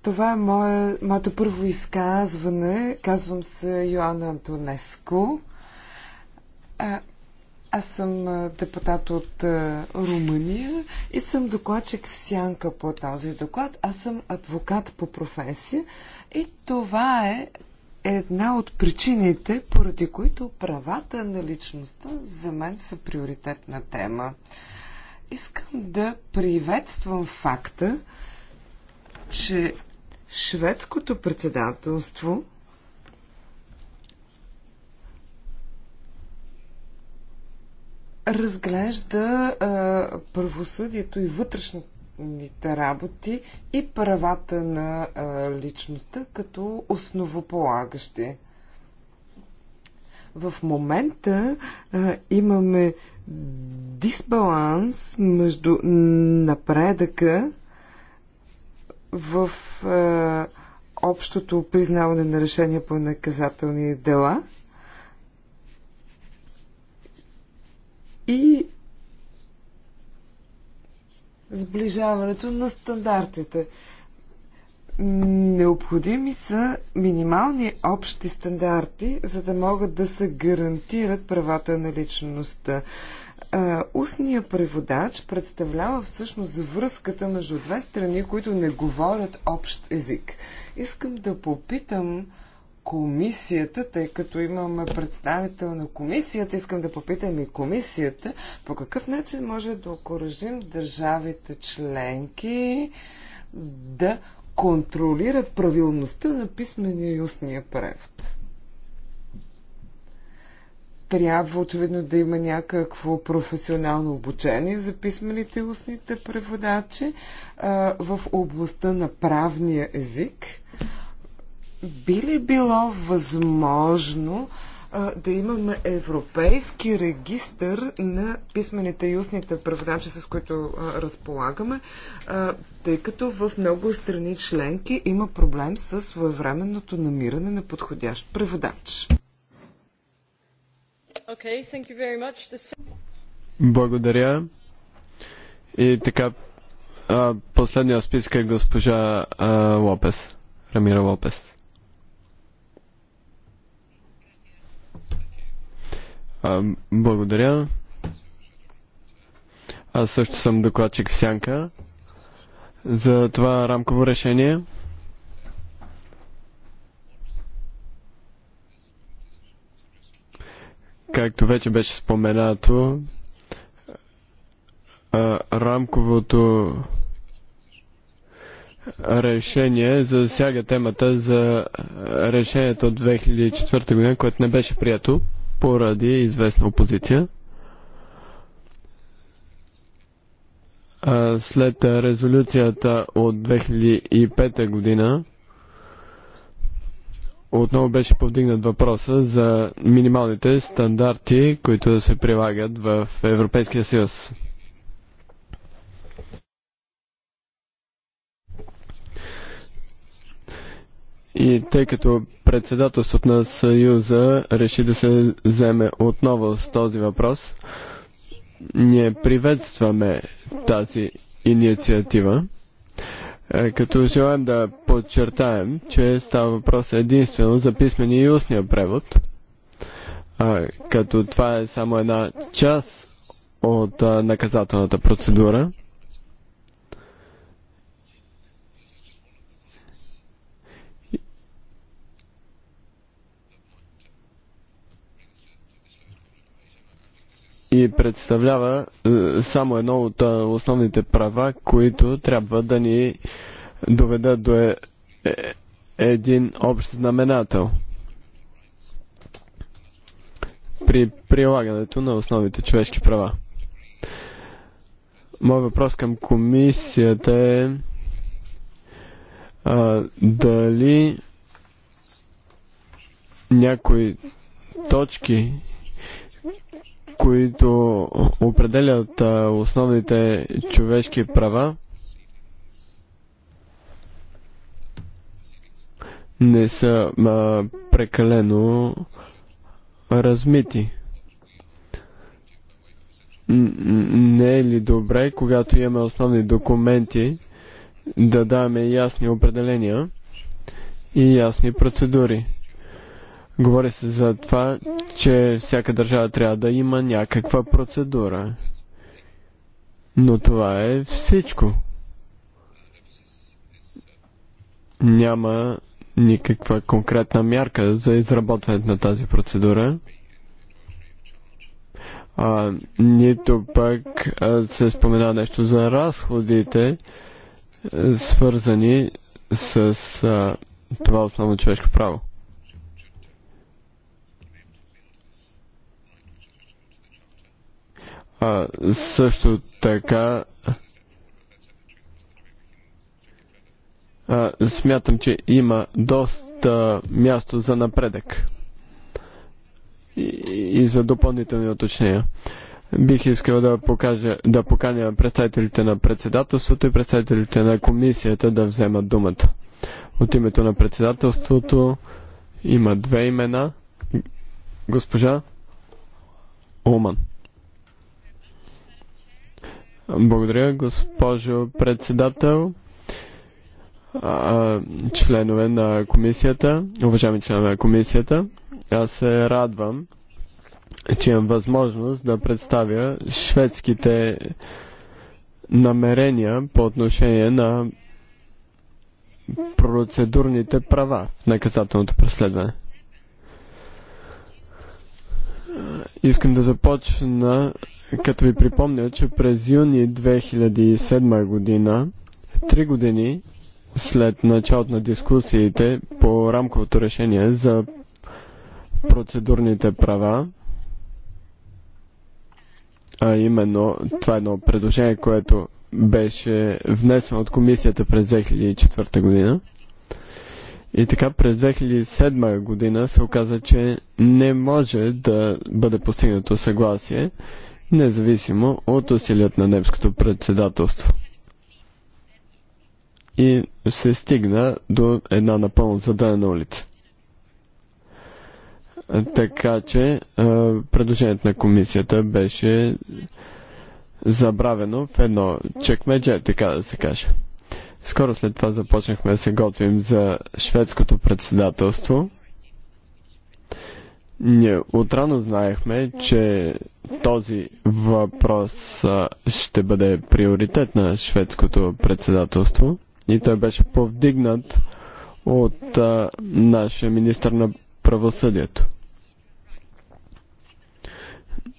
Това е мое, моето първо изказване. Казвам се Йоанна Антонеско. Аз съм депутат от Румъния и съм докладчик в Сянка по този доклад. Аз съм адвокат по професия и това е една от причините, поради които правата на личността за мен са приоритетна тема. Искам да приветствам факта, че Шведското председателство разглежда а, правосъдието и вътрешните работи и правата на а, личността като основополагащи. В момента а, имаме дисбаланс между напредъка в е, общото признаване на решения по наказателни дела и сближаването на стандартите. Необходими са минимални общи стандарти, за да могат да се гарантират правата на личността а, е, устния преводач представлява всъщност връзката между две страни, които не говорят общ език. Искам да попитам комисията, тъй като имаме представител на комисията, искам да попитам и комисията, по какъв начин може да окоръжим държавите членки да контролират правилността на писмения и устния превод трябва очевидно да има някакво професионално обучение за писмените и устните преводачи а, в областта на правния език. Би ли било възможно а, да имаме европейски регистър на писмените и устните преводачи, с които а, разполагаме, а, тъй като в много страни членки има проблем с своевременното намиране на подходящ преводач? Благодаря. И така, а, последния списък е госпожа а, Лопес, Рамира Лопес. А, благодаря. Аз също съм докладчик в Сянка за това рамково решение. Както вече беше споменато, рамковото решение засяга темата за решението от 2004 година, което не беше прието поради известна опозиция. След резолюцията от 2005 година отново беше повдигнат въпроса за минималните стандарти, които да се прилагат в Европейския съюз. И тъй като председателството на Съюза реши да се вземе отново с този въпрос, ние приветстваме тази инициатива. Е, като желаем да подчертаем, че става въпрос единствено за писмени и устния превод, а, като това е само една част от а, наказателната процедура. и представлява е, само едно от е, основните права, които трябва да ни доведат до е, е, един общ знаменател при прилагането на основните човешки права. Моят въпрос към комисията е а, дали някои точки които определят основните човешки права, не са а, прекалено размити. Не е ли добре, когато имаме основни документи, да даваме ясни определения и ясни процедури? Говори се за това, че всяка държава трябва да има някаква процедура. Но това е всичко. Няма никаква конкретна мярка за изработването на тази процедура. А, нито пък а, се спомена нещо за разходите, свързани с а, това основно човешко право. А, също така а, смятам, че има доста място за напредък и, и за допълнителни уточнения. Бих искал да, покажа, да поканя представителите на председателството и представителите на комисията да вземат думата. От името на председателството има две имена. Госпожа Оман. Благодаря, госпожо председател, членове на комисията, уважаеми членове на комисията. Аз се радвам, че имам възможност да представя шведските намерения по отношение на процедурните права в наказателното преследване. Искам да започна, като ви припомня, че през юни 2007 година, три години след началото на дискусиите по рамковото решение за процедурните права, а именно това е едно предложение, което беше внесено от комисията през 2004 година. И така през 2007 година се оказа, че не може да бъде постигнато съгласие, независимо от усилият на немското председателство. И се стигна до една напълно зададена улица. Така че предложението на комисията беше забравено в едно чекмедже, така да се каже. Скоро след това започнахме да се готвим за шведското председателство. Ние отрано знаехме, че този въпрос ще бъде приоритет на шведското председателство и той беше повдигнат от а, нашия министр на правосъдието.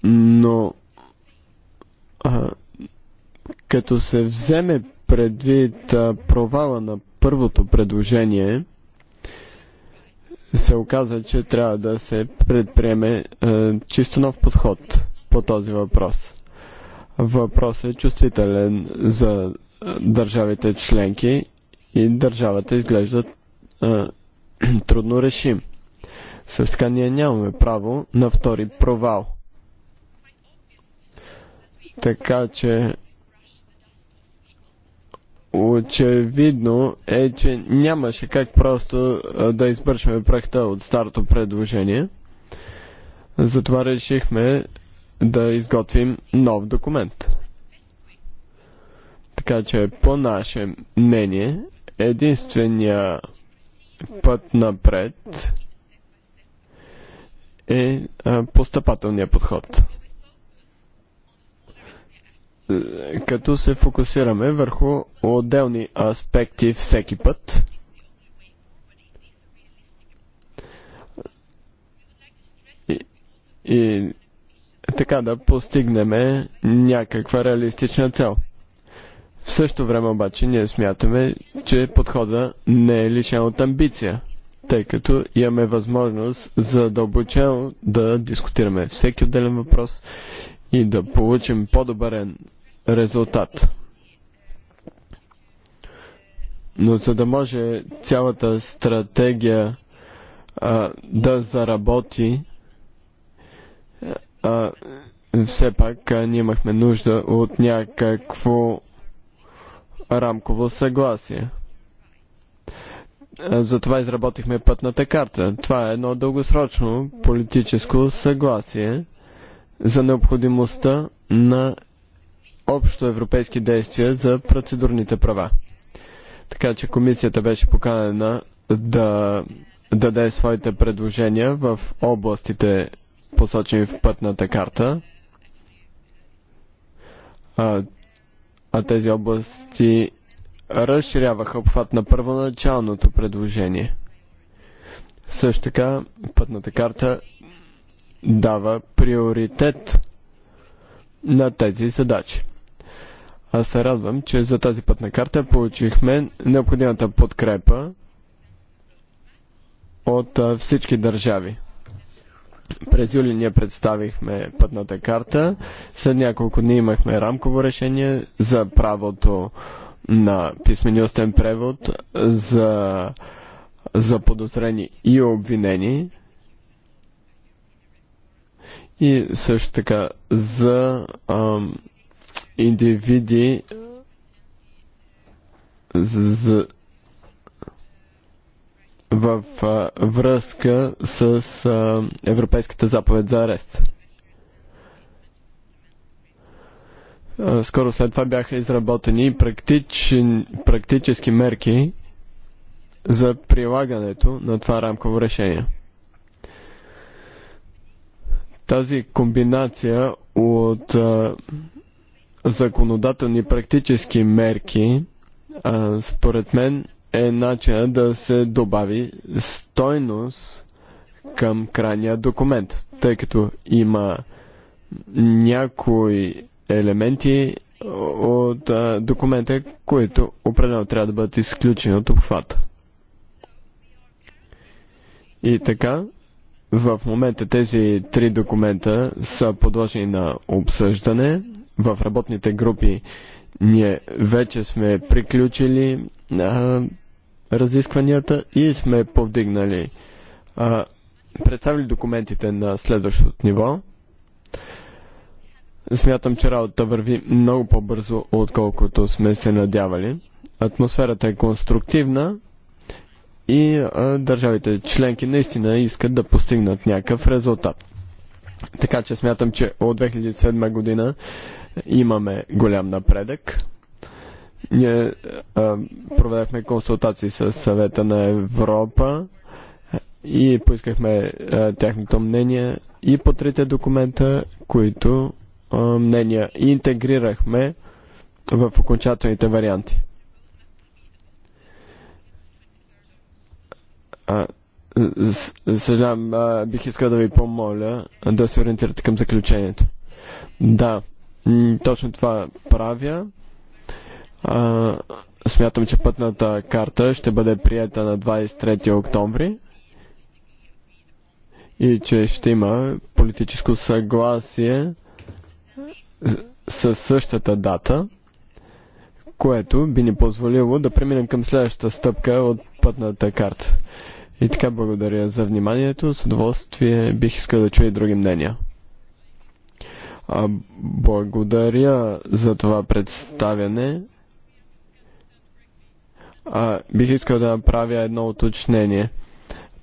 Но а, като се вземе предвид провала на първото предложение, се оказа, че трябва да се предприеме е, чисто нов подход по този въпрос. Въпрос е чувствителен за държавите членки и държавата изглежда е, [CLEARS THROAT] трудно решим. Също така ние нямаме право на втори провал. Така че очевидно е, че нямаше как просто да избършваме проекта от старото предложение. Затова решихме да изготвим нов документ. Така че, по наше мнение, единствения път напред е постъпателният подход като се фокусираме върху отделни аспекти всеки път. И, и така да постигнем някаква реалистична цел. В същото време обаче ние смятаме, че подхода не е лишен от амбиция, тъй като имаме възможност задълбочено да дискутираме всеки отделен въпрос и да получим по-добърен резултат. Но за да може цялата стратегия а, да заработи, а, все пак а, ние имахме нужда от някакво рамково съгласие. Затова изработихме пътната карта. Това е едно дългосрочно политическо съгласие за необходимостта на общо европейски действия за процедурните права. Така че комисията беше поканена да даде своите предложения в областите посочени в пътната карта. А, а тези области разширяваха обхват на първоначалното предложение. Също така, пътната карта дава приоритет на тези задачи. Аз се радвам, че за тази пътна карта получихме необходимата подкрепа от всички държави. През юли ние представихме пътната карта. След няколко дни имахме рамково решение за правото на писменостен превод за, за подозрени и обвинени. И също така за ам, индивиди за, за, в а, връзка с а, Европейската заповед за арест. А, скоро след това бяха изработени практич, практически мерки за прилагането на това рамково решение. Тази комбинация от а, законодателни практически мерки, а, според мен е начина да се добави стойност към крайния документ, тъй като има някои елементи от а, документа, които определено трябва да бъдат изключени от обхвата. И така, в момента тези три документа са подложени на обсъждане в работните групи. Ние вече сме приключили а, разискванията и сме повдигнали, а, представили документите на следващото ниво. Смятам, че работата върви много по-бързо, отколкото сме се надявали. Атмосферата е конструктивна и а, държавите членки наистина искат да постигнат някакъв резултат. Така че смятам, че от 2007 година Имаме голям напредък. Ние а, проведахме консултации с съвета на Европа и поискахме а, тяхното мнение и по трите документа, които а, мнения интегрирахме в окончателните варианти. А, Съжалявам, бих искал да ви помоля да се ориентирате към заключението. Да, точно това правя. А, смятам, че пътната карта ще бъде прията на 23 октомври и че ще има политическо съгласие със същата дата, което би ни позволило да преминем към следващата стъпка от пътната карта. И така благодаря за вниманието. С удоволствие бих искал да чуя и други мнения. Благодаря за това представяне. А, бих искал да направя едно уточнение.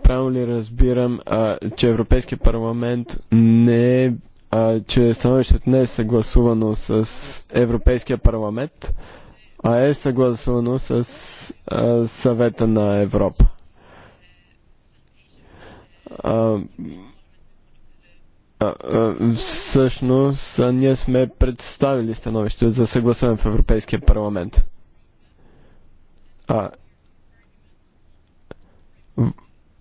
Правилно ли разбирам, а, че Европейския парламент не е, а, че становището не е съгласувано с Европейския парламент, а е съгласувано с а, съвета на Европа. А, всъщност ние сме представили становище за съгласуване в Европейския парламент. А,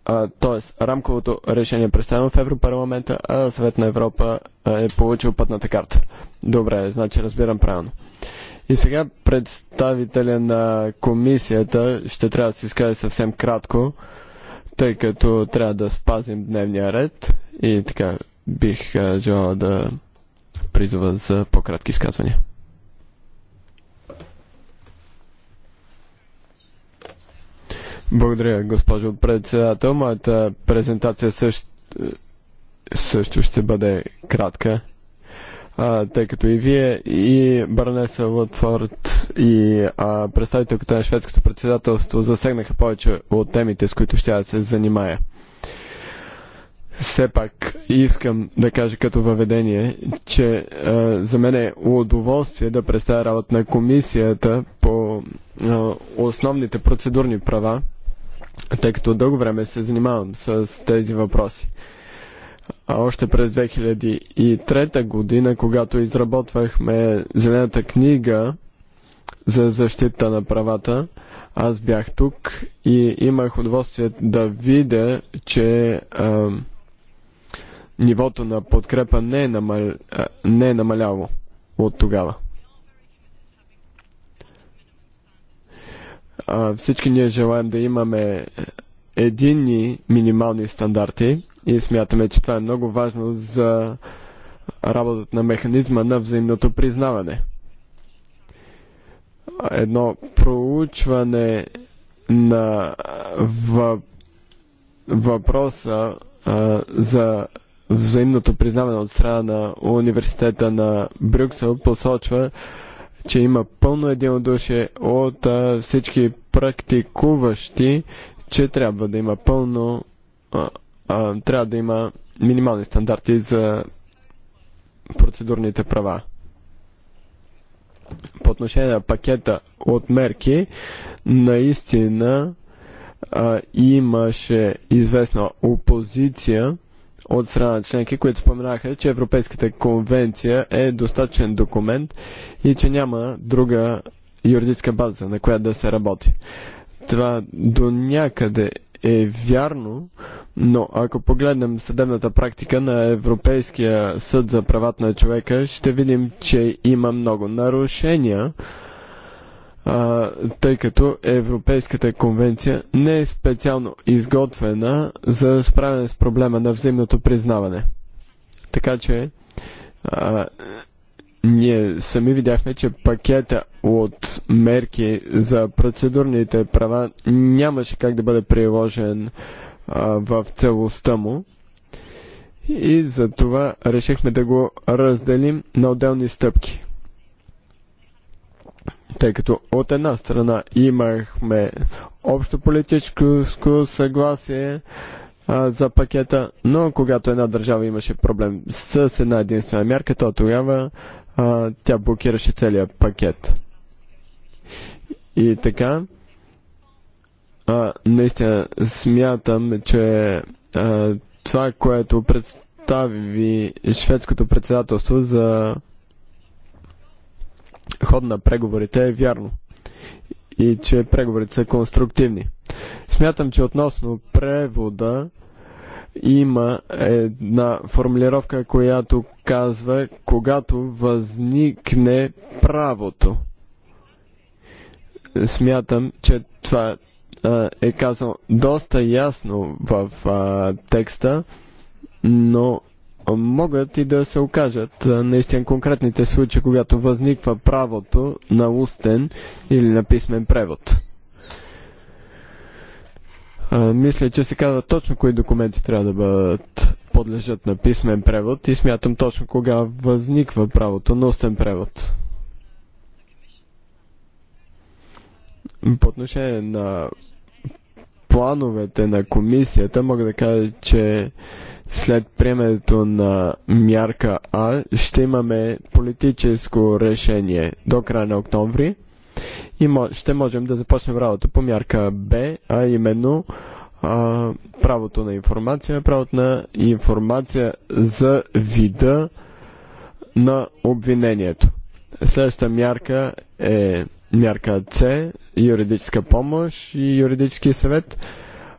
а, тоест, рамковото решение е представено в Европарламента, а Съвет на Европа е получил пътната карта. Добре, значи разбирам правилно. И сега представителя на комисията ще трябва да се изкаже съвсем кратко, тъй като трябва да спазим дневния ред и така бих желал да призова за по-кратки изказвания. Благодаря, госпожо председател. Моята презентация също, също ще бъде кратка, а, тъй като и вие, и Барнеса Лотфорд, и а, представителката на шведското председателство засегнаха повече от темите, с които ще се занимая все пак искам да кажа като въведение, че а, за мен е удоволствие да представя работа на комисията по а, основните процедурни права, тъй като дълго време се занимавам с тези въпроси. А още през 2003 година, когато изработвахме Зелената книга за защита на правата, аз бях тук и имах удоволствие да видя, че а, нивото на подкрепа не е, намал... не е намаляло от тогава. А, всички ние желаем да имаме единни минимални стандарти и смятаме, че това е много важно за работата на механизма на взаимното признаване. Едно проучване на въпроса за взаимното признаване от страна на университета на Брюксел посочва, че има пълно единодушие от а, всички практикуващи, че трябва да има пълно а, а, трябва да има минимални стандарти за процедурните права. По отношение на пакета от мерки, наистина а, имаше известна опозиция от страна на членки, които споменаха, че Европейската конвенция е достатъчен документ и че няма друга юридическа база, на която да се работи. Това до някъде е вярно, но ако погледнем съдебната практика на Европейския съд за правата на човека, ще видим, че има много нарушения а, тъй като Европейската конвенция не е специално изготвена за справяне с проблема на взаимното признаване. Така че а, ние сами видяхме, че пакета от мерки за процедурните права нямаше как да бъде приложен в целостта му. И за това решихме да го разделим на отделни стъпки тъй като от една страна имахме общо политическо съгласие а, за пакета, но когато една държава имаше проблем с една единствена мярка, то тогава а, тя блокираше целия пакет. И така, а, наистина смятам, че а, това, което представи шведското председателство за ход на преговорите е вярно и че преговорите са конструктивни. Смятам, че относно превода има една формулировка, която казва, когато възникне правото. Смятам, че това а, е казано доста ясно в а, текста, но могат и да се окажат наистина конкретните случаи, когато възниква правото на устен или на писмен превод. Мисля, че се казва точно кои документи трябва да бъдат подлежат на писмен превод и смятам точно кога възниква правото на устен превод. По отношение на плановете на комисията, мога да кажа, че след приемането на мярка А ще имаме политическо решение до края на октомври и ще можем да започнем работа по мярка Б, а именно а, правото на информация, правото на информация за вида на обвинението. Следващата мярка е мярка С, юридическа помощ и юридически съвет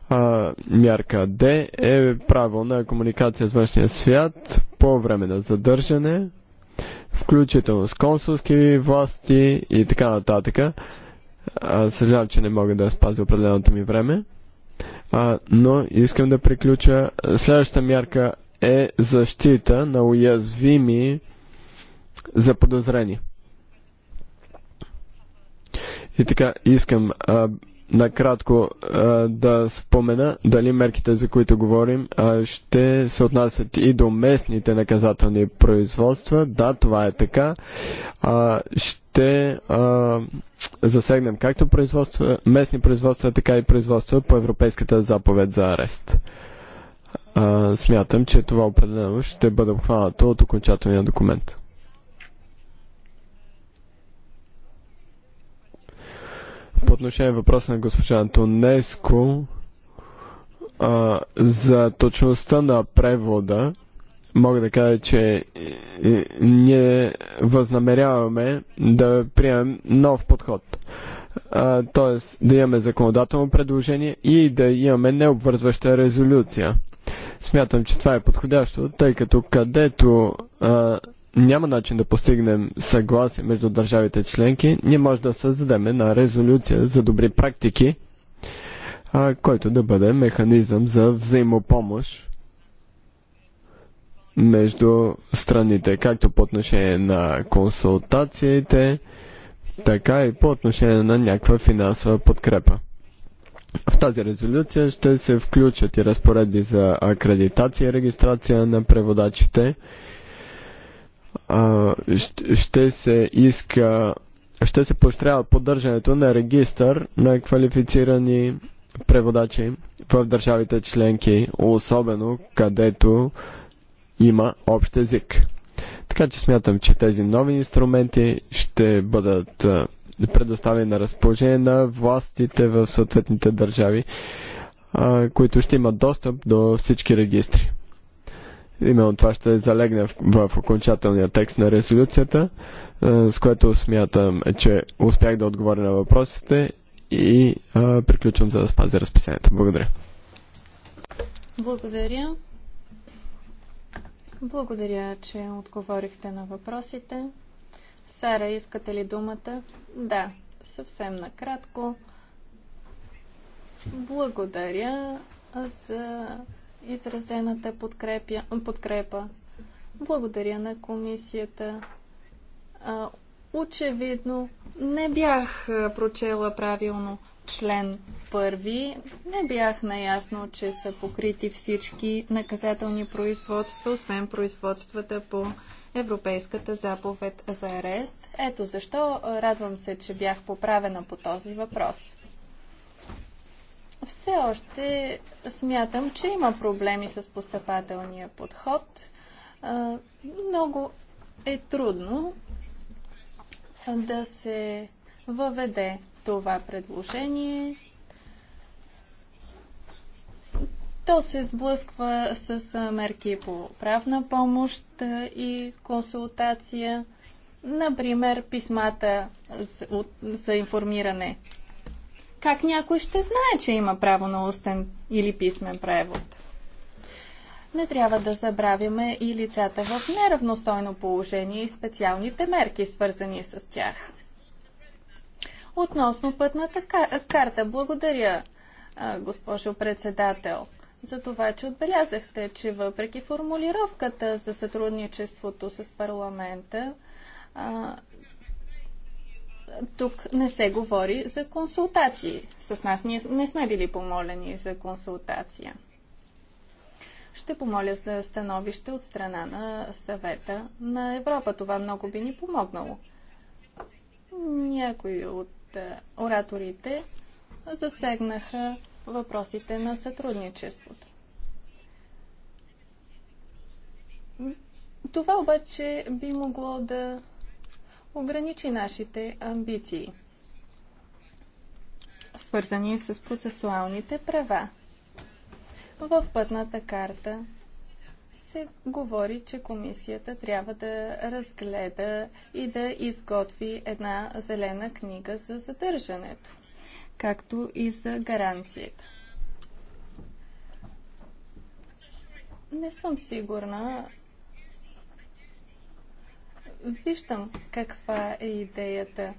а, мярка Д е правилна комуникация с външния свят по време на задържане, включително с консулски власти и така нататък. А, съжалявам, че не мога да спазя определеното ми време. А, но искам да приключа. Следващата мярка е защита на уязвими заподозрени. И така, искам а, накратко да спомена дали мерките, за които говорим, ще се отнасят и до местните наказателни производства. Да, това е така. Ще засегнем както производства, местни производства, така и производства по Европейската заповед за арест. Смятам, че това определено ще бъде обхванато от окончателния документ. По отношение въпроса на госпожа Антонеско а, за точността на превода, мога да кажа, че е, е, ние възнамеряваме да приемем нов подход. Т.е. да имаме законодателно предложение и да имаме необвързваща резолюция. Смятам, че това е подходящо, тъй като където а, няма начин да постигнем съгласие между държавите членки, ние може да създадем една резолюция за добри практики, а, който да бъде механизъм за взаимопомощ между страните, както по отношение на консултациите, така и по отношение на някаква финансова подкрепа. В тази резолюция ще се включат и разпоредби за акредитация и регистрация на преводачите, ще се иска, ще се поощрява поддържането на регистър на квалифицирани преводачи в държавите членки, особено където има общ език. Така че смятам, че тези нови инструменти ще бъдат предоставени на разположение на властите в съответните държави, които ще имат достъп до всички регистри. Именно това ще залегне в, в окончателния текст на резолюцията, с което смятам, че успях да отговоря на въпросите и а, приключвам за да спазя разписанието. Благодаря. Благодаря. Благодаря, че отговорихте на въпросите. Сара, искате ли думата? Да, съвсем накратко. Благодаря за изразената подкрепя, подкрепа. Благодаря на комисията. А, очевидно не бях прочела правилно член първи. Не бях наясно, че са покрити всички наказателни производства, освен производствата по Европейската заповед за арест. Ето защо радвам се, че бях поправена по този въпрос. Все още смятам, че има проблеми с постъпателния подход. Много е трудно да се въведе това предложение. То се сблъсква с мерки по правна помощ и консултация, например писмата за информиране как някой ще знае, че има право на устен или писмен превод? Не трябва да забравяме и лицата в неравностойно положение и специалните мерки, свързани с тях. Относно пътната карта, благодаря, госпожо председател за това, че отбелязахте, че въпреки формулировката за сътрудничеството с парламента, тук не се говори за консултации. С нас ние не сме били помолени за консултация. Ще помоля за становище от страна на съвета на Европа. Това много би ни помогнало. Някои от е, ораторите засегнаха въпросите на сътрудничеството. Това обаче би могло да ограничи нашите амбиции, свързани с процесуалните права. В пътната карта се говори, че комисията трябва да разгледа и да изготви една зелена книга за задържането, както и за гаранцията. Не съм сигурна Виждам каква е идеята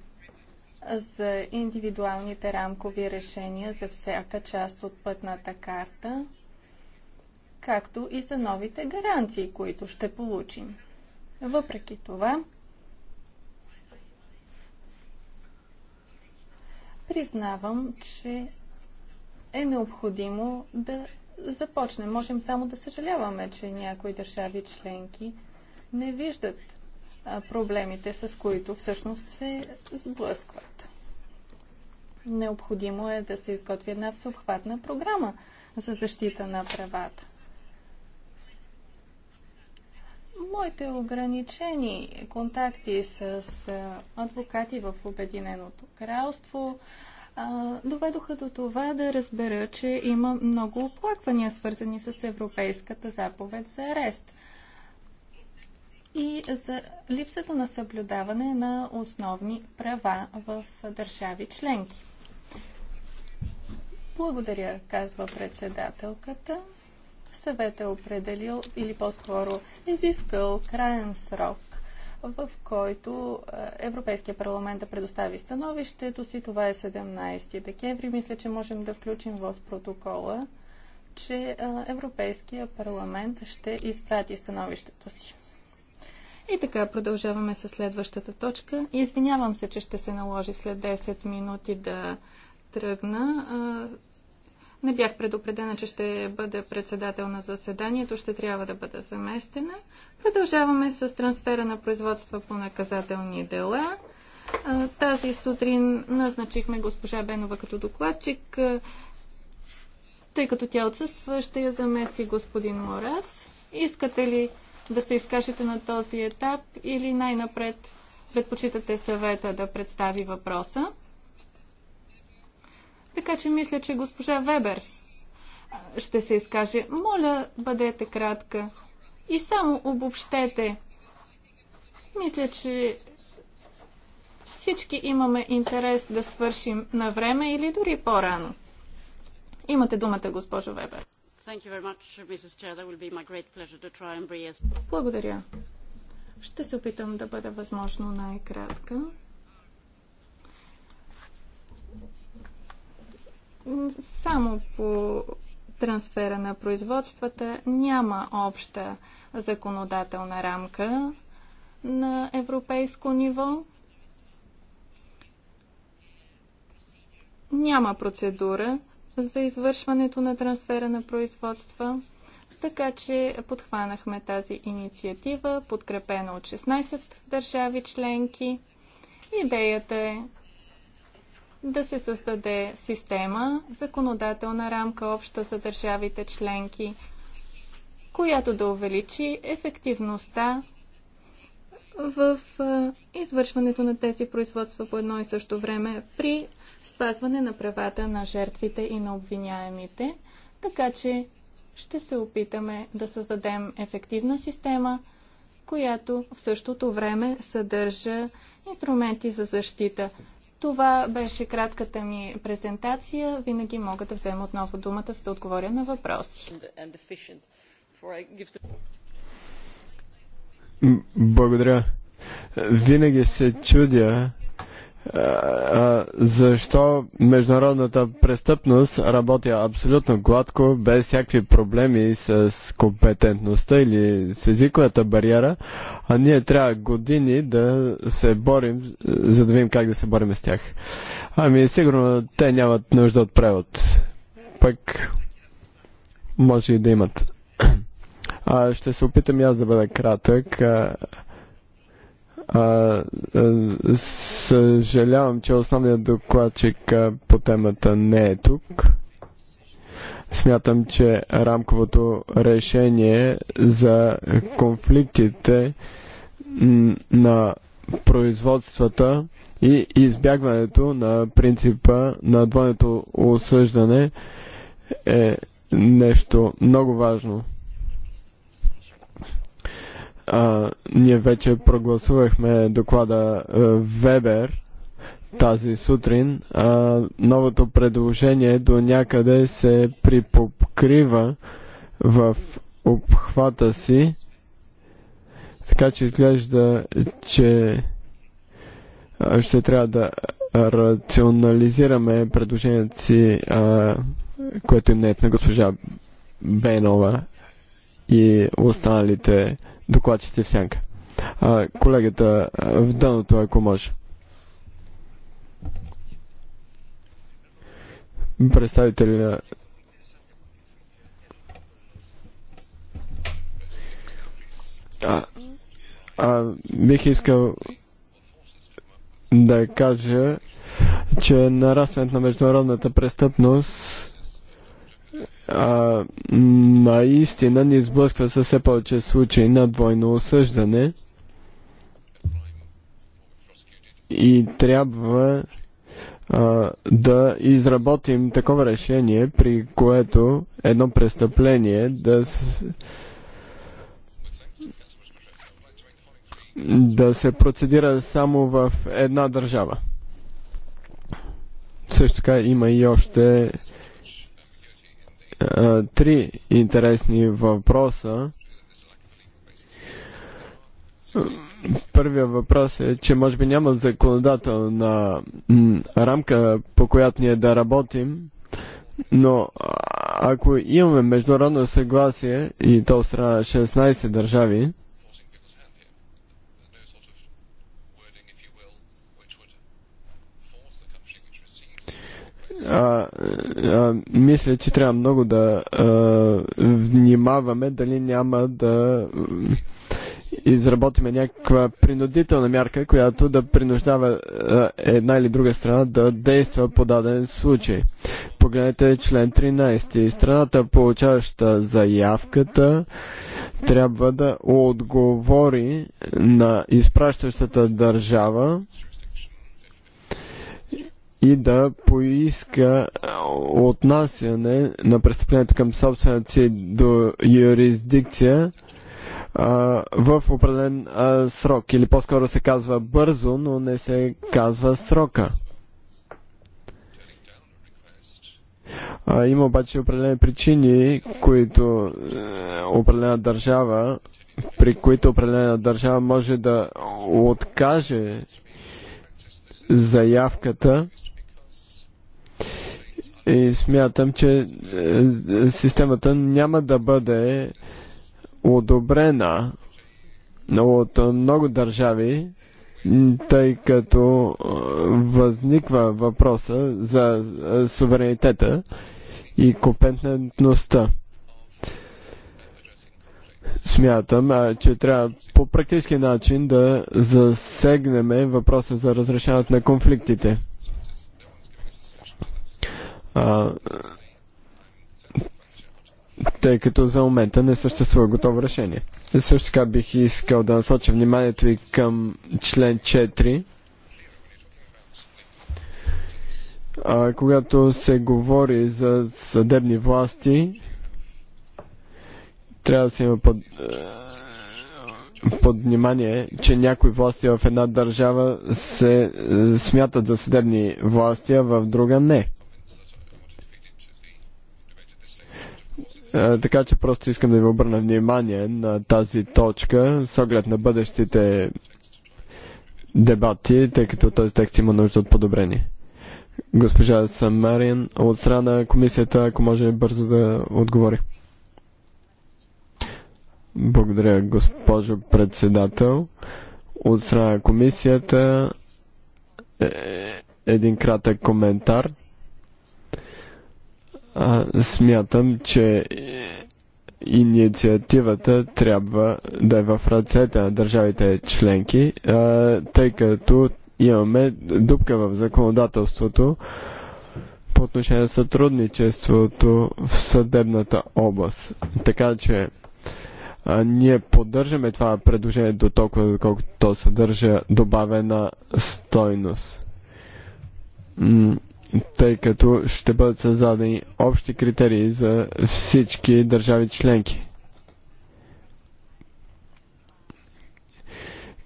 за индивидуалните рамкови решения за всяка част от пътната карта, както и за новите гаранции, които ще получим. Въпреки това, признавам, че е необходимо да започнем. Можем само да съжаляваме, че някои държави членки не виждат проблемите, с които всъщност се сблъскват. Необходимо е да се изготви една всеобхватна програма за защита на правата. Моите ограничени контакти с адвокати в Обединеното кралство доведоха до това да разбера, че има много оплаквания, свързани с Европейската заповед за арест – и за липсата на съблюдаване на основни права в държави членки. Благодаря, казва председателката. Съвет е определил или по-скоро изискал краен срок в който е, Европейския парламент да предостави становището си. Това е 17 декември. Мисля, че можем да включим в протокола, че е, Европейския парламент ще изпрати становището си. И така продължаваме с следващата точка. Извинявам се, че ще се наложи след 10 минути да тръгна. Не бях предупредена, че ще бъда председател на заседанието, ще трябва да бъда заместена. Продължаваме с трансфера на производства по наказателни дела. Тази сутрин назначихме госпожа Бенова като докладчик. Тъй като тя отсъства, ще я замести господин Морас. Искате ли да се изкажете на този етап или най-напред предпочитате съвета да представи въпроса? Така че мисля, че госпожа Вебер ще се изкаже. Моля, бъдете кратка и само обобщете. Мисля, че всички имаме интерес да свършим на време или дори по-рано. Имате думата, госпожо Вебер. Благодаря. Ще се опитам да бъда възможно най-кратка. Само по трансфера на производствата няма обща законодателна рамка на европейско ниво. Няма процедура за извършването на трансфера на производства. Така че подхванахме тази инициатива, подкрепена от 16 държави членки. Идеята е да се създаде система, законодателна рамка обща за държавите членки, която да увеличи ефективността в извършването на тези производства по едно и също време при спазване на правата на жертвите и на обвиняемите, така че ще се опитаме да създадем ефективна система, която в същото време съдържа инструменти за защита. Това беше кратката ми презентация. Винаги мога да взема отново думата, за да отговоря на въпроси. Благодаря. Винаги се чудя защо международната престъпност работя абсолютно гладко, без всякакви проблеми с компетентността или с езиковата бариера, а ние трябва години да се борим, за да видим как да се борим с тях. Ами, сигурно те нямат нужда от превод. Пък, може и да имат. А, ще се опитам и аз да бъда кратък съжалявам, че основният докладчик по темата не е тук. Смятам, че рамковото решение за конфликтите на производствата и избягването на принципа на двойното осъждане е нещо много важно. А, ние вече прогласувахме доклада а, Вебер тази сутрин. А, новото предложение до някъде се припокрива в обхвата си. Така че изглежда, че ще трябва да рационализираме предложението си, а, което е не е на госпожа Бенова и останалите докладчици в сянка. А, колегата в даното, ако може. Представители на а, а, бих искал да кажа, че нарастването на международната престъпност а, наистина ни сблъсква с все повече случаи на двойно осъждане и трябва а, да изработим такова решение, при което едно престъпление да с... да се процедира само в една държава. Също така има и още а, три интересни въпроса. Първият въпрос е, че може би няма законодателна рамка, по която ние да работим, но ако имаме международно съгласие и то страна 16 държави, а, а, мисля, че трябва много да а, внимаваме дали няма да изработиме някаква принудителна мярка, която да принуждава една или друга страна да действа по даден случай. Погледнете член 13. Страната, получаваща заявката, трябва да отговори на изпращащата държава и да поиска отнасяне на престъплението към собствената си до юрисдикция в определен а, срок. Или по-скоро се казва бързо, но не се казва срока. А, има обаче определени причини, които е, определена държава, при които определена държава може да откаже заявката и смятам, че е, системата няма да бъде одобрена от много държави, тъй като е, възниква въпроса за е, суверенитета и компетентността. Смятам, че трябва по практически начин да засегнем въпроса за разрешаването на конфликтите а, тъй като за момента не съществува готово решение. И също така бих искал да насоча вниманието ви към член 4, а, когато се говори за съдебни власти, трябва да се има под, под внимание, че някои власти в една държава се смятат за съдебни власти, а в друга не. Е, така че просто искам да ви обърна внимание на тази точка с оглед на бъдещите дебати, тъй като този текст има нужда от подобрение. Госпожа Самарин, от страна на комисията, ако може бързо да отговори. Благодаря, госпожо председател. От страна на комисията е, е един кратък коментар – а, смятам, че инициативата трябва да е в ръцете на държавите членки, а, тъй като имаме дупка в законодателството по отношение на сътрудничеството в съдебната област. Така че а, ние поддържаме това предложение до толкова, доколкото то съдържа добавена стойност тъй като ще бъдат създадени общи критерии за всички държави членки.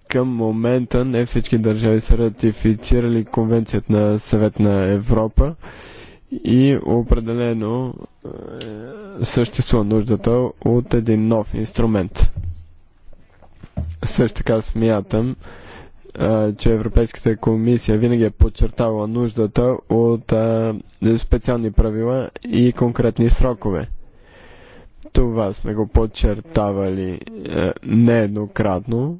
Към момента не всички държави са ратифицирали Конвенцията на Съвет на Европа и определено е, съществува нуждата от един нов инструмент. Също така смятам, че Европейската комисия винаги е подчертавала нуждата от специални правила и конкретни срокове. Това сме го подчертавали нееднократно.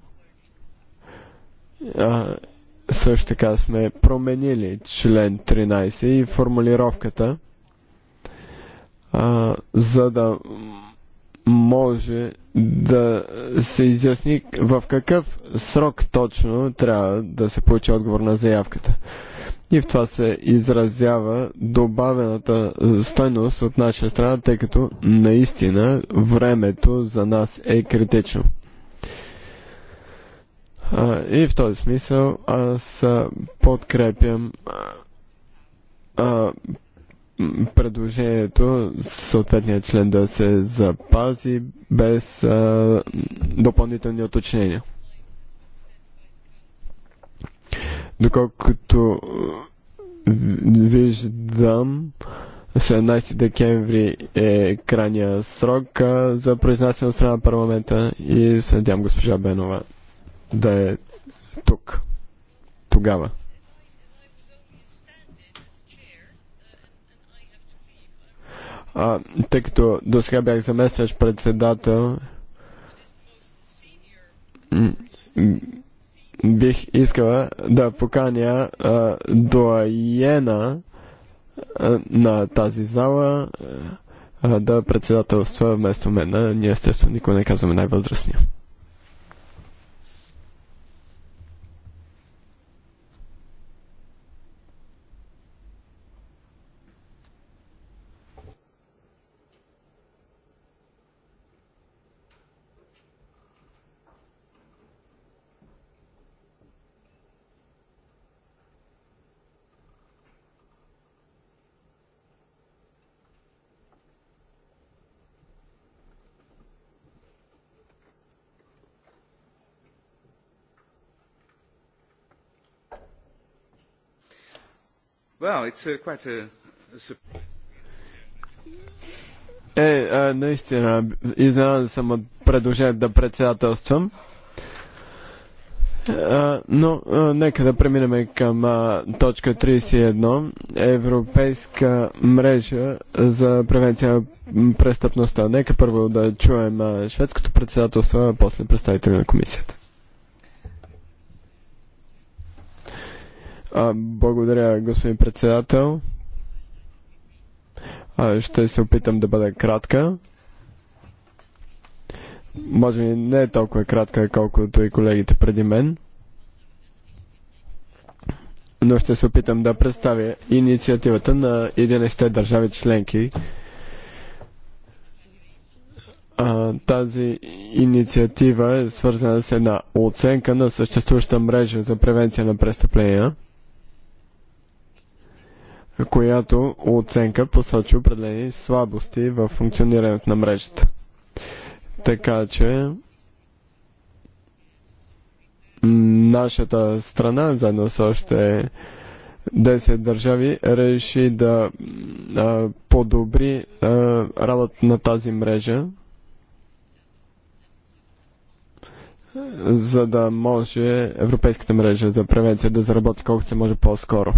Също така сме променили член 13 и формулировката, за да може да се изясни в какъв срок точно трябва да се получи отговор на заявката. И в това се изразява добавената стойност от наша страна, тъй като наистина времето за нас е критично. И в този смисъл аз подкрепям предложението съответния член да се запази без а, допълнителни уточнения. Доколкото виждам, 17 декември е крайния срок а, за произнасяне от страна на парламента и се надявам госпожа Бенова да е тук. Тогава. а, тъй като до сега бях заместващ председател, бих искала да поканя доаена на тази зала а, да председателства вместо мен. Ние естествено никой не казваме най-възрастния. it's uh, quite a... Е, а, наистина, изненадан съм от предложението да председателствам. А, но а, нека да преминем към а, точка 31. Европейска мрежа за превенция на престъпността. Нека първо да чуем а, шведското председателство, а после представители на комисията. Благодаря, господин председател. Ще се опитам да бъда кратка. Може би не е толкова кратка, колкото и колегите преди мен. Но ще се опитам да представя инициативата на 11 държави членки. Тази инициатива е свързана с една оценка на съществуваща мрежа за превенция на престъпления – която оценка посочи определени слабости в функционирането на мрежата. Така че нашата страна, заедно с още 10 държави, реши да а, подобри а, работа на тази мрежа, за да може европейската мрежа за превенция да заработи колкото се може по-скоро.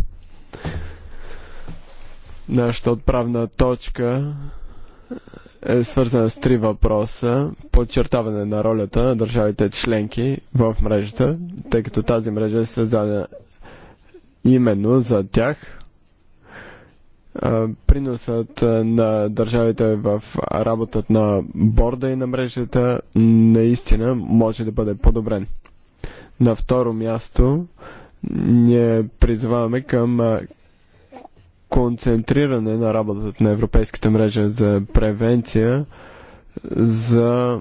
Нашата отправна точка е свързана с три въпроса. Подчертаване на ролята на държавите членки в мрежата, тъй като тази мрежа е създадена именно за тях. Приносът на държавите в работата на борда и на мрежата наистина може да бъде подобрен. На второ място ние призваваме към концентриране на работата на Европейската мрежа за превенция за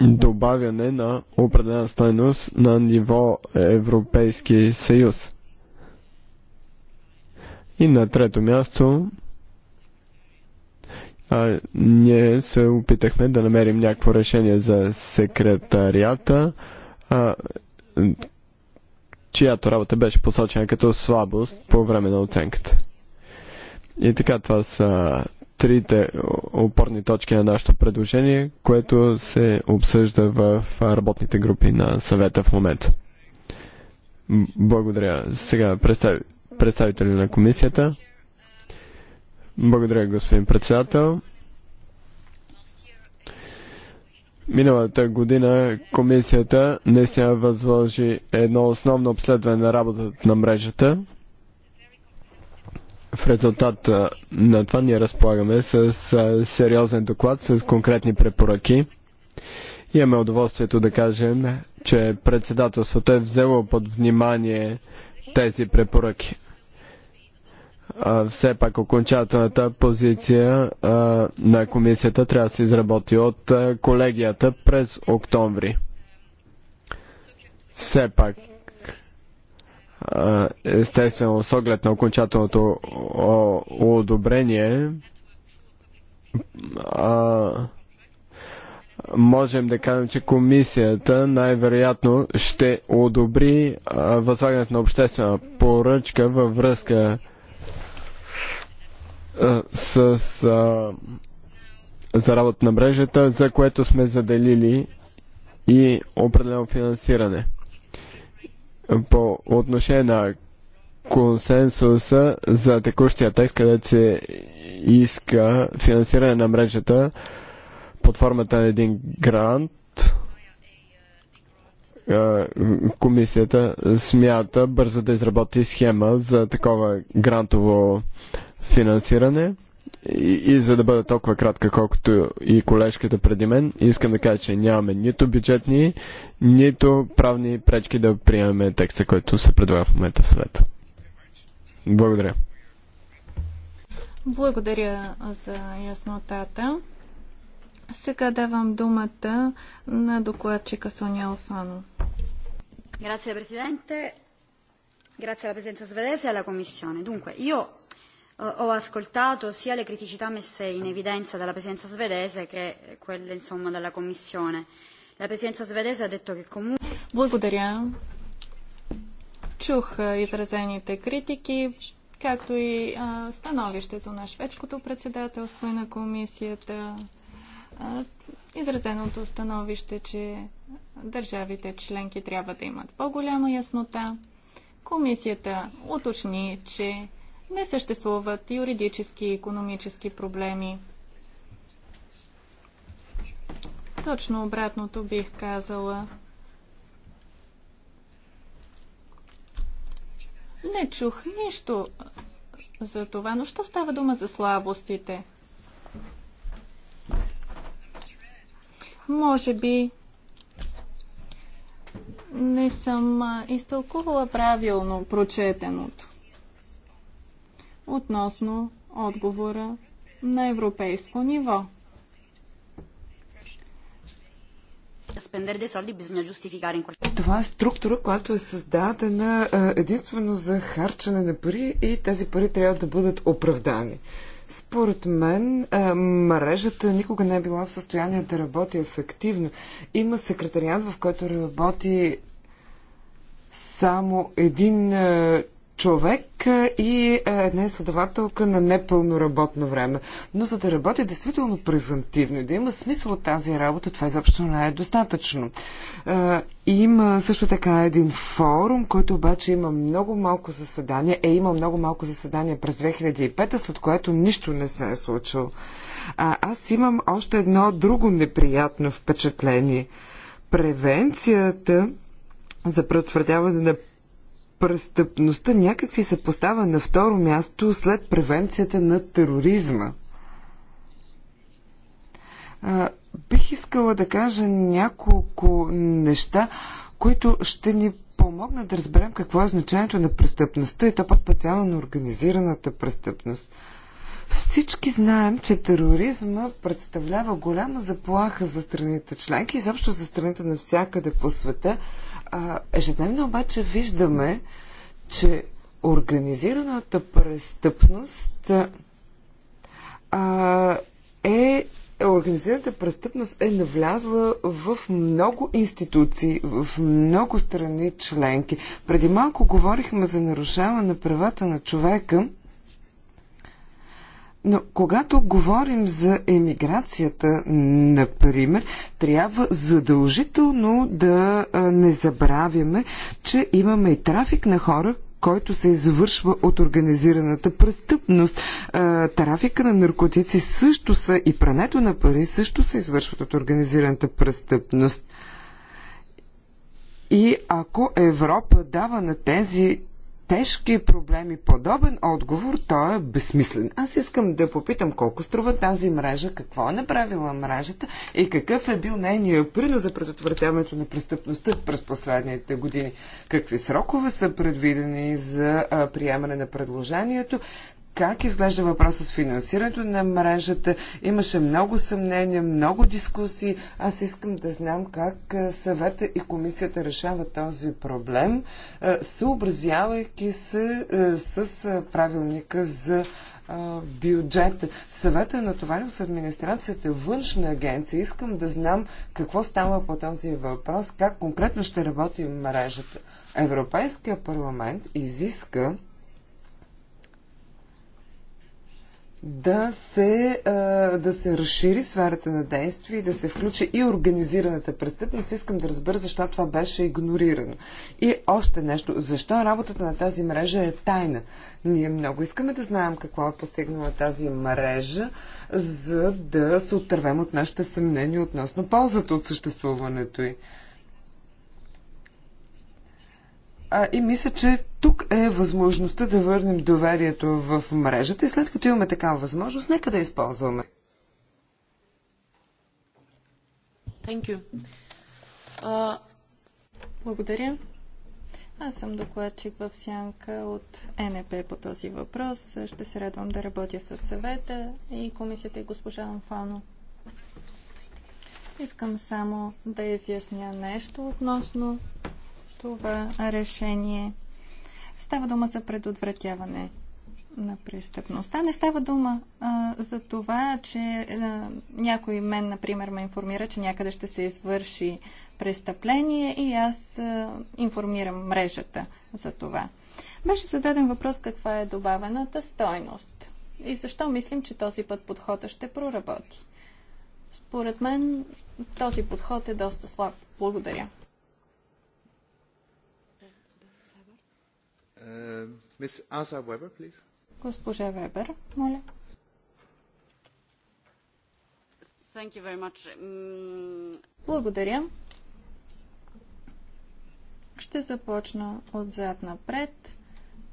добавяне на определена стойност на ниво Европейски съюз. И на трето място а, ние се опитахме да намерим някакво решение за секретарията, а, чиято работа беше посочена като слабост по време на оценката. И така, това са трите опорни точки на нашето предложение, което се обсъжда в работните групи на съвета в момента. Благодаря. Сега представ... представители на комисията. Благодаря, господин председател. Миналата година комисията не се възложи едно основно обследване на работата на мрежата. В резултат на това ние разполагаме с сериозен доклад, с конкретни препоръки. Имаме удоволствието да кажем, че председателството е взело под внимание тези препоръки а, все пак окончателната позиция а, на комисията трябва да се изработи от а, колегията през октомври. Все пак, а, естествено, с оглед на окончателното одобрение, а, можем да кажем, че комисията най-вероятно ще одобри възлагането на обществена поръчка във връзка с за работа на мрежата, за което сме заделили и определено финансиране. По отношение на консенсуса за текущия текст, където се иска финансиране на мрежата под формата на един грант, комисията смята бързо да изработи схема за такова грантово финансиране и, и за да бъда толкова кратка, колкото и колежката преди мен, искам да кажа, че нямаме нито бюджетни, нито правни пречки да приемеме текста, който се предлага в момента в света. Благодаря. Благодаря за яснотата. Сега давам думата на докладчика Соня Алфано. Grazie Presidente, grazie alla Presidenza svedese e alla Commissione. Dunque, io ho ascoltato sia le criticità messe in evidenza dalla presidenza svedese che quelle insomma della Commissione. La presidenza svedese ha detto che comunque... Благодаря. Чух изразените критики, както и а, становището на шведското председателство и на комисията. А, изразеното становище, че държавите членки трябва да имат по-голяма яснота. Комисията уточни, че не съществуват юридически и економически проблеми. Точно обратното бих казала. Не чух нищо за това, но що става дума за слабостите? Може би не съм изтълкувала правилно прочетеното относно отговора на европейско ниво. Това е структура, която е създадена единствено за харчане на пари и тези пари трябва да бъдат оправдани. Според мен мрежата никога не е била в състояние да работи ефективно. Има секретариат, в който работи само един човек и една изследователка на непълно работно време. Но за да работи действително превентивно и да има смисъл от тази работа, това изобщо не е достатъчно. Има също така един форум, който обаче има много малко заседания. Е, има много малко заседания през 2005, след което нищо не се е случило. А, аз имам още едно друго неприятно впечатление. Превенцията за предотвратяване на престъпността някак си се поставя на второ място след превенцията на тероризма. А, бих искала да кажа няколко неща, които ще ни помогнат да разберем какво е значението на престъпността и то по-специално на организираната престъпност. Всички знаем, че тероризма представлява голяма заплаха за страните членки, изобщо за страните навсякъде по света. А, ежедневно обаче виждаме, че организираната престъпност а, е организираната престъпност е навлязла в много институции, в много страни членки. Преди малко говорихме за нарушаване на правата на човека но когато говорим за емиграцията, например, трябва задължително да не забравяме, че имаме и трафик на хора, който се извършва от организираната престъпност. Трафика на наркотици също са и прането на пари също се извършват от организираната престъпност. И ако Европа дава на тези тежки проблеми подобен отговор, той е безсмислен. Аз искам да попитам колко струва тази мрежа, какво е направила мрежата и какъв е бил нейният принос за предотвратяването на престъпността през последните години. Какви срокове са предвидени за приемане на предложението, как изглежда въпроса с финансирането на мрежата. Имаше много съмнения, много дискусии. Аз искам да знам как съвета и комисията решават този проблем, съобразявайки се с правилника за бюджет. Съвета е натоварил с администрацията външна агенция. Искам да знам какво става по този въпрос, как конкретно ще работи мрежата. Европейския парламент изиска да се, да се разшири сферата на действие и да се включи и организираната престъпност. Искам да разбера защо това беше игнорирано. И още нещо. Защо работата на тази мрежа е тайна? Ние много искаме да знаем какво е постигнала тази мрежа, за да се отървем от нашите съмнения относно ползата от съществуването й. А, и мисля, че тук е възможността да върнем доверието в мрежата и след като имаме такава възможност, нека да използваме. Thank you. Uh, благодаря. Аз съм докладчик в Сянка от НП по този въпрос. Ще се радвам да работя с съвета и комисията и госпожа Анфано. Искам само да изясня нещо относно това решение. Става дума за предотвратяване на престъпността. Не става дума а, за това, че а, някой мен, например, ме информира, че някъде ще се извърши престъпление и аз а, информирам мрежата за това. Беше зададен въпрос каква е добавената стойност и защо мислим, че този път подхода ще проработи. Според мен този подход е доста слаб. Благодаря. Uh, Госпожа Вебер, моля. Thank you very much. Mm... Благодаря. Ще започна отзад напред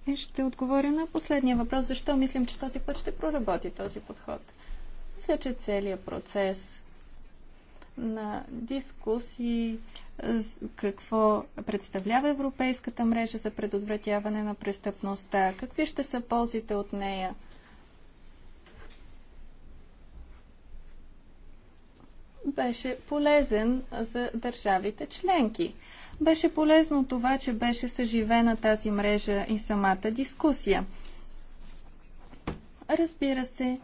и ще отговоря на последния въпрос. Защо мислим, че този път ще проработи този подход? Мисля, че целият процес на дискусии какво представлява Европейската мрежа за предотвратяване на престъпността, какви ще са ползите от нея. Беше полезен за държавите членки. Беше полезно това, че беше съживена тази мрежа и самата дискусия. Разбира се,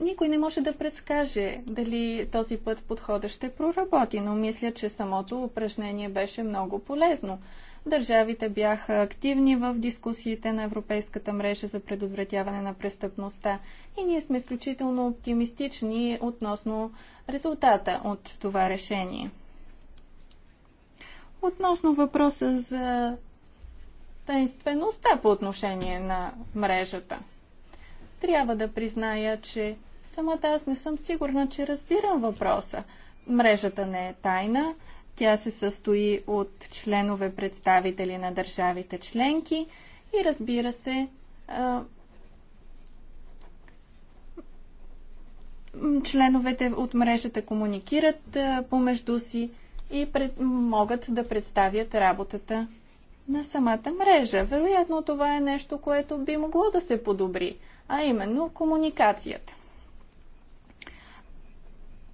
никой не може да предскаже дали този път подхода ще проработи, но мисля, че самото упражнение беше много полезно. Държавите бяха активни в дискусиите на Европейската мрежа за предотвратяване на престъпността и ние сме изключително оптимистични относно резултата от това решение. Относно въпроса за тайнствеността по отношение на мрежата – трябва да призная, че самата аз не съм сигурна, че разбирам въпроса. Мрежата не е тайна. Тя се състои от членове представители на държавите членки и разбира се, членовете от мрежата комуникират помежду си и пред, могат да представят работата на самата мрежа. Вероятно това е нещо, което би могло да се подобри а именно комуникацията.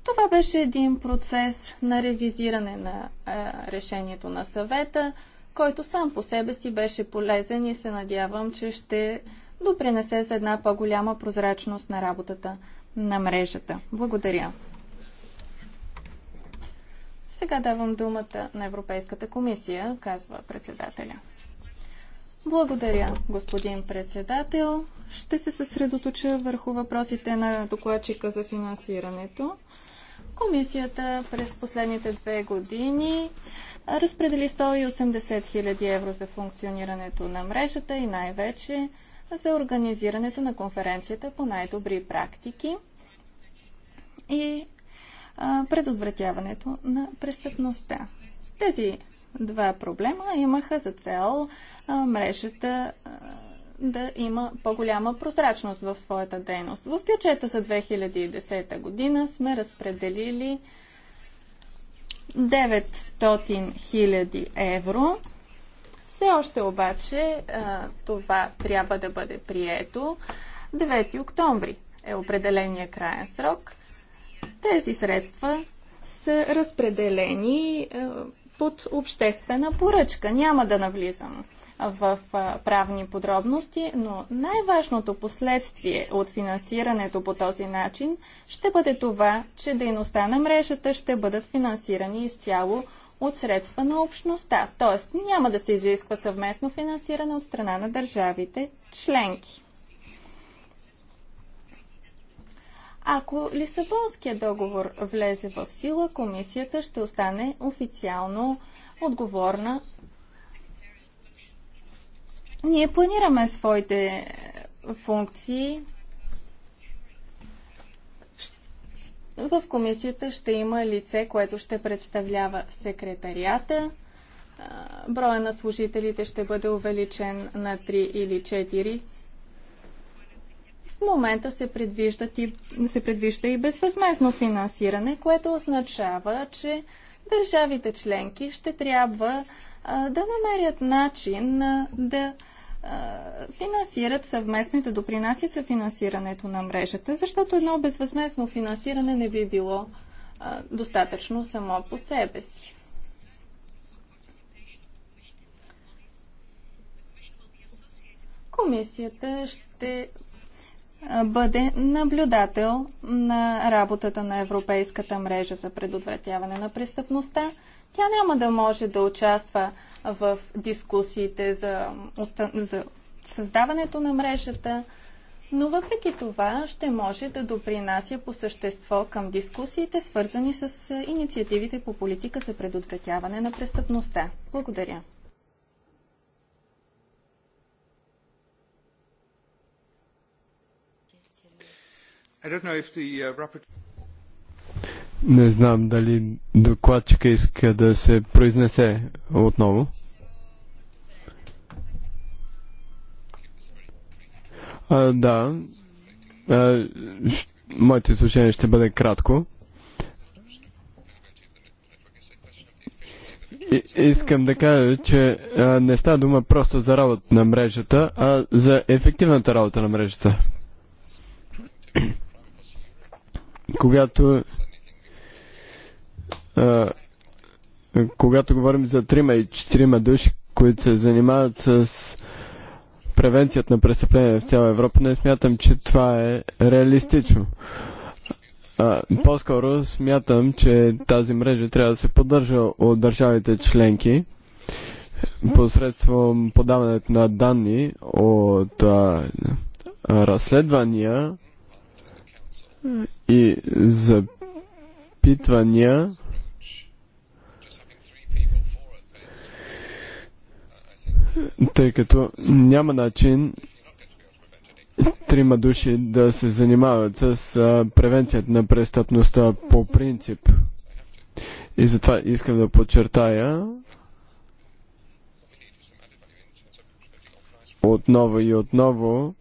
Това беше един процес на ревизиране на е, решението на съвета, който сам по себе си беше полезен и се надявам, че ще допринесе за една по-голяма прозрачност на работата на мрежата. Благодаря. Сега давам думата на Европейската комисия, казва председателя. Благодаря, господин председател. Ще се съсредоточа върху въпросите на докладчика за финансирането. Комисията през последните две години разпредели 180 000 евро за функционирането на мрежата и най-вече за организирането на конференцията по най-добри практики и предотвратяването на престъпността. Тези два проблема имаха за цел мрежата да има по-голяма прозрачност в своята дейност. В бюджета за 2010 година сме разпределили 900 000 евро. Все още обаче това трябва да бъде прието. 9 октомври е определения краен срок. Тези средства са разпределени под обществена поръчка. Няма да навлизам в правни подробности, но най-важното последствие от финансирането по този начин ще бъде това, че дейността на мрежата ще бъдат финансирани изцяло от средства на общността, т.е. няма да се изисква съвместно финансиране от страна на държавите членки. Ако Лисабонския договор влезе в сила, комисията ще остане официално отговорна ние планираме своите е, функции. В комисията ще има лице, което ще представлява секретарията. Броя на служителите ще бъде увеличен на 3 или 4. В момента се, предвижда, и, се предвижда и безвъзмезно финансиране, което означава, че държавите членки ще трябва да намерят начин да финансират съвместно и да допринасят за финансирането на мрежата, защото едно безвъзместно финансиране не би било достатъчно само по себе си. Комисията ще бъде наблюдател на работата на Европейската мрежа за предотвратяване на престъпността. Тя няма да може да участва в дискусиите за, за създаването на мрежата, но въпреки това ще може да допринася по същество към дискусиите, свързани с инициативите по политика за предотвратяване на престъпността. Благодаря. Uh, не знам дали докладчика иска да се произнесе отново. А, да. А, ш... Моето изложение ще бъде кратко. И, искам да кажа, че а, не става дума просто за работа на мрежата, а за ефективната работа на мрежата. Когато а, когато говорим за трима и четирима души, които се занимават с превенцията на престъпления в цяла Европа, не смятам, че това е реалистично. по-скоро смятам, че тази мрежа трябва да се поддържа от държавите членки посредством подаването на данни от а, разследвания и запитвания. Тъй като няма начин трима души да се занимават с превенцията на престъпността по принцип. И затова искам да подчертая, отново и отново,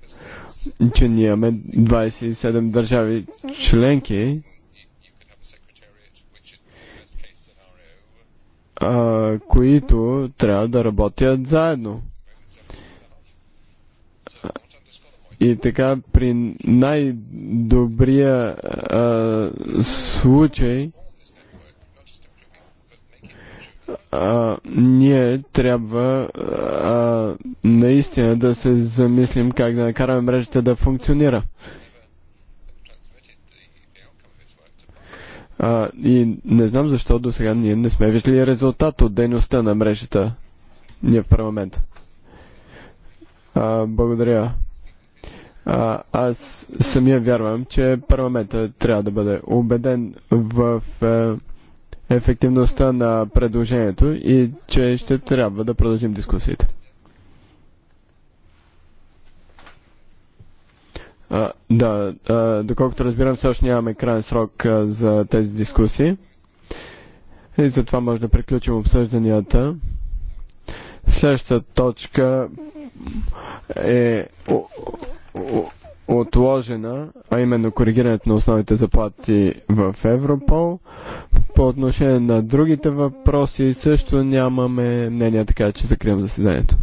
че ние имаме 27 държави членки, а, които трябва да работят заедно. И така при най-добрия случай а, ние трябва а, наистина да се замислим как да накараме мрежата да функционира. А, и не знам защо до сега ние не сме виждали резултат от дейността на мрежата ние в парламент. А, благодаря. А, аз самия вярвам, че парламентът трябва да бъде убеден в. Е, ефективността на предложението и че ще трябва да продължим дискусиите. А, да, а, доколкото разбирам, все още нямаме крайен срок а, за тези дискусии. И затова може да приключим обсъжданията. Следващата точка е отложена, а именно коригирането на основните заплати в Европол. По отношение на другите въпроси също нямаме мнение, така че закривам заседанието.